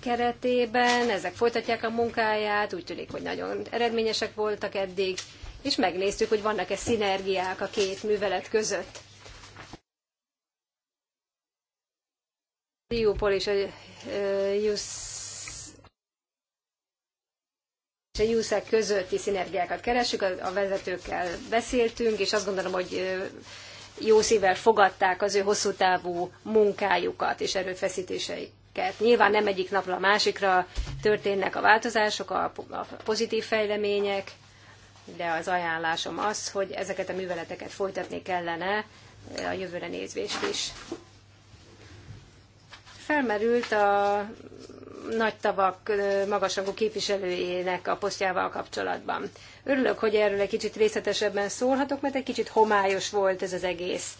keretében, ezek folytatják a munkáját, úgy tűnik, hogy nagyon eredményesek voltak eddig, és megnéztük, hogy vannak-e szinergiák a két művelet között. Diópol és a és a JUSZEK közötti szinergiákat keresünk, a vezetőkkel beszéltünk, és azt gondolom, hogy jó szívvel fogadták az ő hosszú távú munkájukat és erőfeszítéseiket. Nyilván nem egyik napra a másikra történnek a változások, a pozitív fejlemények, de az ajánlásom az, hogy ezeket a műveleteket folytatni kellene a jövőre nézvést is felmerült a nagy tavak magasrangú képviselőjének a posztjával kapcsolatban. Örülök, hogy erről egy kicsit részletesebben szólhatok, mert egy kicsit homályos volt ez az egész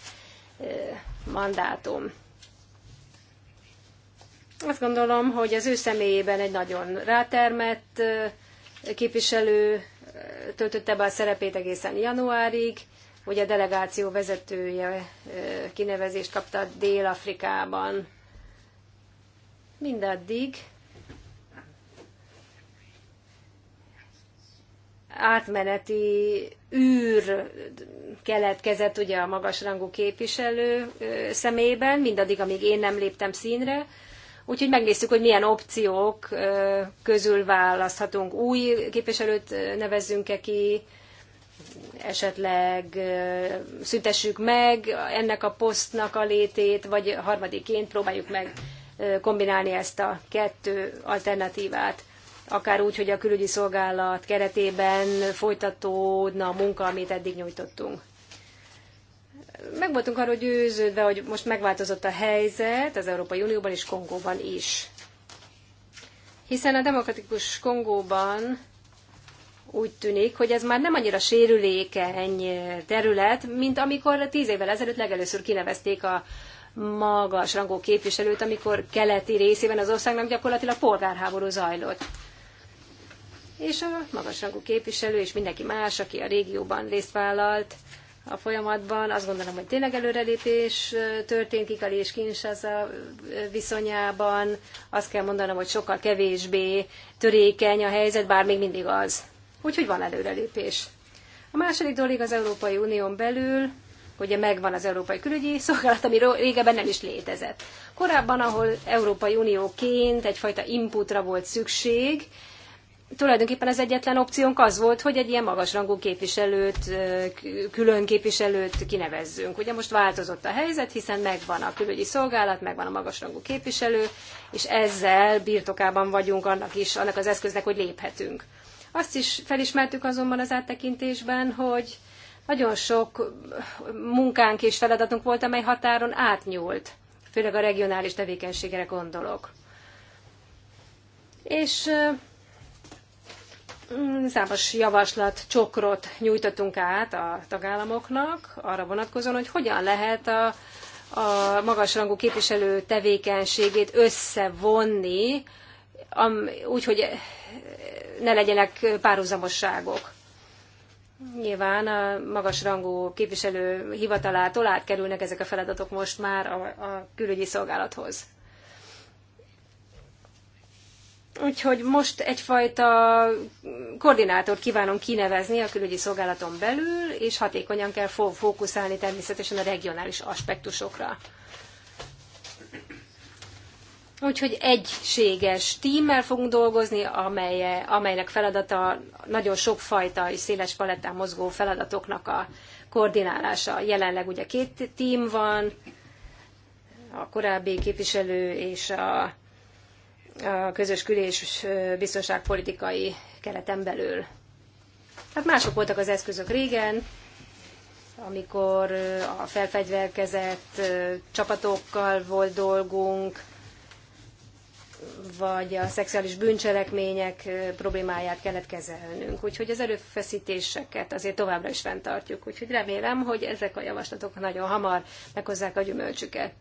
mandátum. Azt gondolom, hogy az ő személyében egy nagyon rátermett képviselő töltötte be a szerepét egészen januárig, hogy a delegáció vezetője kinevezést kapta Dél-Afrikában mindaddig átmeneti űr keletkezett ugye a magasrangú képviselő szemében, mindaddig, amíg én nem léptem színre. Úgyhogy megnéztük, hogy milyen opciók közül választhatunk. Új képviselőt nevezzünk-e ki, esetleg szüntessük meg ennek a posztnak a létét, vagy harmadiként próbáljuk meg kombinálni ezt a kettő alternatívát. Akár úgy, hogy a külügyi szolgálat keretében folytatódna a munka, amit eddig nyújtottunk. Meg voltunk arról győződve, hogy most megváltozott a helyzet az Európai Unióban és Kongóban is. Hiszen a demokratikus Kongóban úgy tűnik, hogy ez már nem annyira sérülékeny terület, mint amikor tíz évvel ezelőtt legelőször kinevezték a magas rangú képviselőt, amikor keleti részében az országnak gyakorlatilag polgárháború zajlott. És a magas rangú képviselő és mindenki más, aki a régióban részt vállalt a folyamatban, azt gondolom, hogy tényleg előrelépés történt Kikali és Kinshasa viszonyában. Azt kell mondanom, hogy sokkal kevésbé törékeny a helyzet, bár még mindig az. Úgyhogy van előrelépés. A második dolog az Európai Unión belül ugye megvan az Európai Külügyi Szolgálat, ami régebben nem is létezett. Korábban, ahol Európai Unióként egyfajta inputra volt szükség, tulajdonképpen az egyetlen opciónk az volt, hogy egy ilyen magasrangú képviselőt, külön képviselőt kinevezzünk. Ugye most változott a helyzet, hiszen megvan a külügyi szolgálat, megvan a magasrangú képviselő, és ezzel birtokában vagyunk annak is, annak az eszköznek, hogy léphetünk. Azt is felismertük azonban az áttekintésben, hogy nagyon sok munkánk és feladatunk volt, amely határon átnyúlt, főleg a regionális tevékenységre gondolok. És mm, számos javaslat csokrot nyújtottunk át a tagállamoknak arra vonatkozóan, hogy hogyan lehet a, a magasrangú képviselő tevékenységét összevonni, am, úgy, hogy ne legyenek párhuzamosságok. Nyilván a magasrangú képviselő hivatalától átkerülnek ezek a feladatok most már a, a külügyi szolgálathoz. Úgyhogy most egyfajta koordinátort kívánom kinevezni a külügyi szolgálaton belül, és hatékonyan kell fókuszálni természetesen a regionális aspektusokra. Úgyhogy egységes tímmel fogunk dolgozni, amelye, amelynek feladata nagyon sokfajta és széles palettán mozgó feladatoknak a koordinálása. Jelenleg ugye két tím van, a korábbi képviselő és a, a közös kül- és biztonságpolitikai kereten belül. Hát mások voltak az eszközök régen, amikor a felfegyverkezett csapatokkal volt dolgunk, vagy a szexuális bűncselekmények problémáját kellett kezelnünk. Úgyhogy az erőfeszítéseket azért továbbra is fenntartjuk. Úgyhogy remélem, hogy ezek a javaslatok nagyon hamar meghozzák a gyümölcsüket.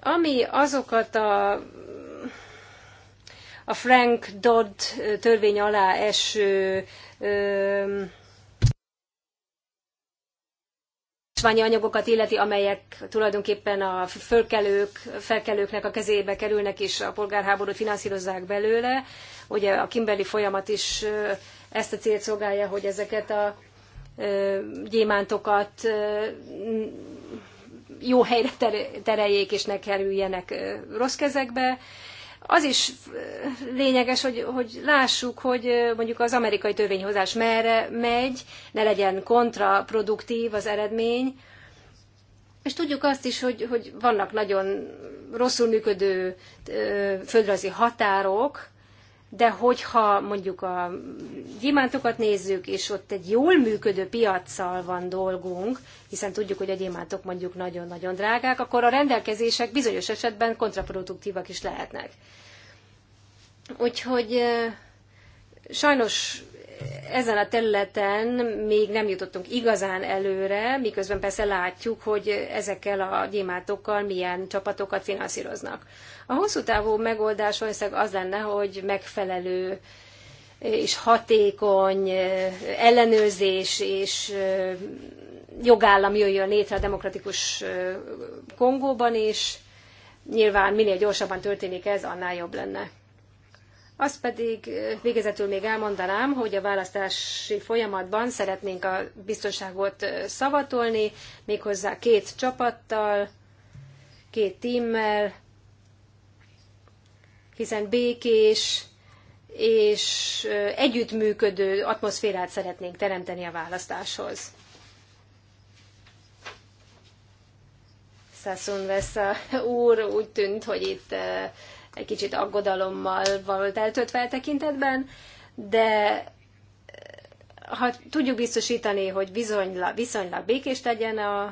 Ami azokat a a Frank Dodd törvény alá eső ö, ásványi anyagokat illeti, amelyek tulajdonképpen a fölkelők, felkelőknek a kezébe kerülnek, és a polgárháborút finanszírozzák belőle. Ugye a Kimberley folyamat is ezt a célt szolgálja, hogy ezeket a gyémántokat jó helyre tereljék, és ne kerüljenek rossz kezekbe az is lényeges, hogy, hogy lássuk, hogy mondjuk az amerikai törvényhozás merre megy, ne legyen kontraproduktív az eredmény. És tudjuk azt is, hogy, hogy vannak nagyon rosszul működő földrajzi határok, de hogyha mondjuk a gyémántokat nézzük, és ott egy jól működő piaccal van dolgunk, hiszen tudjuk, hogy a gyémántok mondjuk nagyon-nagyon drágák, akkor a rendelkezések bizonyos esetben kontraproduktívak is lehetnek. Úgyhogy sajnos ezen a területen még nem jutottunk igazán előre, miközben persze látjuk, hogy ezekkel a gyémátokkal milyen csapatokat finanszíroznak. A hosszú távú megoldás valószínűleg az lenne, hogy megfelelő és hatékony ellenőrzés és jogállam jöjjön létre a demokratikus Kongóban is. Nyilván minél gyorsabban történik ez, annál jobb lenne. Azt pedig végezetül még elmondanám, hogy a választási folyamatban szeretnénk a biztonságot szavatolni, méghozzá két csapattal, két tímmel, hiszen békés és együttműködő atmoszférát szeretnénk teremteni a választáshoz. Sasson Vessa úr úgy tűnt, hogy itt egy kicsit aggodalommal volt eltöltve a tekintetben, de eh, ha tudjuk biztosítani, hogy viszonylag, viszonylag békés legyen a,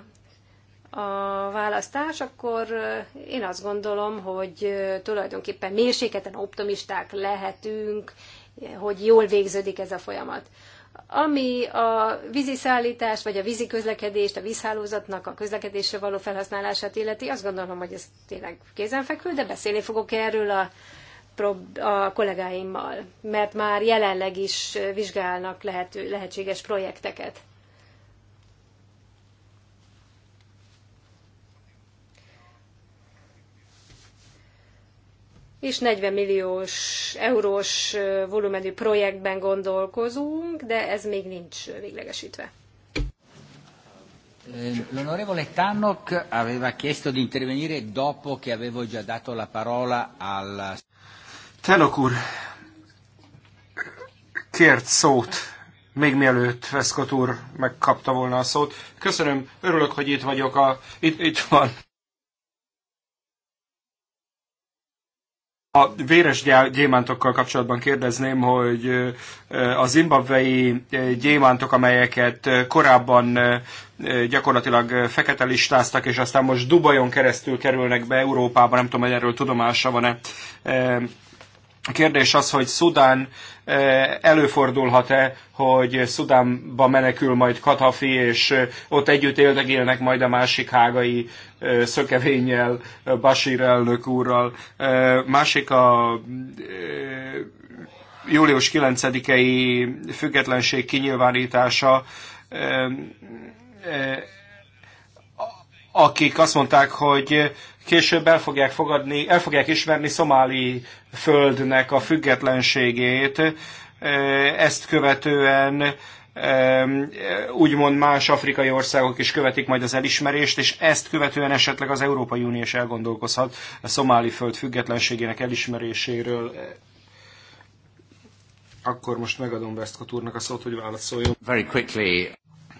a választás, akkor eh, én azt gondolom, hogy eh, tulajdonképpen mérséketen optimisták lehetünk, hogy jól végződik ez a folyamat ami a víziszállítást, vagy a vízi közlekedést, a vízhálózatnak a közlekedésre való felhasználását illeti, azt gondolom, hogy ez tényleg kézenfekvő, de beszélni fogok erről a, a kollégáimmal, mert már jelenleg is vizsgálnak lehető, lehetséges projekteket. és 40 milliós eurós volumenű projektben gondolkozunk, de ez még nincs véglegesítve. Eh, l'onorevole Tannock aveva chiesto di intervenire dopo che avevo già dato la parola al... Tannock úr kért szót, még mielőtt Veszkot úr megkapta volna a szót. Köszönöm, örülök, hogy itt vagyok, a, itt, itt van. A véres gyémántokkal kapcsolatban kérdezném, hogy a zimbabvei gyémántok, amelyeket korábban gyakorlatilag fekete listáztak, és aztán most Dubajon keresztül kerülnek be Európába, nem tudom, hogy erről tudomása van-e. A kérdés az, hogy Szudán előfordulhat-e, hogy Szudánba menekül majd Katafi, és ott együtt élnek, élnek majd a másik hágai szökevényel, Basir elnök úrral. Másik a július 9-i függetlenség kinyilvánítása, akik azt mondták, hogy később el fogják fogadni, el fogják ismerni szomáli földnek a függetlenségét, ezt követően úgymond más afrikai országok is követik majd az elismerést, és ezt követően esetleg az Európai Unió is elgondolkozhat a szomáli föld függetlenségének elismeréséről. Akkor most megadom Westcott úrnak a szót, hogy válaszoljon. Very quickly.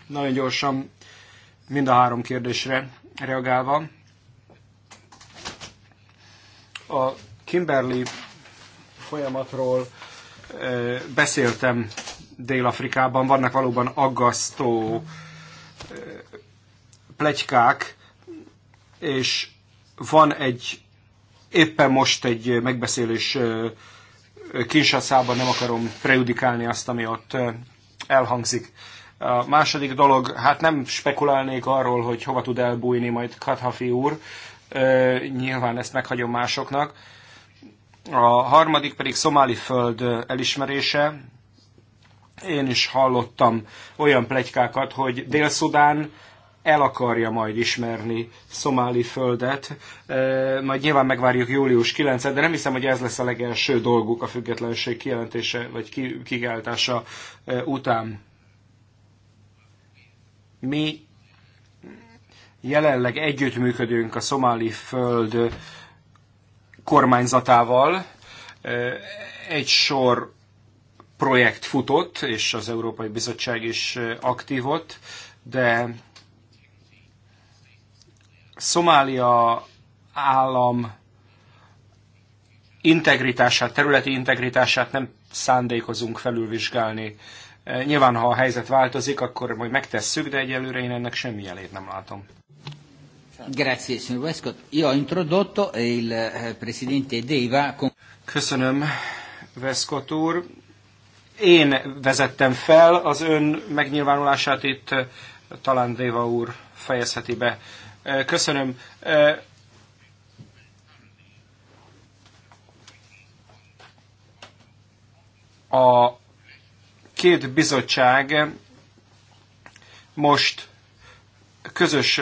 Nagyon gyorsan mind a három kérdésre reagálva. A Kimberley folyamatról eh, beszéltem Dél-Afrikában vannak valóban aggasztó plegykák, és van egy, éppen most egy megbeszélés Kinshasa-ban, nem akarom prejudikálni azt, ami ott elhangzik. A második dolog, hát nem spekulálnék arról, hogy hova tud elbújni majd Kadhafi úr, nyilván ezt meghagyom másoknak. A harmadik pedig szomáli föld elismerése. Én is hallottam olyan plegykákat, hogy Dél-Szudán el akarja majd ismerni szomáli földet. E, majd nyilván megvárjuk július 9 de nem hiszem, hogy ez lesz a legelső dolguk a függetlenség kijelentése vagy e, után. Mi jelenleg együttműködünk a szomáli föld kormányzatával. E, egy sor projekt futott, és az Európai Bizottság is aktív volt, de Szomália állam integritását, területi integritását nem szándékozunk felülvizsgálni. Nyilván, ha a helyzet változik, akkor majd megtesszük, de egyelőre én ennek semmi jelét nem látom. Eh, presidente Köszönöm, Veszkot úr én vezettem fel az ön megnyilvánulását itt, eh, talán Déva úr fejezheti be. Eh, köszönöm. Eh, a két bizottság most közös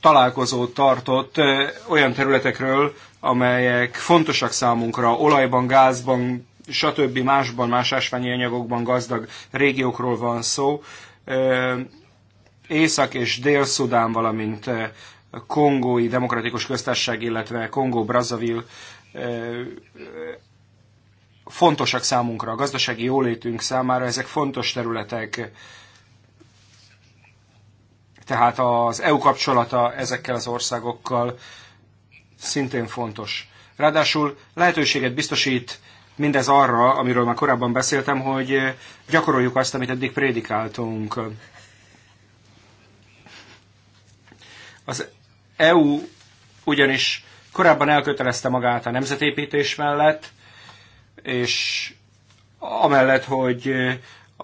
találkozót tartott olyan területekről, amelyek fontosak számunkra, olajban, gázban, stb. másban, más ásványi anyagokban gazdag régiókról van szó. Észak- és Dél-Szudán, valamint Kongói Demokratikus Köztársaság, illetve Kongó-Brazzaville fontosak számunkra, a gazdasági jólétünk számára, ezek fontos területek. Tehát az EU kapcsolata ezekkel az országokkal szintén fontos. Ráadásul lehetőséget biztosít mindez arra, amiről már korábban beszéltem, hogy gyakoroljuk azt, amit eddig prédikáltunk. Az EU ugyanis korábban elkötelezte magát a nemzetépítés mellett, és amellett, hogy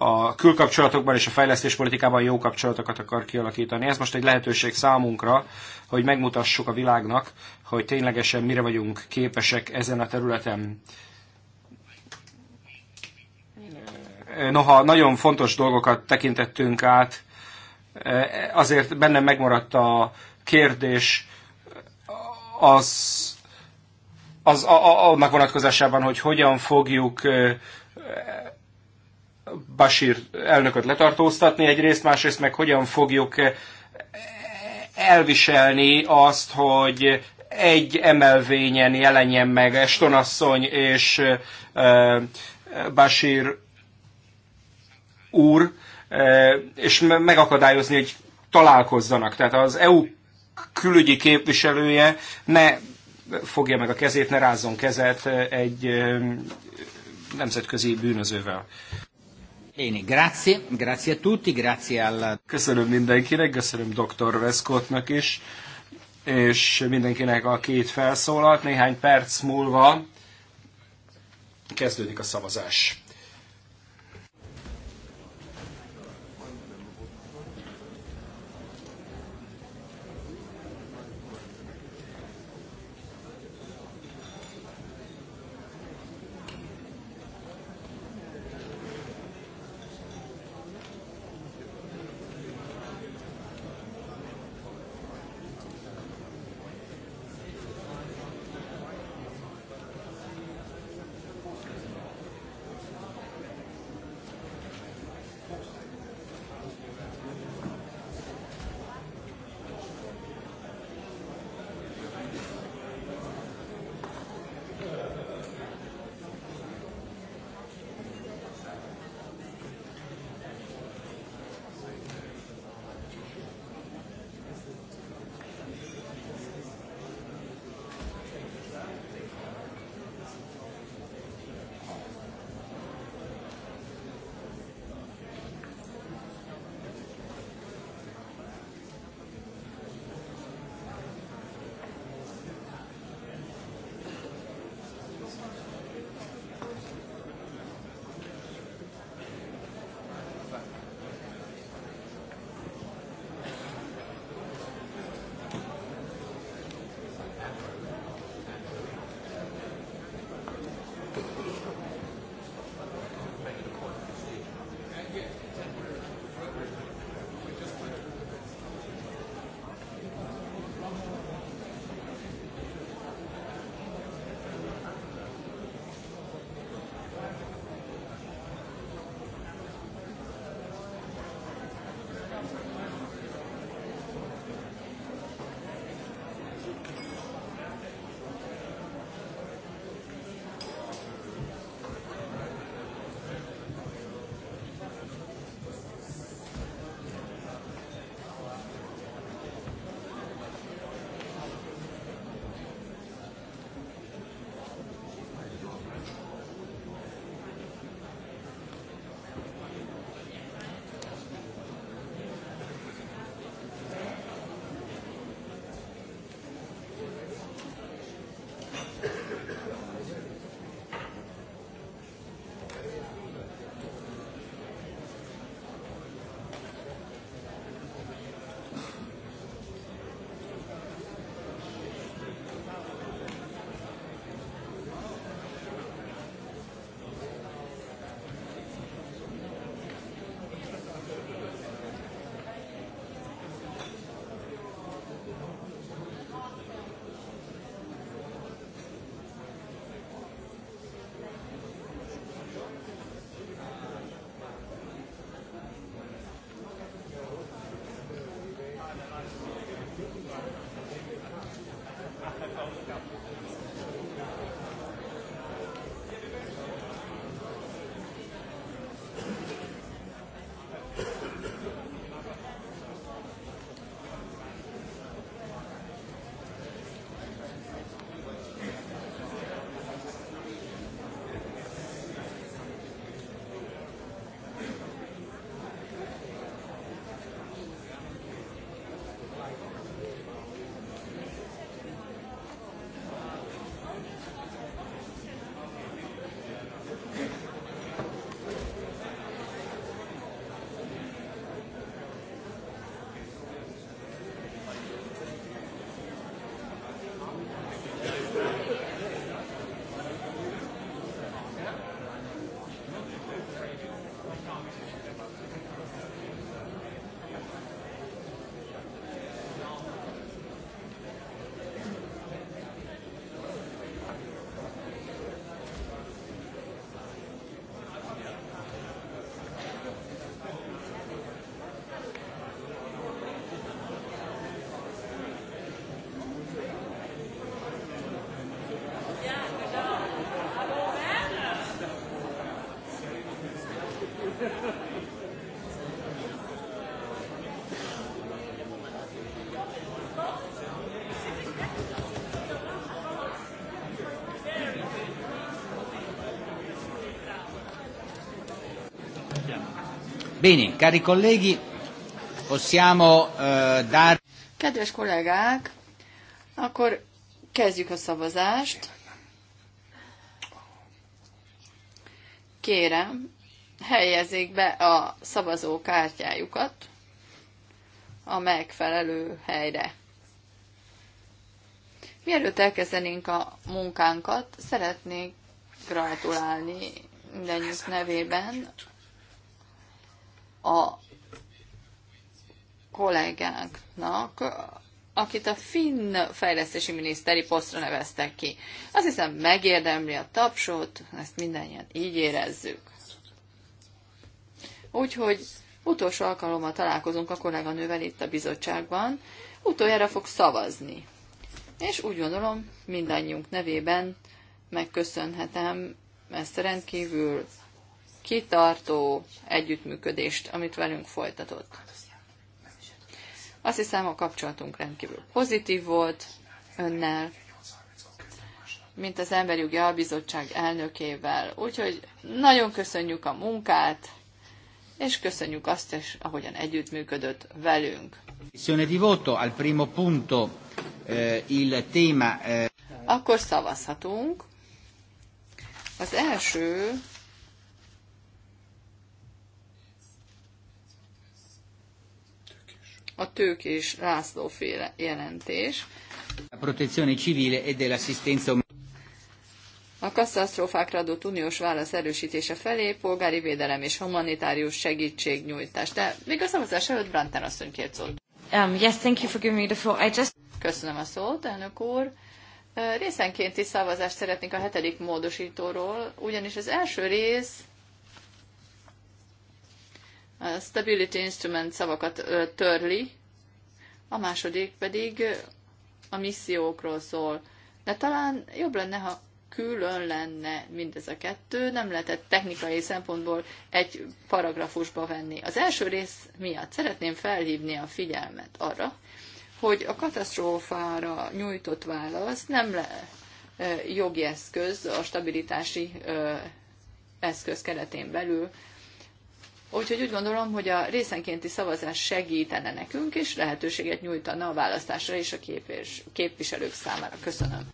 a külkapcsolatokban és a fejlesztéspolitikában jó kapcsolatokat akar kialakítani. Ez most egy lehetőség számunkra, hogy megmutassuk a világnak, hogy ténylegesen mire vagyunk képesek ezen a területen. Noha nagyon fontos dolgokat tekintettünk át, azért bennem megmaradt a kérdés az, az a, a, annak vonatkozásában, hogy hogyan fogjuk Basír elnököt letartóztatni egyrészt, másrészt meg hogyan fogjuk eh, elviselni azt, hogy egy emelvényen jelenjen meg Estonasszony és eh, eh, Basír úr, és megakadályozni, hogy találkozzanak. Tehát az EU külügyi képviselője ne fogja meg a kezét, ne rázzon kezet egy nemzetközi bűnözővel. Bene, grazie, grazie a tutti, grazie al... Köszönöm mindenkinek, köszönöm dr. Veszkotnak is, és mindenkinek a két felszólalt. Néhány perc múlva kezdődik a szavazás. Bene, cari colleghi, possiamo uh, Kedves kollégák, akkor kezdjük a szavazást. Kérem, helyezzék be a szavazókártyájukat a megfelelő helyre. Mielőtt elkezdenénk a munkánkat, szeretnék gratulálni mindenjük nevében a kollégánknak, akit a finn fejlesztési miniszteri posztra neveztek ki. Azt hiszem megérdemli a tapsot, ezt mindannyian így érezzük. Úgyhogy utolsó alkalommal találkozunk a kolléganővel itt a bizottságban, utoljára fog szavazni. És úgy gondolom, mindannyiunk nevében megköszönhetem ezt a rendkívül kitartó együttműködést, amit velünk folytatott. Azt hiszem, a kapcsolatunk rendkívül pozitív volt önnel, mint az Emberjogi Albizottság elnökével. Úgyhogy nagyon köszönjük a munkát, és köszönjük azt is, ahogyan együttműködött velünk. Eh, eh, Akkor szavazhatunk. Az első a tők és László féle jelentés. A protezione civile e dell'assistenza a katasztrófákra adott uniós válasz erősítése felé polgári védelem és humanitárius segítségnyújtás. De még a szavazás előtt Brantán asszony kért szót. Um, yes, thank you for giving me the floor. I just... Köszönöm a szót, elnök úr. Részenkénti szavazást szeretnénk a hetedik módosítóról, ugyanis az első rész a Stability Instrument szavakat törli, a második pedig a missziókról szól. De talán jobb lenne, ha külön lenne mindez a kettő, nem lehetett technikai szempontból egy paragrafusba venni. Az első rész miatt szeretném felhívni a figyelmet arra, hogy a katasztrófára nyújtott válasz nem le, jogi eszköz a stabilitási eszköz keretén belül, Úgyhogy úgy gondolom, hogy a részenkénti szavazás segítene nekünk, és lehetőséget nyújtana a választásra és a képviselők számára. Köszönöm.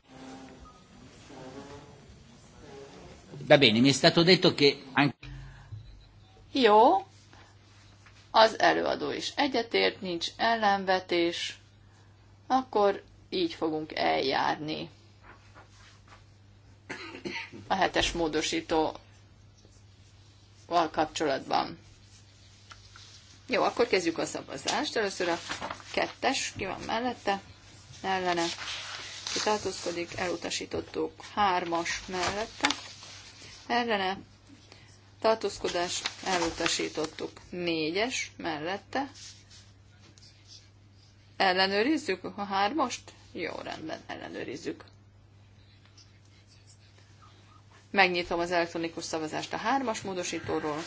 Va mi stato detto che anche... Jó, az előadó is egyetért, nincs ellenvetés, akkor így fogunk eljárni. A hetes módosítóval kapcsolatban. Jó, akkor kezdjük a szavazást. Először a kettes, ki van mellette, ellene, ki tartózkodik, elutasítottuk hármas mellette, ellene, tartózkodás, elutasítottuk négyes mellette, ellenőrizzük a hármast, jó, rendben, ellenőrizzük. Megnyitom az elektronikus szavazást a hármas módosítóról.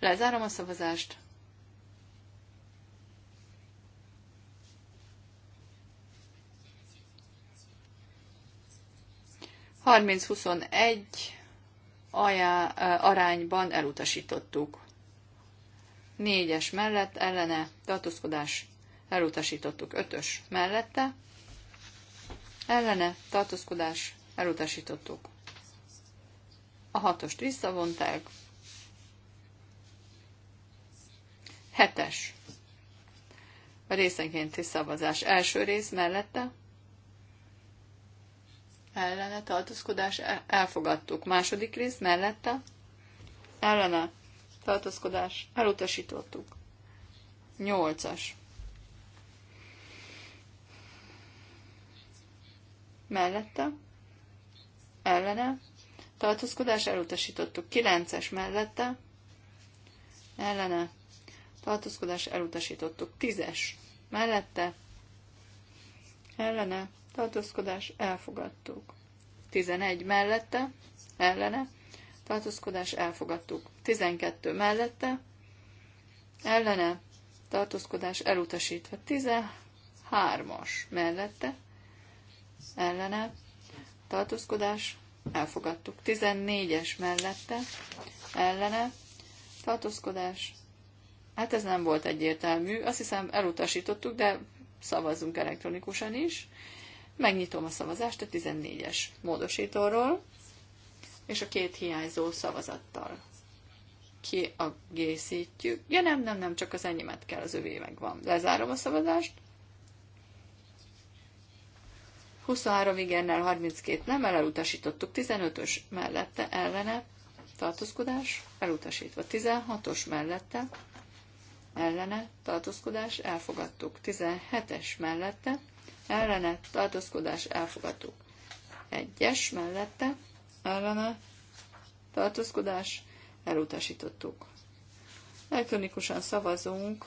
Lezárom a szavazást. Harminc huszonegy arányban elutasítottuk. Négyes mellett ellene tartózkodás elutasítottuk. Ötös mellette ellene tartózkodás elutasítottuk. A hatost visszavonták, Hetes. A részenkénti szavazás. Első rész mellette. Ellene tartózkodás. E- elfogadtuk. Második rész mellette. Ellene tartózkodás. Elutasítottuk. Nyolcas. Mellette. Ellene. Tartózkodás elutasítottuk. Kilences mellette. Ellene tartózkodás elutasítottuk. Tízes mellette ellene tartózkodás elfogadtuk. Tizenegy mellette ellene tartózkodás elfogadtuk. Tizenkettő mellette ellene tartózkodás elutasítva. Tizenhármas mellette ellene tartózkodás elfogadtuk. tizennégyes mellette ellene tartózkodás Hát ez nem volt egyértelmű. Azt hiszem elutasítottuk, de szavazzunk elektronikusan is. Megnyitom a szavazást a 14-es módosítóról, és a két hiányzó szavazattal kiegészítjük. Ja nem, nem, nem, csak az enyémet kell, az övé meg van. Lezárom a szavazást. 23 igennel, 32 nem, elutasítottuk. 15-ös mellette ellene tartózkodás, elutasítva. 16-os mellette ellene tartózkodás elfogadtuk. 17-es mellette ellene tartózkodás elfogadtuk. 1-es mellette ellene tartózkodás elutasítottuk. Elektronikusan szavazunk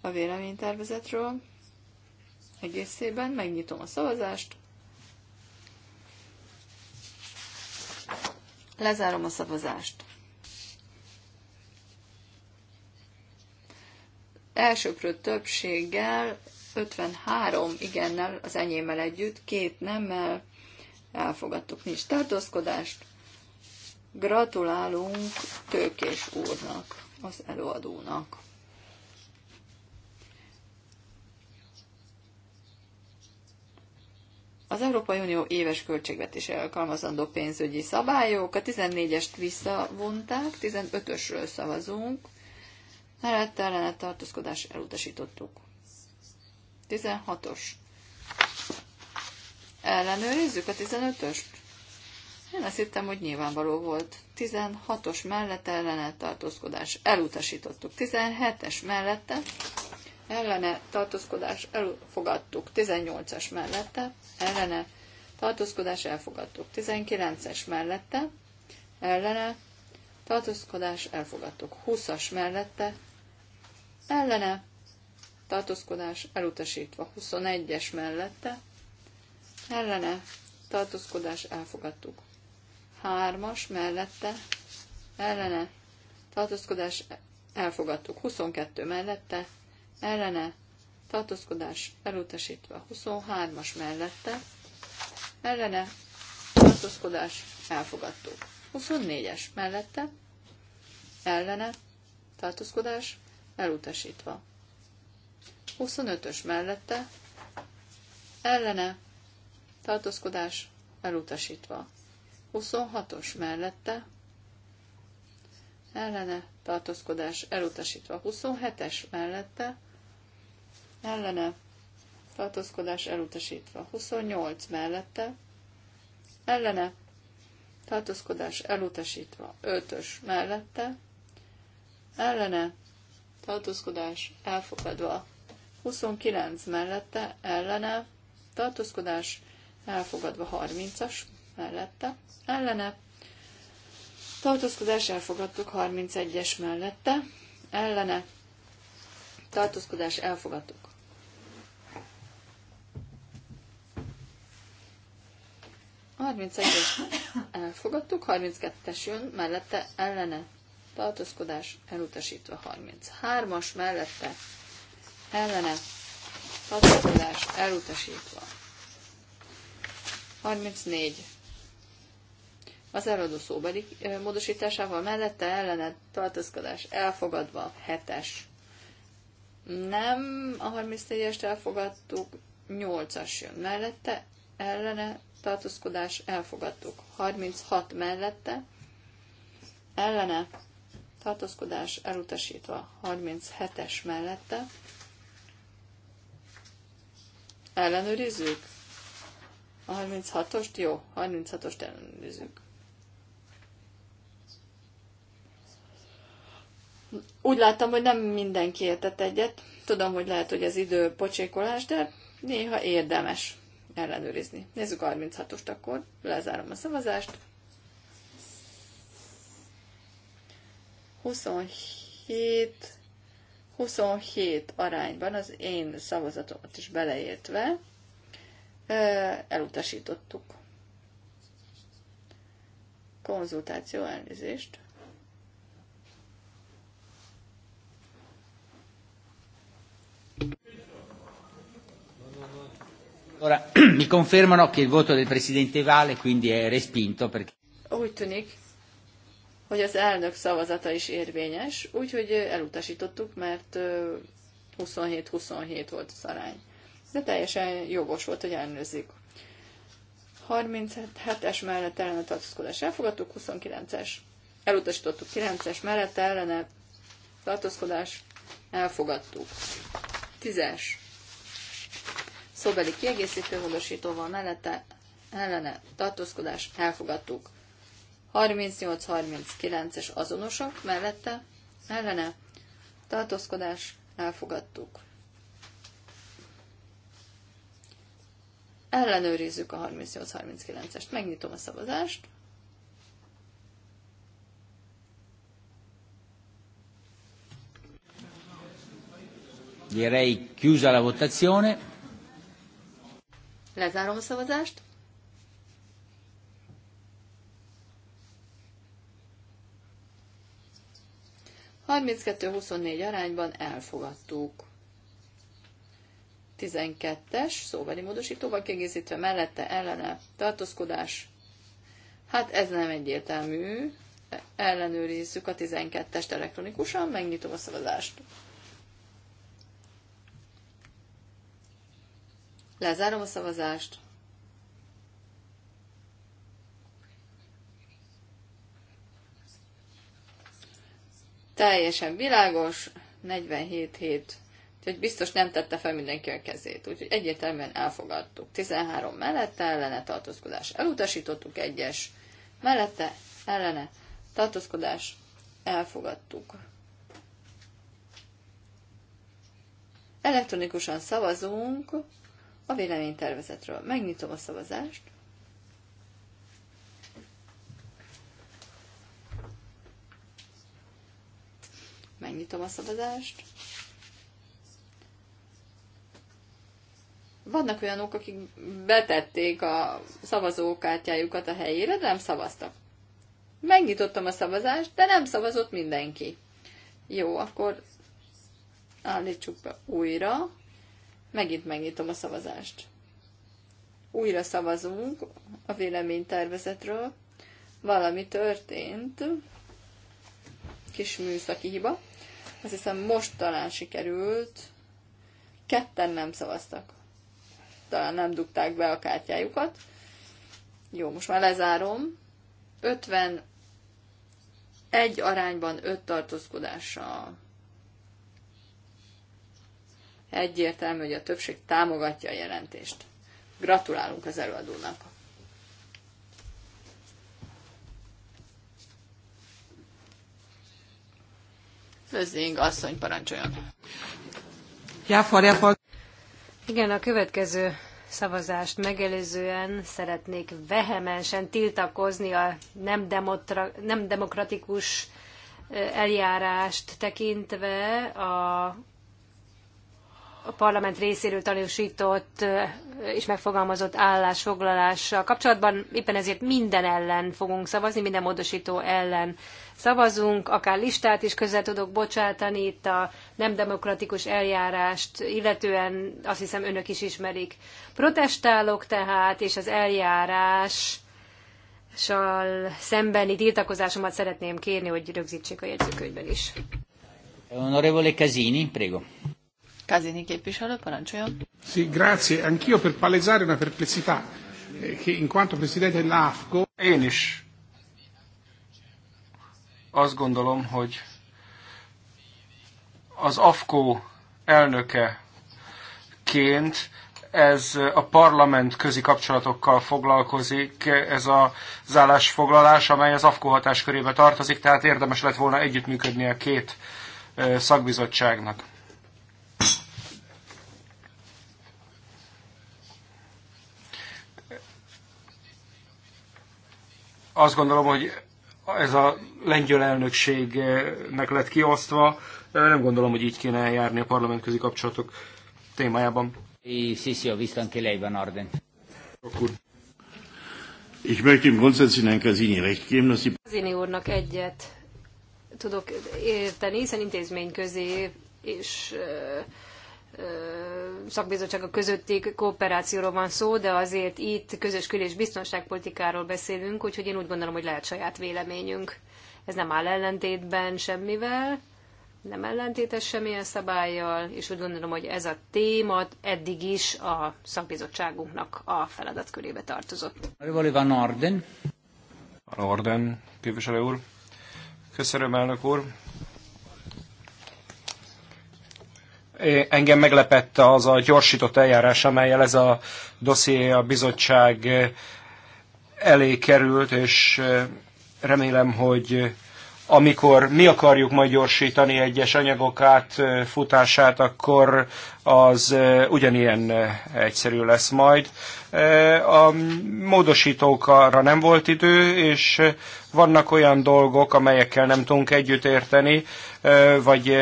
a véleménytervezetről egészében. Megnyitom a szavazást. Lezárom a szavazást. elsőprő többséggel, 53 igennel az enyémmel együtt, két nemmel elfogadtuk, nincs tartózkodást. Gratulálunk Tőkés úrnak, az előadónak. Az Európai Unió éves költségvetése alkalmazandó pénzügyi szabályok, a 14-est visszavonták, 15-ösről szavazunk, mellette ellene tartózkodás elutasítottuk. 16-os. Ellenőrizzük a 15-öst? Én azt hittem, hogy nyilvánvaló volt. 16-os mellett ellene tartózkodás elutasítottuk. 17-es mellette ellene tartózkodás elfogadtuk. 18-es mellette ellene tartózkodás elfogadtuk. 19-es mellette ellene tartózkodás elfogadtuk. 20-as mellette ellene, tartózkodás elutasítva 21-es mellette, ellene, tartózkodás elfogadtuk. 3-as mellette, ellene, tartózkodás elfogadtuk. 22 mellette, ellene, tartózkodás elutasítva. 23-as mellette, ellene, tartózkodás elfogadtuk. 24-es mellette, ellene, tartózkodás elutasítva. 25-ös mellette, ellene, tartózkodás, elutasítva. 26-os mellette, ellene, tartózkodás, elutasítva. 27-es mellette, ellene, tartózkodás, elutasítva. 28 mellette, ellene, tartózkodás, elutasítva. 5-ös mellette, ellene, tartózkodás elfogadva. 29 mellette ellene tartózkodás elfogadva 30-as mellette ellene tartózkodás elfogadtuk 31-es mellette ellene tartózkodás elfogadtuk. Harmincegyes elfogadtuk, 32-es jön, mellette ellene tartózkodás elutasítva 33-as mellette ellene tartózkodás elutasítva 34 az eladó szóbeli módosításával mellette ellene tartózkodás elfogadva 7-es. Nem a 34-est elfogadtuk, 8-as jön mellette, ellene tartózkodás elfogadtuk. 36 mellette, ellene tartózkodás elutasítva 37-es mellette. Ellenőrizzük? A 36-ost? Jó, 36-ost ellenőrizzük. Úgy láttam, hogy nem mindenki értett egyet. Tudom, hogy lehet, hogy az idő pocsékolás, de néha érdemes ellenőrizni. Nézzük a 36-ost akkor, lezárom a szavazást. 27 27 arányban az én szavazatomat is beleértve elutasítottuk. Konzultáció elnézést. Ora mi confermano che il voto del Presidente vale, quindi è respinto. Perché... Úgy tűnik, hogy az elnök szavazata is érvényes, úgyhogy elutasítottuk, mert 27-27 volt az arány. De teljesen jogos volt, hogy elnőzik. 37-es mellett ellene tartózkodás elfogadtuk, 29-es elutasítottuk, 9-es mellett ellene tartózkodás elfogadtuk. 10-es szóbeli kiegészítő módosítóval mellette ellene tartózkodás elfogadtuk. 38-39-es azonosak, mellette, ellene, tartózkodás, elfogadtuk. Ellenőrizzük a 38-39-est. Megnyitom a szavazást. Direi chiusa la votazione. Lezárom a szavazást. 32-24 arányban elfogadtuk. 12-es szóbeli módosítóval kiegészítve mellette ellene tartózkodás. Hát ez nem egyértelmű. Ellenőrizzük a 12-est elektronikusan, megnyitom a szavazást. Lezárom a szavazást. teljesen világos, 47 hét. Úgyhogy biztos nem tette fel mindenki a kezét. Úgyhogy egyértelműen elfogadtuk. 13 mellette ellene tartózkodás. Elutasítottuk egyes. Mellette ellene tartózkodás. Elfogadtuk. Elektronikusan szavazunk a véleménytervezetről. Megnyitom a szavazást. megnyitom a szavazást. Vannak olyanok, akik betették a szavazókártyájukat a helyére, de nem szavaztak. Megnyitottam a szavazást, de nem szavazott mindenki. Jó, akkor állítsuk be újra. Megint megnyitom a szavazást. Újra szavazunk a véleménytervezetről. Valami történt. Kis műszaki hiba. Azt hiszem most talán sikerült. Ketten nem szavaztak. Talán nem dugták be a kártyájukat. Jó, most már lezárom. 50 egy arányban öt tartózkodása. Egyértelmű, hogy a többség támogatja a jelentést. Gratulálunk az előadónak! Lözing asszony parancsoljon. Igen, a következő szavazást megelőzően szeretnék vehemensen tiltakozni a nem, demotra, nem demokratikus eh, eljárást tekintve a a parlament részéről tanúsított és megfogalmazott állásfoglalással kapcsolatban. Éppen ezért minden ellen fogunk szavazni, minden módosító ellen szavazunk, akár listát is közel tudok bocsátani itt a nem demokratikus eljárást, illetően azt hiszem önök is ismerik. Protestálok tehát, és az eljárás szembeni tiltakozásomat szeretném kérni, hogy rögzítsék a jegyzőkönyvben is. Honorevole Casini, prego. Kazini képviselő, parancsoljon. Sì, grazie. Anch'io per palesare una perplessità, eh, che in quanto presidente dell'AFCO... Én is azt gondolom, hogy az AFCO elnökeként ez a parlament közi kapcsolatokkal foglalkozik, ez a zállásfoglalás, amely az AFKO hatáskörébe tartozik, tehát érdemes lett volna együttműködni a két eh, szakbizottságnak. Azt gondolom, hogy ez a lengyel elnökségnek lett kiosztva. Nem gondolom, hogy így kéne járni a parlamentközi kapcsolatok témájában. Sí, sí, ho visto anche Van Orden. Ich möchte im grundsätzlichen Herrn Casini recht geben, dass die... Casini úrnak egyet tudok érteni, hiszen intézményközi és szakbizottságok közötti kooperációról van szó, de azért itt közös kül- és biztonságpolitikáról beszélünk, úgyhogy én úgy gondolom, hogy lehet saját véleményünk. Ez nem áll ellentétben semmivel, nem ellentétes semmilyen szabályjal, és úgy gondolom, hogy ez a téma eddig is a szakbizottságunknak a feladatkörébe tartozott. Van Arden. Arden, képviselő úr. Köszönöm, elnök úr. Engem meglepett az a gyorsított eljárás, amelyel ez a dosszié a bizottság eh, elé került, és eh, remélem, hogy eh, amikor mi akarjuk majd gyorsítani egyes anyagok átfutását, akkor az ugyanilyen egyszerű lesz majd. A módosítókra nem volt idő, és vannak olyan dolgok, amelyekkel nem tudunk együtt érteni, vagy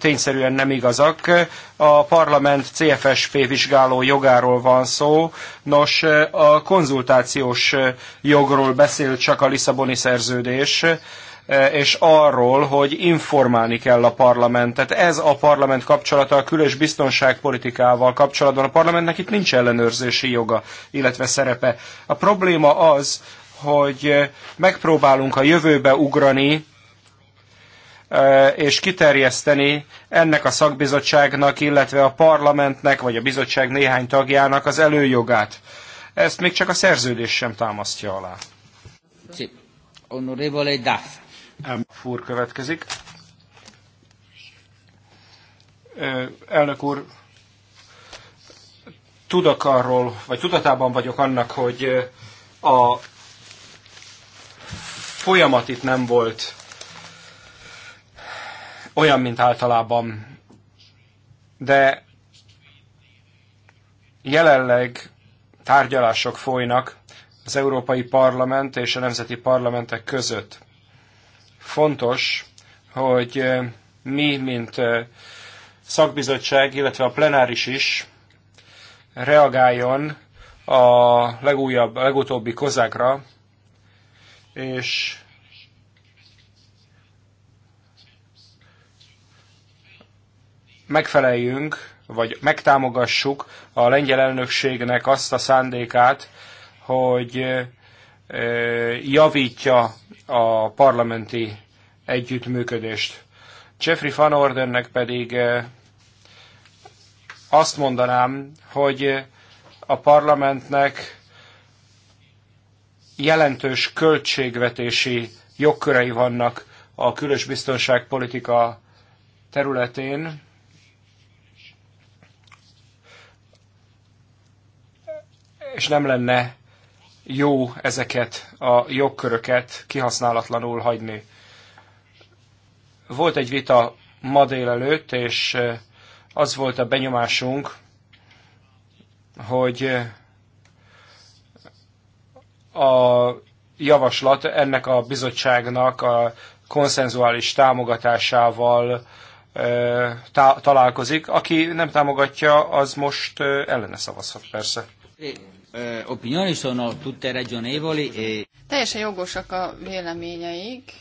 tényszerűen nem igazak. A parlament CFSP vizsgáló jogáról van szó. Nos, a konzultációs jogról beszél csak a Lisszaboni szerződés és arról, hogy informálni kell a parlamentet. Ez a parlament kapcsolata a külös biztonságpolitikával kapcsolatban. A parlamentnek itt nincs ellenőrzési joga, illetve szerepe. A probléma az, hogy megpróbálunk a jövőbe ugrani, Eh, és kiterjeszteni ennek a szakbizottságnak, illetve a parlamentnek, vagy a bizottság néhány tagjának az előjogát. Ezt még csak a szerződés sem támasztja alá. Honorable Duff. Fúr következik. Elnök úr, tudok arról, vagy tudatában vagyok annak, hogy a folyamat itt nem volt olyan, mint általában. De jelenleg tárgyalások folynak az Európai Parlament és a nemzeti parlamentek között. Fontos, hogy eh, mi, mint eh, szakbizottság, illetve a plenáris is reagáljon a legújabb, a legutóbbi kozákra, és megfeleljünk, vagy megtámogassuk a lengyel elnökségnek azt a szándékát, hogy javítja a parlamenti együttműködést. Jeffrey Van Ordennek pedig azt mondanám, hogy a parlamentnek jelentős költségvetési jogkörei vannak a külös biztonságpolitika területén, és nem lenne jó ezeket a jogköröket kihasználatlanul hagyni. Volt egy vita ma délelőtt, és az volt a benyomásunk, hogy a javaslat ennek a bizottságnak a konszenzuális támogatásával tá találkozik. Aki nem támogatja, az most ellene szavazhat persze. Eh, opinioni sono tutte ragionevoli e... Teljesen jogosak a véleményeik,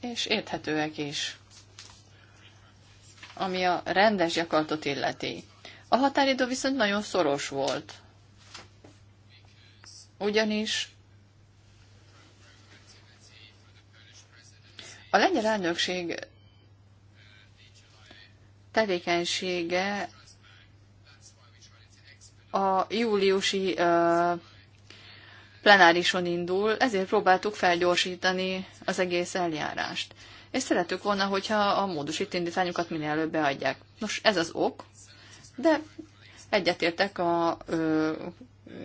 és érthetőek is, ami a rendes gyakorlatot illeti. A határidő viszont nagyon szoros volt, ugyanis a lengyel elnökség tevékenysége a júliusi plenárison indul, ezért próbáltuk felgyorsítani az egész eljárást. És szeretük volna, hogyha a módosít indítványokat minél előbb beadják. Nos, ez az ok, de egyetértek a ö,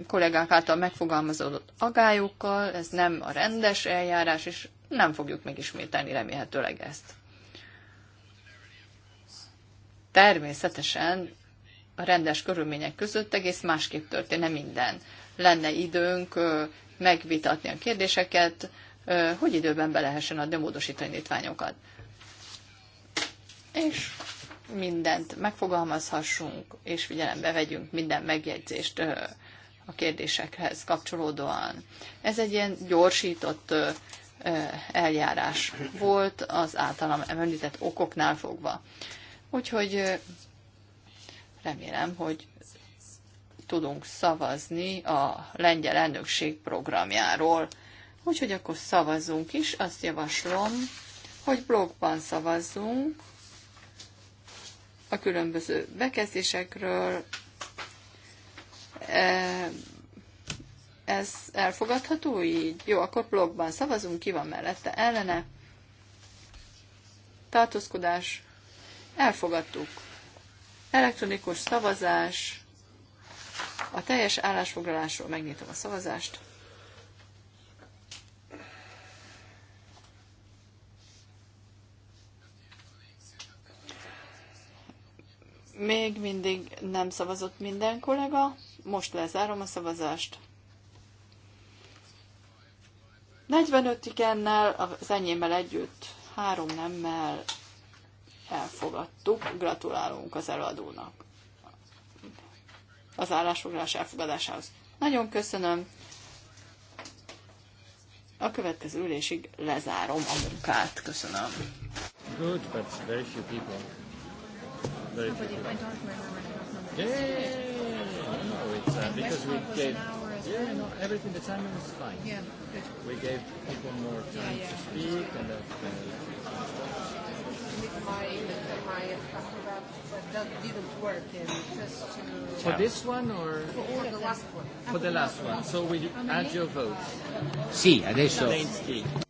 kollégák által megfogalmazódott agályokkal, ez nem a rendes eljárás, és nem fogjuk megismételni remélhetőleg ezt. Természetesen a rendes körülmények között egész másképp történne minden. Lenne időnk megvitatni a kérdéseket, hogy időben be lehessen adni a módosító indítványokat. És mindent megfogalmazhassunk, és figyelembe vegyünk minden megjegyzést a kérdésekhez kapcsolódóan. Ez egy ilyen gyorsított eljárás volt az általam említett okoknál fogva. Úgyhogy Remélem, hogy tudunk szavazni a lengyel elnökség programjáról. Úgyhogy akkor szavazunk is, azt javaslom, hogy blogban szavazzunk a különböző bekezdésekről. E, ez elfogadható így? Jó, akkor blogban szavazunk, ki van mellette ellene. Tartózkodás. Elfogadtuk. Elektronikus szavazás. A teljes állásfoglalásról megnyitom a szavazást. Még mindig nem szavazott minden kollega. Most lezárom a szavazást. 45 igennel, az enyémmel együtt, három nemmel elfogadtuk, gratulálunk az előadónak az állásfoglalás elfogadásához. Nagyon köszönöm, a következő ülésig lezárom a munkát. Köszönöm. Good, but very few people. Very few people. Yeah, yeah, yeah, yeah. No, it's uh, because we gave. Yeah, no, everything the time was fine. Yeah, good. We gave people more time yeah, yeah. to speak and. Uh, my my that didn't work and just to for this one or for the last one for the last one so we add your votes sì adesso